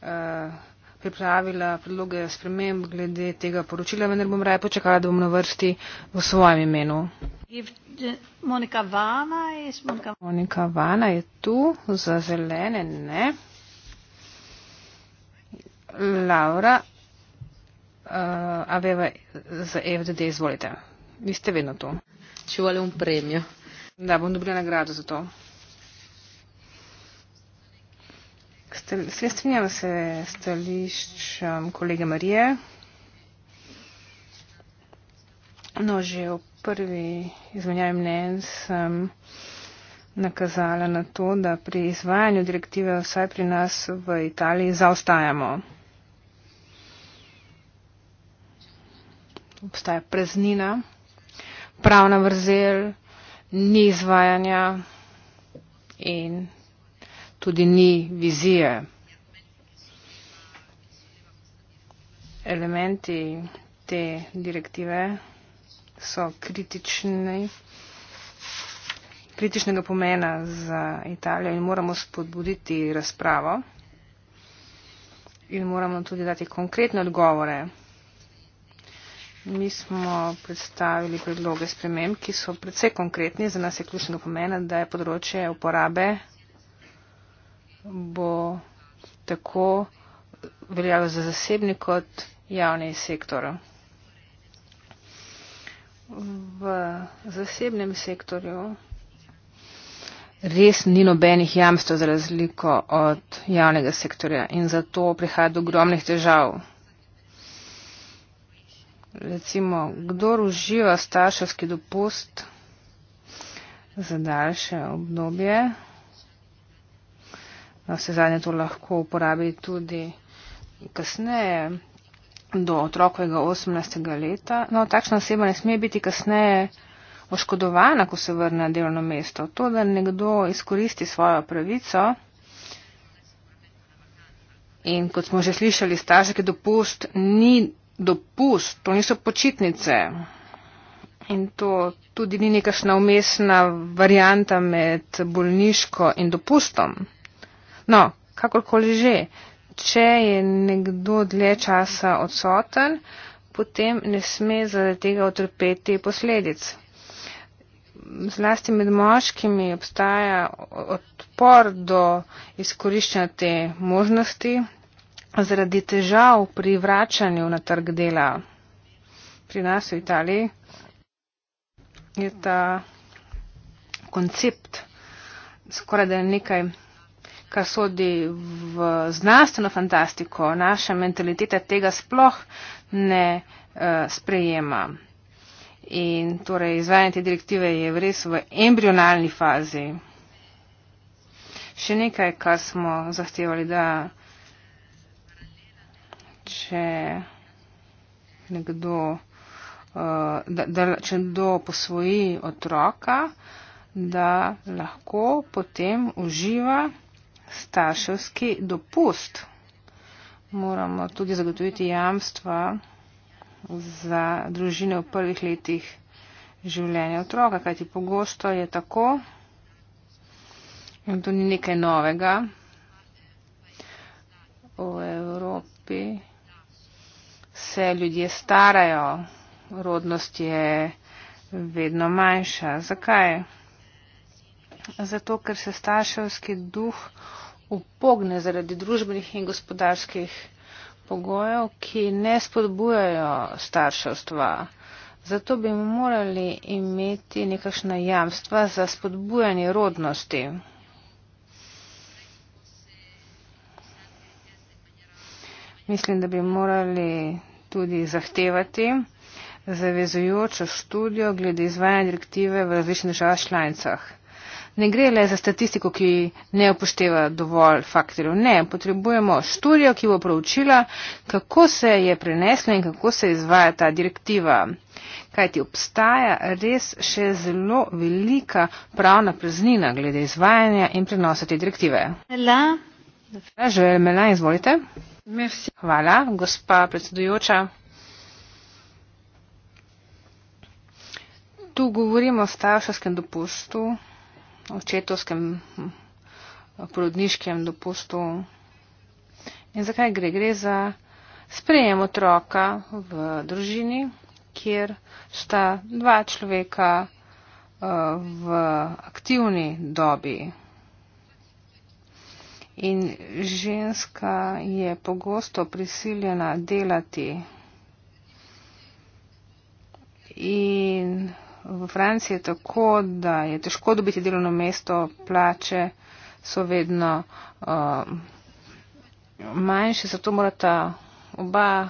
uh, pripravila predloge sprememb glede tega poročila, vendar bom raje počakala, da bom na vrsti v svojem imenu. Monika Vana, Monika... Monika Vana je tu, za zelene ne. Laura uh, Aveva za e FDD, izvolite. Vi ste vedno tu. Čuvali bom premijo. Da, bom dobila nagrado za to. Se strinjam se stališčem kolege Marije. No, že v prvi izmenjavi mnen sem nakazala na to, da pri izvajanju direktive vsaj pri nas v Italiji zaostajamo. Obstaja preznina, pravna vrzel, ni izvajanja in tudi ni vizije. Elementi te direktive so kritični, kritičnega pomena za Italijo in moramo spodbuditi razpravo in moramo tudi dati konkretne odgovore. Mi smo predstavili predloge sprememb, ki so predvsej konkretni. Za nas je ključnega pomena, da je področje uporabe bo tako veljalo za zasebni kot javni sektor. V zasebnem sektorju res ni nobenih jamstv za razliko od javnega sektorja in zato prihaja do ogromnih težav. Recimo, kdor uživa starševski dopust za daljše obdobje, na vse zadnje to lahko uporabi tudi kasneje do otrokovega 18. leta. No, takšna oseba ne sme biti kasneje oškodovana, ko se vrne na delovno mesto. To, da nekdo izkoristi svojo pravico in kot smo že slišali, starški dopust ni dopust, to niso počitnice. In to tudi ni nekašna umestna varijanta med bolniško in dopustom. No, kakorkoli že, če je nekdo dlje časa odsoten, potem ne sme zaradi tega utrpeti posledic. Zlasti med moškimi obstaja odpor do izkoriščanja te možnosti zaradi težav pri vračanju na trg dela. Pri nas v Italiji je ta koncept skoraj da nekaj kar sodi v znanstveno fantastiko, naša mentaliteta tega sploh ne eh, sprejema. In torej izvajanje te direktive je res v embrionalni fazi. Še nekaj, kar smo zahtevali, da če nekdo, eh, da, da, če nekdo posvoji otroka, da lahko potem uživa starševski dopust. Moramo tudi zagotoviti jamstva za družine v prvih letih življenja otroka, kajti pogosto je tako, in to ni nekaj novega v Evropi, se ljudje starajo, rodnost je vedno manjša. Zakaj? Zato, ker se starševski duh upogne zaradi družbenih in gospodarskih pogojev, ki ne spodbujajo starševstva. Zato bi morali imeti nekakšna jamstva za spodbujanje rodnosti. Mislim, da bi morali tudi zahtevati zavezujočo študijo glede izvajanja direktive v različnih državah članicah ne gre le za statistiko, ki ne upošteva dovolj faktorjev. Ne, potrebujemo študijo, ki bo proučila, kako se je preneslo in kako se izvaja ta direktiva. Kaj ti obstaja res še zelo velika pravna preznina glede izvajanja in prenosa te direktive? Mela. Želel Mela, izvolite. Merci. Hvala, gospa predsedujoča. Tu govorimo o starševskem dopustu očetovskem porodniškem dopustu. In zakaj gre? Gre za sprejem otroka v družini, kjer sta dva človeka eh, v aktivni dobi. In ženska je pogosto prisiljena delati. In v Franciji je tako, da je težko dobiti delovno mesto, plače so vedno uh, manjše, zato morata oba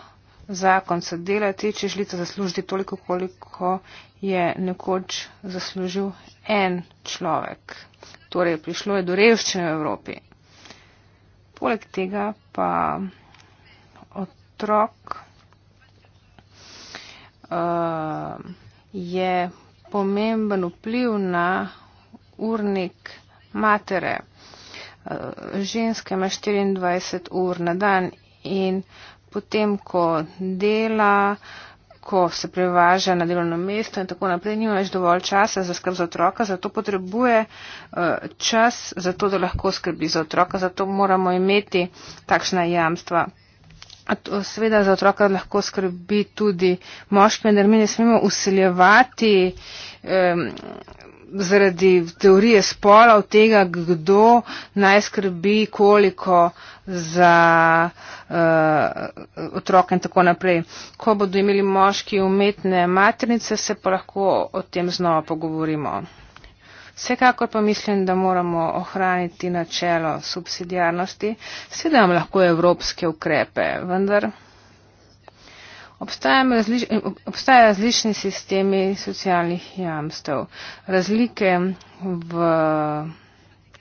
zakonca delati, če želite zaslužiti toliko, koliko je nekoč zaslužil en človek. Torej, prišlo je do revščine v Evropi. Poleg tega pa otrok uh, je pomemben vpliv na urnik matere. Eh, ženske ima 24 ur na dan in potem, ko dela, ko se prevaža na delovno mesto in tako naprej, nima več dovolj časa za skrb za otroka, zato potrebuje eh, čas, zato da lahko skrbi za otroka, zato moramo imeti takšna jamstva seveda za otroka lahko skrbi tudi moški, vendar mi ne smemo usiljevati eh, zaradi teorije spola od tega, kdo naj skrbi koliko za eh, otroke in tako naprej. Ko bodo imeli moški umetne maternice, se pa lahko o tem znova pogovorimo. Vsekakor pa mislim, da moramo ohraniti načelo subsidijarnosti, seveda imamo lahko evropske ukrepe, vendar obstajajo obstaja različni sistemi socialnih jamstev. Razlike v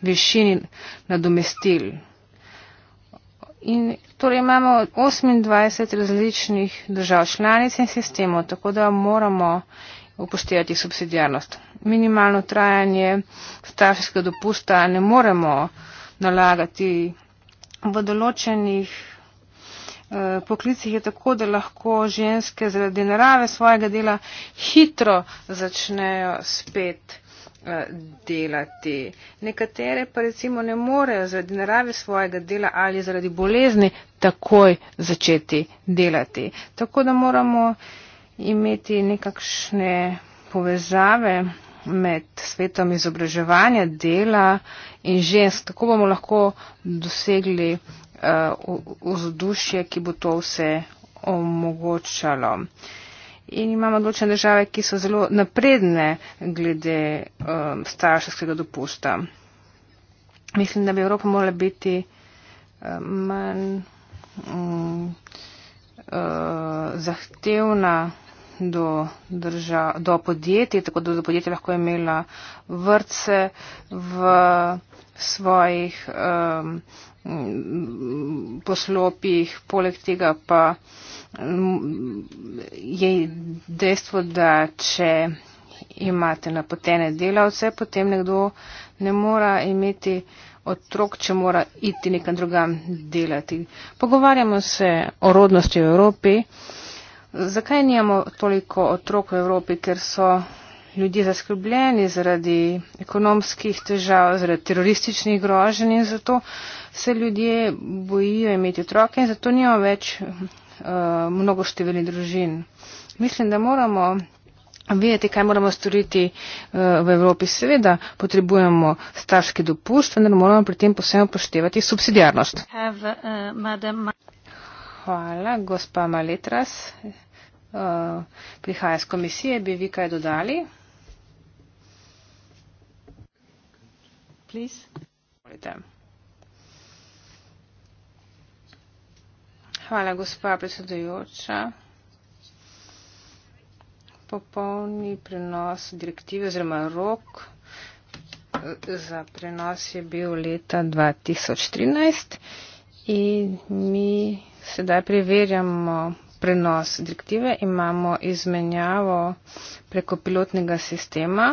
višini nadomestil. In torej imamo 28 različnih držav članic in sistemov, tako da moramo upoštevati subsidijarnost. Minimalno trajanje starševskega dopusta ne moremo nalagati. V določenih eh, poklicih je tako, da lahko ženske zaradi narave svojega dela hitro začnejo spet eh, delati. Nekatere pa recimo ne morejo zaradi narave svojega dela ali zaradi bolezni takoj začeti delati. Tako da moramo imeti nekakšne povezave med svetom izobraževanja, dela in žensk. Tako bomo lahko dosegli eh, vzdušje, uh, ki bo to vse omogočalo. In imamo določene države, ki so zelo napredne glede um, starševskega dopusta. Mislim, da bi Evropa morala biti um, manj um, uh, zahtevna do, drža, do podjetij, tako da do podjetja lahko imela vrtce v svojih um, poslopih, poleg tega pa um, je dejstvo, da če imate napotene delavce, potem nekdo ne mora imeti otrok, če mora iti nekam drugam delati. Pogovarjamo se o rodnosti v Evropi. Uh, Zakaj nijemo toliko otrok v Evropi, ker so ljudje zaskrbljeni zaradi ekonomskih težav, zaradi terorističnih groženj in zato se ljudje bojijo imeti otroke in zato nijemo več uh, eh, mnogo številnih družin. Mislim, da moramo. Vedeti, kaj moramo storiti eh, v Evropi, seveda potrebujemo starški dopust, vendar moramo pri tem posebno poštevati subsidijarnost. Hvala, gospa Maletras. Uh, eh, prihaja z komisije, bi vi kaj dodali? Please. Hvala, gospa predsedujoča. Popolni prenos direktive oziroma rok eh, za prenos je bil leta 2013 in mi. Sedaj preverjamo prenos direktive. Imamo izmenjavo preko pilotnega sistema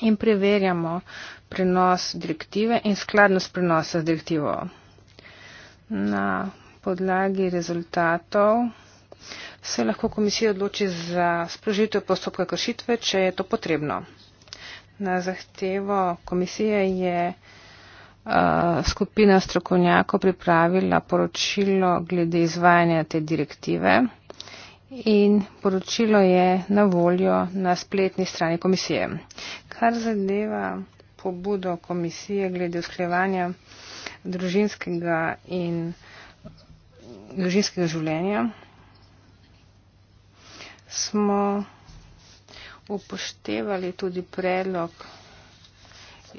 in preverjamo prenos direktive in skladnost prenosa direktivo. Na podlagi rezultatov se lahko komisija odloči za sprožitev postopka kršitve, če je to potrebno. Na zahtevo komisije je skupina strokovnjakov pripravila poročilo glede izvajanja te direktive in poročilo je na voljo na spletni strani komisije. Kar zadeva pobudo komisije glede usklejevanja družinskega in družinskega življenja, smo upoštevali tudi predlog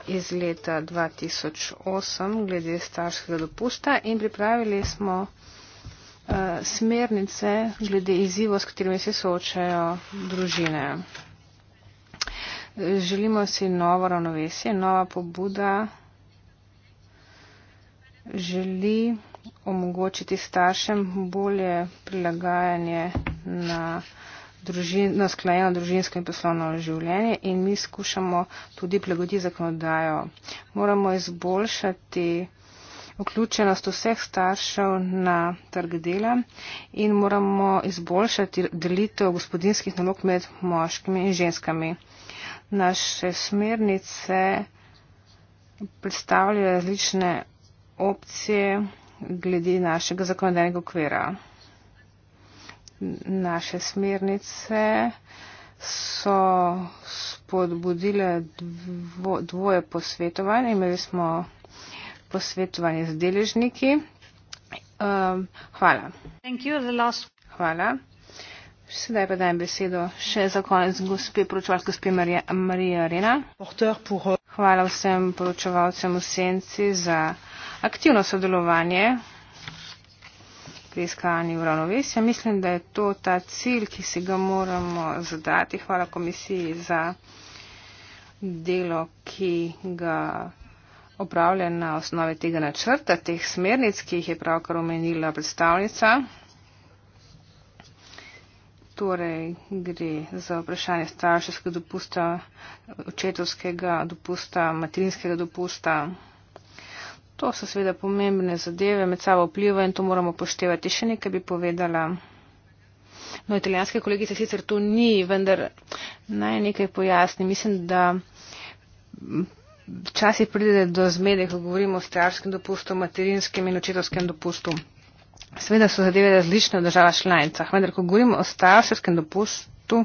iz leta 2008 glede starševskega dopusta in pripravili smo uh, smernice glede izzivo, s katerimi se soočajo družine. Želimo si novo ravnovesje, nova pobuda želi omogočiti staršem bolje prilagajanje na družina, sklajeno družinsko in poslovno življenje in mi skušamo tudi plegoti zakonodajo. Moramo izboljšati vključenost vseh staršev na trg dela in moramo izboljšati delitev gospodinskih nalog med moškimi in ženskami. Naše smernice predstavljajo različne opcije glede našega zakonodajnega okvira naše smernice so spodbudile dvo, dvoje posvetovanj. Imeli smo posvetovanje z deležniki. Um, hvala. Hvala. Sedaj pa dajem besedo še za konec gospe poročevalke, gospe Marija Arena. Uh, hvala vsem poročevalcem v senci za aktivno sodelovanje pri iskanju ravnovesja. Mislim, da je to ta cilj, ki si ga moramo zadati. Hvala komisiji za delo, ki ga opravlja na osnovi tega načrta, teh smernic, ki jih je pravkar omenila predstavnica. Torej gre za vprašanje starševskega dopusta, očetovskega dopusta, materinskega dopusta. To so seveda pomembne zadeve, med sabo vpliva in to moramo poštevati. Še nekaj bi povedala. No, italijanske kolegice sicer to ni, vendar naj nekaj pojasni. Mislim, da včasih pride do zmede, ko govorimo o starskem dopustu, materinskem in očetovskem dopustu. Seveda so zadeve različne v državah članicah, vendar ko govorimo o starskem dopustu,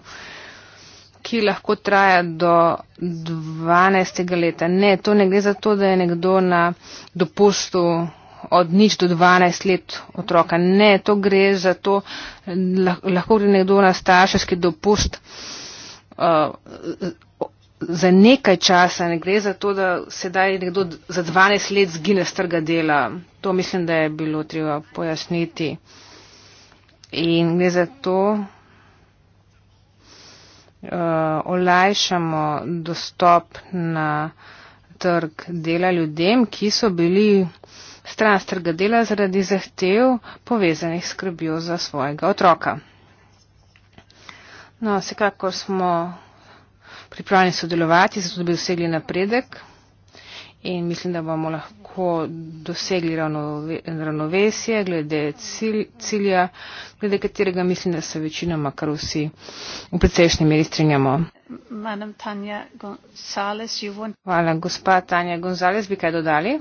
ki lahko traja do 12. leta. Ne, to ne gre za to, da je nekdo na dopustu od nič do 12 let otroka. Ne, to gre za to, lahko gre nekdo na starševski dopust uh, za nekaj časa. Ne gre za to, da sedaj nekdo za 12 let zgine z trga dela. To mislim, da je bilo treba pojasniti. In gre za to, uh, olajšamo dostop na trg dela ljudem, ki so bili stran strga dela zaradi zahtev povezanih skrbjo za svojega otroka. No, vsekakor smo pripravljeni sodelovati, zato da bi dosegli napredek in mislim, da bomo lahko dosegli ravnovesje glede cilja, glede katerega mislim, da se večinoma kar vsi v precejšnji meri strinjamo. Hvala, gospa Tanja Gonzales, bi kaj dodali?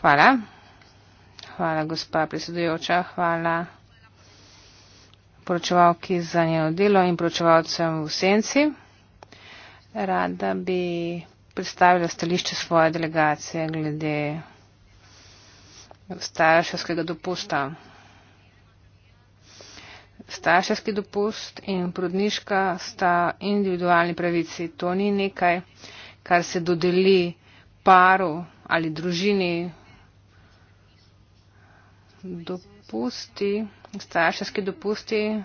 Hvala. Hvala, gospa predsedujoča. Hvala poročevalki za njeno delo in poročevalcem v senci. Rada bi predstavila stališče svoje delegacije glede starševskega dopusta. Starševski dopust in prudniška sta individualni pravici. To ni nekaj, kar se dodeli paru ali družini. Dopusti, starševski dopusti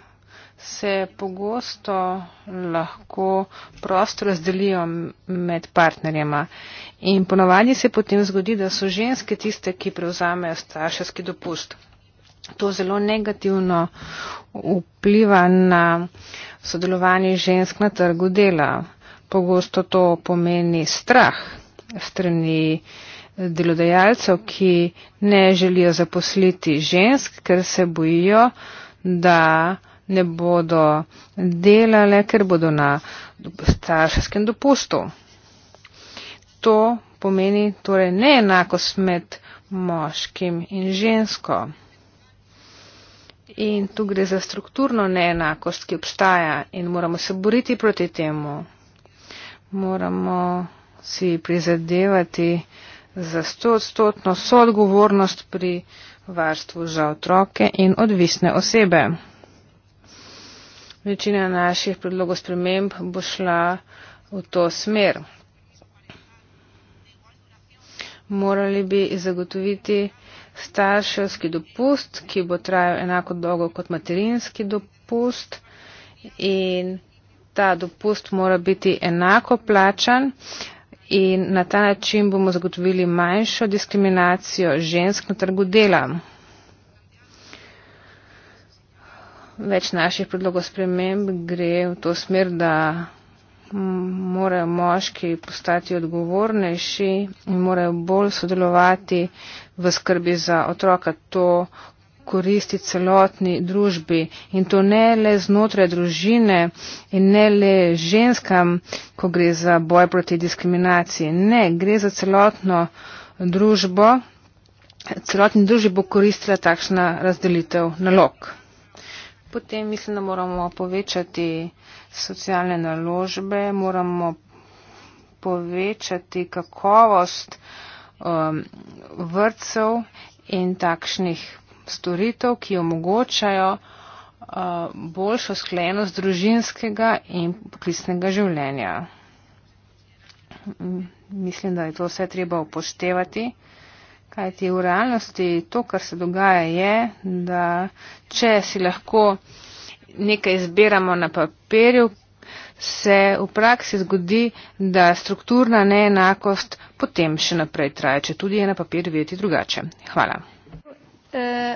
se pogosto lahko prosto razdelijo med partnerjema. In ponovadi se potem zgodi, da so ženske tiste, ki prevzamejo starševski dopust. To zelo negativno vpliva na sodelovanje žensk na trgu dela. Pogosto to pomeni strah strani delodajalcev, ki ne želijo zaposliti žensk, ker se bojijo, da ne bodo delale, ker bodo na starševskem dopustu. To pomeni torej neenakost med moškim in žensko. In tu gre za strukturno neenakost, ki obstaja in moramo se boriti proti temu. Moramo si prizadevati za stotno soodgovornost pri varstvu za otroke in odvisne osebe večina naših predlogov sprememb bo šla v to smer. Morali bi zagotoviti starševski dopust, ki bo trajal enako dolgo kot materinski dopust in ta dopust mora biti enako plačan in na ta način bomo zagotovili manjšo diskriminacijo žensk na trgu dela. več naših predlogov sprememb gre v to smer, da morajo moški postati odgovornejši in morajo bolj sodelovati v skrbi za otroka. To koristi celotni družbi in to ne le znotraj družine in ne le ženskam, ko gre za boj proti diskriminaciji. Ne, gre za celotno družbo. Celotni družbi bo koristila takšna razdelitev nalog. Potem mislim, da moramo povečati socialne naložbe, moramo povečati kakovost um, vrtcev in takšnih storitev, ki omogočajo uh, boljšo sklenost družinskega in poklicnega življenja. Mislim, da je to vse treba upoštevati. Kajti v realnosti to, kar se dogaja, je, da če si lahko nekaj izbiramo na papirju, se v praksi zgodi, da strukturna neenakost potem še naprej traja, če tudi je na papirju videti drugače. Hvala. Eh,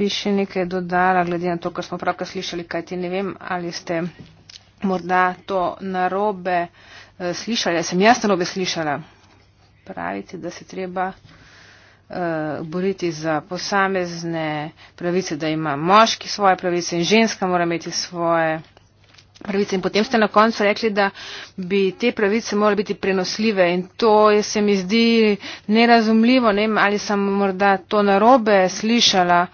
Bi še nekaj dodala, glede na to, kar smo pravkar slišali, kajti ne vem, ali ste morda to narobe Eh, slišala, sem jaz narobe slišala. Pravite, da se treba uh, boriti za posamezne pravice, da ima moški svoje pravice in ženska mora imeti svoje pravice. In potem ste na koncu rekli, da bi te pravice morale biti prenosljive in to je, se mi zdi nerazumljivo. Ne vem, ali sem morda to narobe slišala,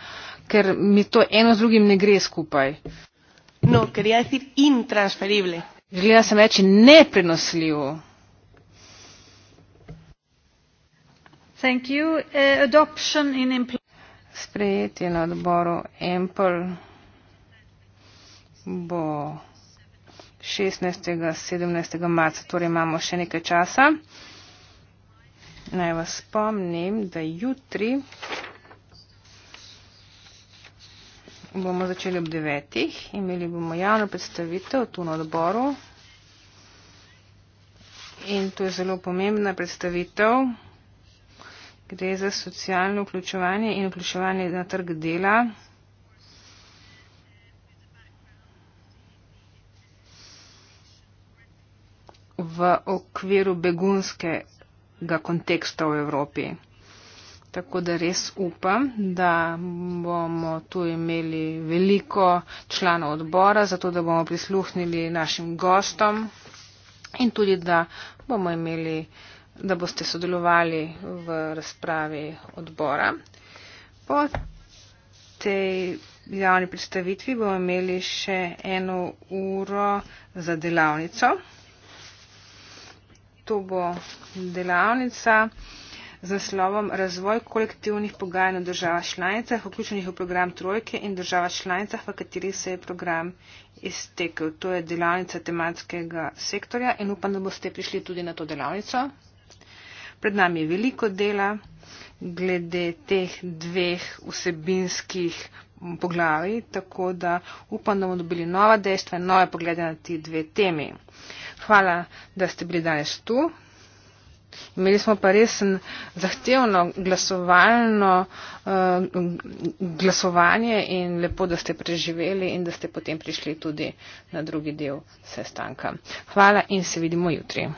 ker mi to eno z drugim ne gre skupaj. No, quería decir intransferible. Želela sem reči neprenosljivo. You, uh, Sprejetje na odboru Ample bo 16. 17. marca, torej imamo še nekaj časa. Naj vas spomnim, da jutri. bomo začeli ob devetih, imeli bomo javno predstavitev tu na odboru. In to je zelo pomembna predstavitev, gre za socialno vključevanje in vključevanje na trg dela. v okviru begunskega konteksta v Evropi. Tako da res upam, da bomo tu imeli veliko članov odbora, zato da bomo prisluhnili našim gostom in tudi, da bomo imeli, da boste sodelovali v razpravi odbora. Po tej javni predstavitvi bomo imeli še eno uro za delavnico. To bo delavnica z naslovom Razvoj kolektivnih pogajanj v državah članicah, vključenih v program Trojke in državah članicah, v katerih se je program iztekel. To je delavnica tematskega sektorja in upam, da boste prišli tudi na to delavnico. Pred nami je veliko dela glede teh dveh vsebinskih poglavij, tako da upam, da bomo dobili nova dejstva in nove poglede na ti dve temi. Hvala, da ste bili danes tu. Imeli smo pa res zahtevno glasovalno uh, glasovanje in lepo, da ste preživeli in da ste potem prišli tudi na drugi del sestanka. Hvala in se vidimo jutri.